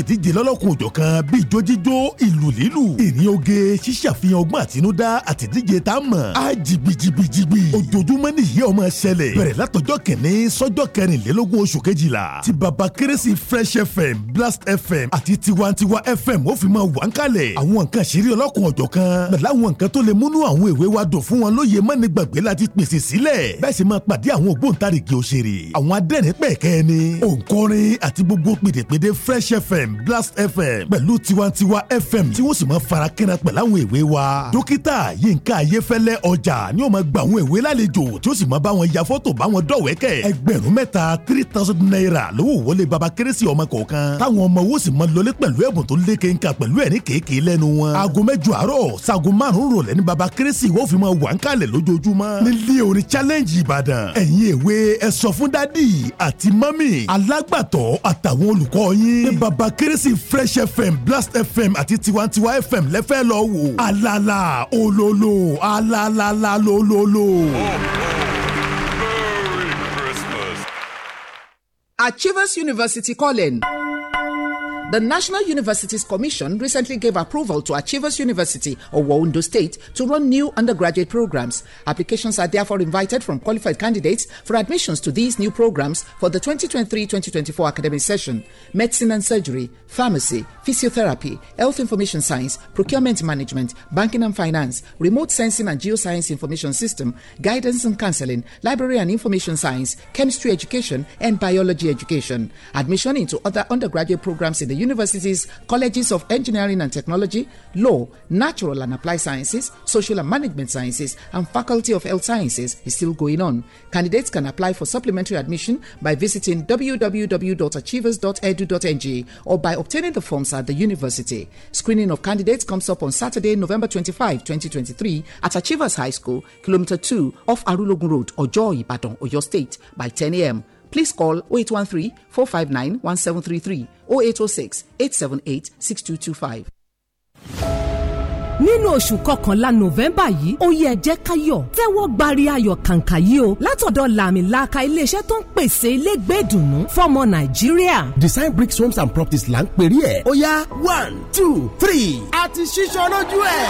ìdíje lọ́lọ́kùn òjọ̀ kan bíi jójíjó ìlú lílù ìrìn oge ṣíṣàfihàn ọgbọ́n àtinúdá àtìdíje tá a mọ̀ á jìgbìjìgbìjìgbì ojoojúmọ́ nìyí ọmọ ṣẹlẹ̀ bẹ̀rẹ̀ látọjọ́ kìíní sọ́jọ́ kẹrìnlélógún oṣù kejìlá ti baba kérésì fresh fm blast fm àti tiwantiwa fm ó fi máa wà ń kalẹ̀ àwọn nǹkan ṣeré ọlọ́kùn ọ̀jọ̀ kan pẹ̀lú àwọn nǹkan tó lè múnú àwọn èwe wa dùn fún wọn lóye mọ́ni gbàgbé la ti pèsè sílẹ̀ bẹ́ẹ̀ sì máa pàdé àwọn ògbóǹtarìgì òṣèré àwọn adẹ́rìn pẹ̀kẹ́ ni òǹkọrin àti gbogbo pèdèpèdè fresh fm fm blast fm pẹ̀lú tiwantiwa fm tí wọ́n sì máa fara kẹ́ra pẹ̀lú àwọn èwe wa. dókítà yínká ayéfẹ́lẹ́ ọjà ni ó máa gba àwọn èwe lálejò tí ó sì máa bá wọn ya fọ́tò bá wọn dọ̀wẹ́kẹ̀. ẹgbẹ̀rún mẹ́ta three thousand naira lówó wọlé baba kérésì ọmọ kọ̀ọ̀kan táwọn ọmọ owó sì máa lọlé pẹ̀lú ẹ̀bùn tó lé kéńkà pẹ̀lú ẹ̀rí kéèké lẹ́nu wọn. aago mẹ́jọ àárọ̀ sago márùn-ún rọ̀lẹ́ ní baba kérésì wọ́n fi challenge ìbàdàn ẹ̀yin èwe ẹ sọ fún dádì àti mọ́mì alágbàtọ́ àtàwọn olùkọ́ kérésì fresh fm blast fm àti tiwantiwa fm lẹ́fẹ́ lọ wò alala ololo alalala lololo. Achievers University College. The National Universities Commission recently gave approval to Achievers University of Wawundo State to run new undergraduate programs. Applications are therefore invited from qualified candidates for admissions to these new programs for the 2023-2024 academic session. Medicine and surgery, pharmacy, physiotherapy, health information science, procurement management, banking and finance, remote sensing and geoscience information system, guidance and counseling, library and information science, chemistry education, and biology education. Admission into other undergraduate programs in the universities, colleges of engineering and technology, law, natural and applied sciences, social and management sciences, and faculty of health sciences is still going on. Candidates can apply for supplementary admission by visiting www.achievers.edu.ng or by obtaining the forms at the university. Screening of candidates comes up on Saturday, November 25, 2023 at Achievers High School, Kilometer 2 off Arulogun Road, Ojo, Ibadan, Oyo State by 10 a.m. please call 0813 459 1733 0806 878 6225 nínú oṣù kọkànlá nọ́vẹ́mbà yìí ó yẹ jẹ́ káyọ̀ tẹ́wọ́ gbari ayọ̀ kàǹkà yìí o látọ̀dọ̀ làmìlaka iléeṣẹ́ tó ń pèsè ilégbè dùnú fọmọ nàìjíríà. design bricks homes and properties là ń pèrè ẹ̀ ó one two three àti ṣíṣọ́ lójú ẹ̀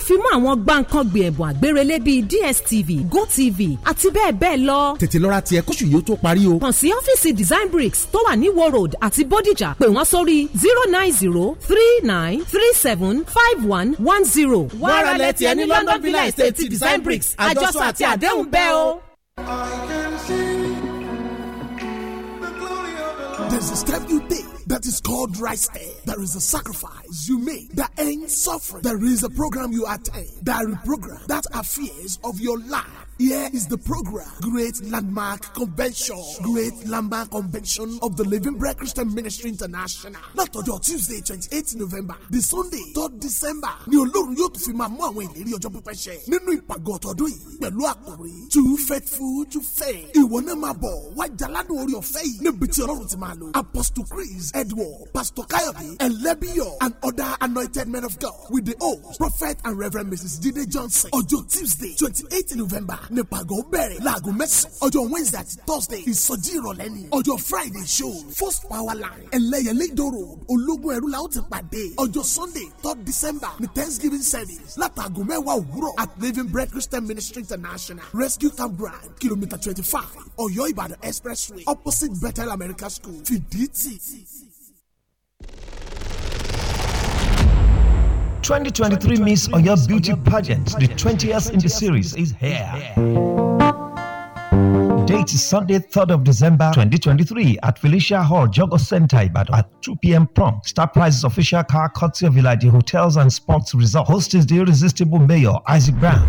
fi mú àwọn gbàǹkangbè ẹ̀bùn àgbérelé bíi DSTV GoTV àti bẹ́ẹ̀ bẹ́ẹ̀ lọ. tètè lọ ra tiẹ̀ kóṣù yìí tó parí o. kàn sí ọ́fíìsì Design Bricks tó wà ní Iwo Road àti Bódìjà pè wọ́n sórí zero nine zero three nine three seven five one one zero. wàrà lẹ́tì ẹni London Villa Estate Design Bricks àjọṣọ àti àdéhùn bẹ́ẹ̀ o. I can see There's a step you take that is called right step. There is a sacrifice you make that ends suffering. There is a program you attend that reprograms that affairs of your life. Here is the program Great Landmark Convention. Great Landmark Convention of the Living Bread Christian Ministry International. Not on your Tuesday twenty eight November the Sunday third December ni Ọlọ́run yóò tún fi máa mú àwọn ìlérí ọjọ́ pípẹ́ ṣẹ. Nínú ìpàgọ́ ọ̀tọ̀dún yìí pẹ̀lú àkòrí too faithful to fail. Ìwọ náà máa bọ̀ wá jaládùn orí ọ̀fẹ́ yìí níbi tí Ọlọ́run ti máa lò. Apostle Chris Edward, Pastor Kayode Elebiyo and other anointed men of God with the old prophet and Reverend Mrs. Jide Johnson. On your Tuesday twenty eight November ní pàgọ́ bẹ̀rẹ̀ láago mẹ́sàn-án ọjọ́ wednesday àti thursday ìsọjí ìrọ̀lẹ́ ni ọjọ́ friday show first power line ẹlẹ́yẹlé ìdòrò ológun ẹ̀rú la ó ti pàdé ọjọ́ sunday third december ní thanksgiving service látàgò mẹ́wàá òwúrọ̀ at living bread christian ministry international rescue camp ground kilometre twenty five ọ̀yọ́ ìbàdàn expressway opposite bethel american school fìdí tì. 2023 Miss Oyo Beauty Pageant, the 20th in the series, is here. Date is Sunday, 3rd of December 2023 at Felicia Hall, Jogo Center, Ibadan at 2 p.m. prompt. Star Prizes official car courtesy of Village Hotels and Sports Resort. Host is the irresistible mayor, Isaac Brown.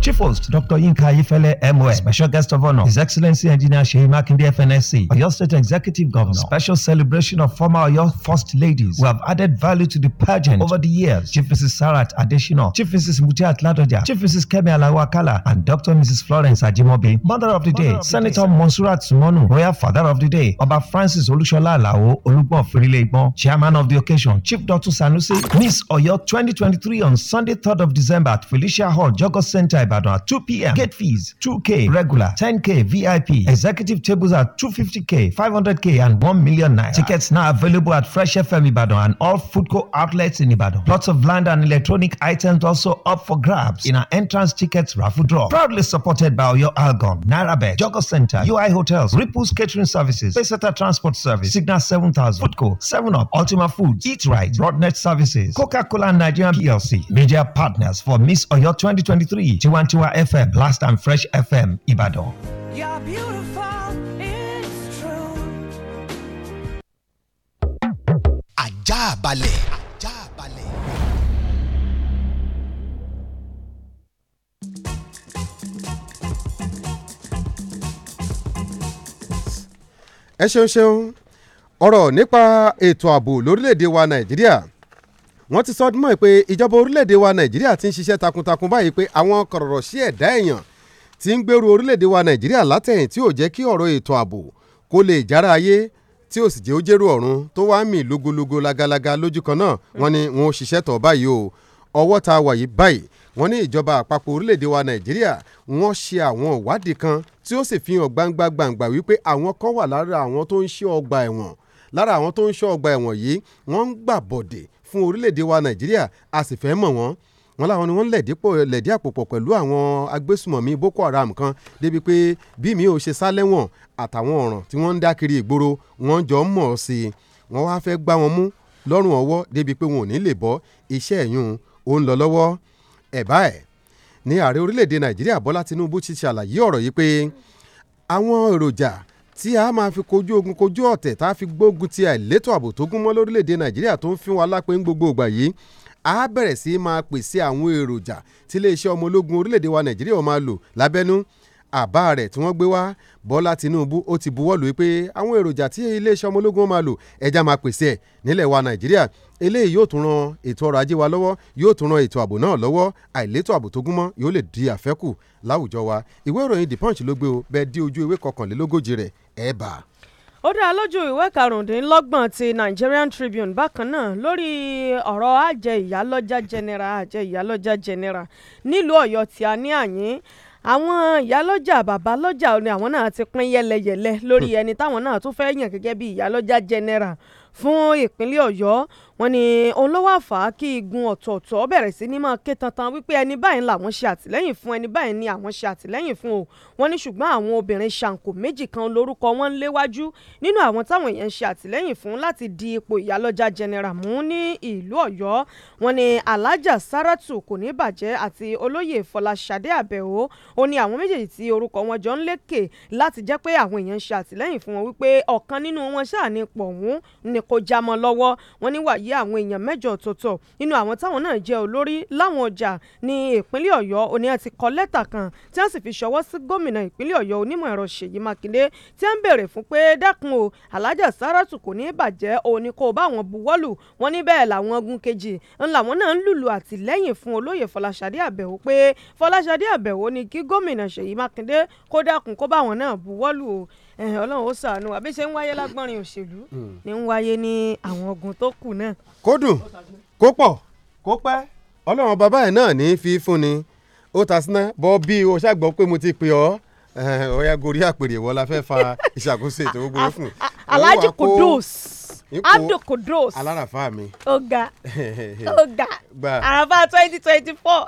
Chief Host Dr. Inka Ifele MOA. Special Guest of Honor His Excellency Engineer Shehi Makinde FNSC. Oyo State Executive Governor. Special celebration of former Oyo First Ladies who have added value to the pageant over the years. Chief Mrs. Sarat Adeshina, Chief Mrs. Mutia Atladoja, Chief Mrs. Kemi Alawakala, and Dr. Mrs. Florence Ajimobi. Mother of the Mother Day, of Senator Monsurat Sumonu, Royal Father of the Day, Oba Francis Olushola Lao, Olugbon Firilegbon, Chairman of the occasion, Chief Dr. Sanusi, Miss Oyo 2023 on Sunday 3rd of December at Felicia Hall, Jogos Center Ibadan at 2 p.m. Gate fees 2k regular, 10k VIP. Executive tables at 250k, 500k, and 1 million naira. Tickets now available at Fresh FM Ibadan and all food co outlets in Ibadan. Lots of land and electronic items also up for grabs in our entrance tickets raffle draw. Proudly supported by Oyo Algon, Narabet, Jogo Center, UI Hotels, Ripples Catering Services, Peseta Transport Service, Signal 7000, Co, 7UP, Ultima Foods, Eat Right, Broadnet Services, Coca Cola Nigeria PLC. Major partners for Miss Oyo 2023. tiwantiwa fm last and fresh fm Ibadan. You're beautiful, it's true. ajá balẹ̀. ẹ ṣeun ṣeun ọ̀rọ̀ nípa ètò ààbò lórílẹ̀‐èdè wa nàìjíríà wọ́n ti sọ ọdún mọ́ pé ìjọba orílẹ̀-èdè wa nàìjíríà ti ń ṣiṣẹ́ takuntakun báyìí pé àwọn kọ̀rọ̀rọ̀ sí ẹ̀dá èèyàn ti ń gbèrú orílẹ̀-èdè wa nàìjíríà látẹ̀yìn tí ò jẹ́ kí ọ̀rọ̀ ètò ààbò kó lè jára ayé tí ò sì jẹ́ ó jẹ́rú ọ̀run tó wá mì lógologo lagalaga lójú kan náà wọ́n ní wọn ò ṣiṣẹ́ tọ̀ báyìí o ọwọ́ ta wà yìí báyìí wọ́n ní ìjọba àpapọ̀ orílẹ̀-èdè wa nàìjíríà wọ́n ṣe àwọn ìwádìí kan tí ó sì fi hàn gbangba gbangba wípé àwọn kan wà lára àwọn tó ń ṣe ọgbà ẹ̀wọ̀n lára àwọn tó ń ṣọ́ ọgbà ẹ̀wọ̀n yìí wọ́n ń gbà bọ̀dẹ̀ fún orílẹ̀-èdè wa nàìjíríà a sì fẹ́ mọ̀ wọ́n wọn láwọn ni wọ́n lẹ̀dí àpòpọ̀ pẹ̀lú àwọn agbésùmọ̀mí boko haram kan débi pé bí mi ò ṣe sá lẹ́wọ̀n àtàwọn ọ̀ràn tí wọ́n ń dá kiri ìgboro wọ́n jọ ń mọ̀ ọ́ sí i wọ́n wá fẹ́ gbá wọn mú lọ́rùn ọwọ́ débi pé wọn ò ní lè bọ́ iṣẹ́ ẹ̀yún ó ń lọ lọ́wọ́ ẹ̀ báyìí ní ààrẹ orílẹ̀-èdè nàìjíríà bọ́lá tinubu ti ṣàlàyé ọ̀rọ̀ yìí pé àwọn èròjà tí a máa fi kojú ogun kojú ọ̀tẹ̀ tá a fi gbógun ti àìlétò ààbò tó gún mọ́ lórílẹ̀‐èdè nàìjíríà tó ń fi wọn alápè ń gbogbo ìgbà yìí a bẹ̀rẹ̀ sí máa pèsè àwọn èròjà tí iléeṣẹ́ ọmọ ológun orílẹ̀‐èdè wa nàìjíríà máa lò lábẹ́nú àbá rẹ̀ tí wọ́n gbé wá Bọ́lá Tinubu ó ti buwọ́ lù pé àwọn èròjà tí iléeṣẹ́ ọmọ ológun máa lò ẹja máa pèsè ẹ̀ nílẹ̀ wa Nàìjíríà eléyìí yóò tún ran ètò ọrọ̀ ajé wa lọ́wọ́ yóò tún ran ètò ààbò náà lọ́wọ́ àìlétò ààbò tó gúnmọ́ yóò lè di àfẹ́kù láwùjọ wa ìwé ìròyìn The Punch ló gbé o bẹ́ẹ̀ dí ojú ewé kọkànlélógójì rẹ̀ ẹ̀ bá ó dá lójú ìwé karùndínlọ́gbọ̀n ti Nigerian Tribune bákan náà lórí ọ̀rọ̀ àjẹ ìyálọ́jà general àjẹ ìyálọ́jà general nílùú Ọ̀yọ́ tí a ní àyín àwọn ìyálọ́jà bàbálọ́jà ni àwọn náà ti pín yẹ́lẹyẹ̀lẹ lórí hmm. ẹni táwọn náà tún fẹ́ yàn gẹ́gẹ́ bí ìyálọ́jà general fún ìpínlẹ̀ ọ̀yọ́ wọ́n ní òun ló wá fà á kí igun ọ̀tọ̀ọ̀tọ̀ bẹ̀rẹ̀ sí ní máa ké tantan wípé ẹni báyìí làwọn ṣe àtìlẹ́yìn fún ẹni báyìí ni àwọn ṣe àtìlẹ́yìn fún o wọ́n ní ṣùgbọ́n àwọn obìnrin ṣàǹkó méjì kan lórúkọ wọn ń léwájú nínú àwọn táwọn èèyàn ṣe àtìlẹ́yìn fún láti di ipò ìyálọ́jà general mú ní ìlú ọ̀yọ́ wọ́n ní alájà sáràtù kò ní bàjẹ́ àti olóyè fọláṣadé àbẹ̀wò ó ní àwọn méjèèjì tí orúkọ wọn jọ ń lékè láti jẹ́ pé àwọn èèyàn ṣe àtìlẹ́yìn fún wọn wípé ọ̀kan nínú wọn ṣáà ní pọ̀ ọ̀hún ni wọ̀nyí àwọn èèyàn mẹ́jọ ọ̀tọ̀ọ̀tọ̀ nínú àwọn táwọn náà jẹ́ olórí láwọn ọjà ní ìpínlẹ̀ ọ̀yọ́ òní àti kọ lẹ́tà kan tí wọ́n sì fi ṣọwọ́ sí gómìnà ìpínlẹ̀ ọ̀yọ́ onímọ̀ ẹ̀rọ ṣèyí mákindé tí wọ́n ń fún pé dákun o alájà sáràtù kò ní bàjẹ́ òní kò bá àwọn buwọ́lù wọn ní bẹ́ẹ̀ làwọn ogun kejì ń náà ń lùlù àtìlẹ́yìn fún olóyè fọláṣadé àbẹ̀wò pé fọláṣadé àbẹ̀wò ni kí gómìnà ṣèyí mákindé kó dákun kó bá àwọn náà buwọ́lù o ọlọ́run ó ṣàánú àbí ṣe ń wáyé lágbọ́nrin òṣèlú hmm. ni ń wáyé ní àwọn ogun tó kù náà. kó dùn kó pọ̀ kó pẹ́ ọlọ́run bàbá ẹ̀ náà ní fi fún ni ó ta síná bọ́ bí o ṣàgbọ́ pé mo ti pè ọ́ ọ̀ya gorí àpèrè wọ́n la fẹ́ fa ìṣàkóso ètò gbogbo fún. alhaji kudus abdul kudus aláràfáà mi. ó ga ó ga àràfáà twenty twenty four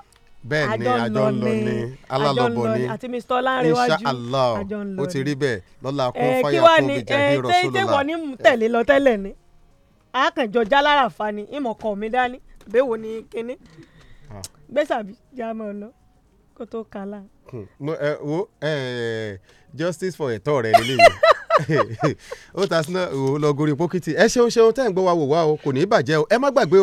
bẹ́ẹ̀ ni àjọ ń lọ ni alálọ́bọ ni àti mr ọlánrewájú inshallah ó ti rí bẹ́ẹ̀ lọ́la kún fáyà kún bíi jàdí rọ́ṣọ́lọ́la. ẹ kí wàá ní ẹ tẹ́wọ́ ní tẹ̀lé lọ tẹ́lẹ̀ ni àkànjọ jálára fa ni ìmọ̀ kan mi dání àbẹ̀wò ni kínní gbèsàbí ah. já mọ́ ọ lọ kó tó kàlà. Hmm. wo justice for ẹ̀tọ́ rẹ̀ lélẹ́yìn ó ta sí náà lọ gorí pókìtì ẹ ṣeun ṣeun tẹ́ ń gbọ́ wa wò wá o kò ní í bàjẹ́ o ẹ má gbàgbé o.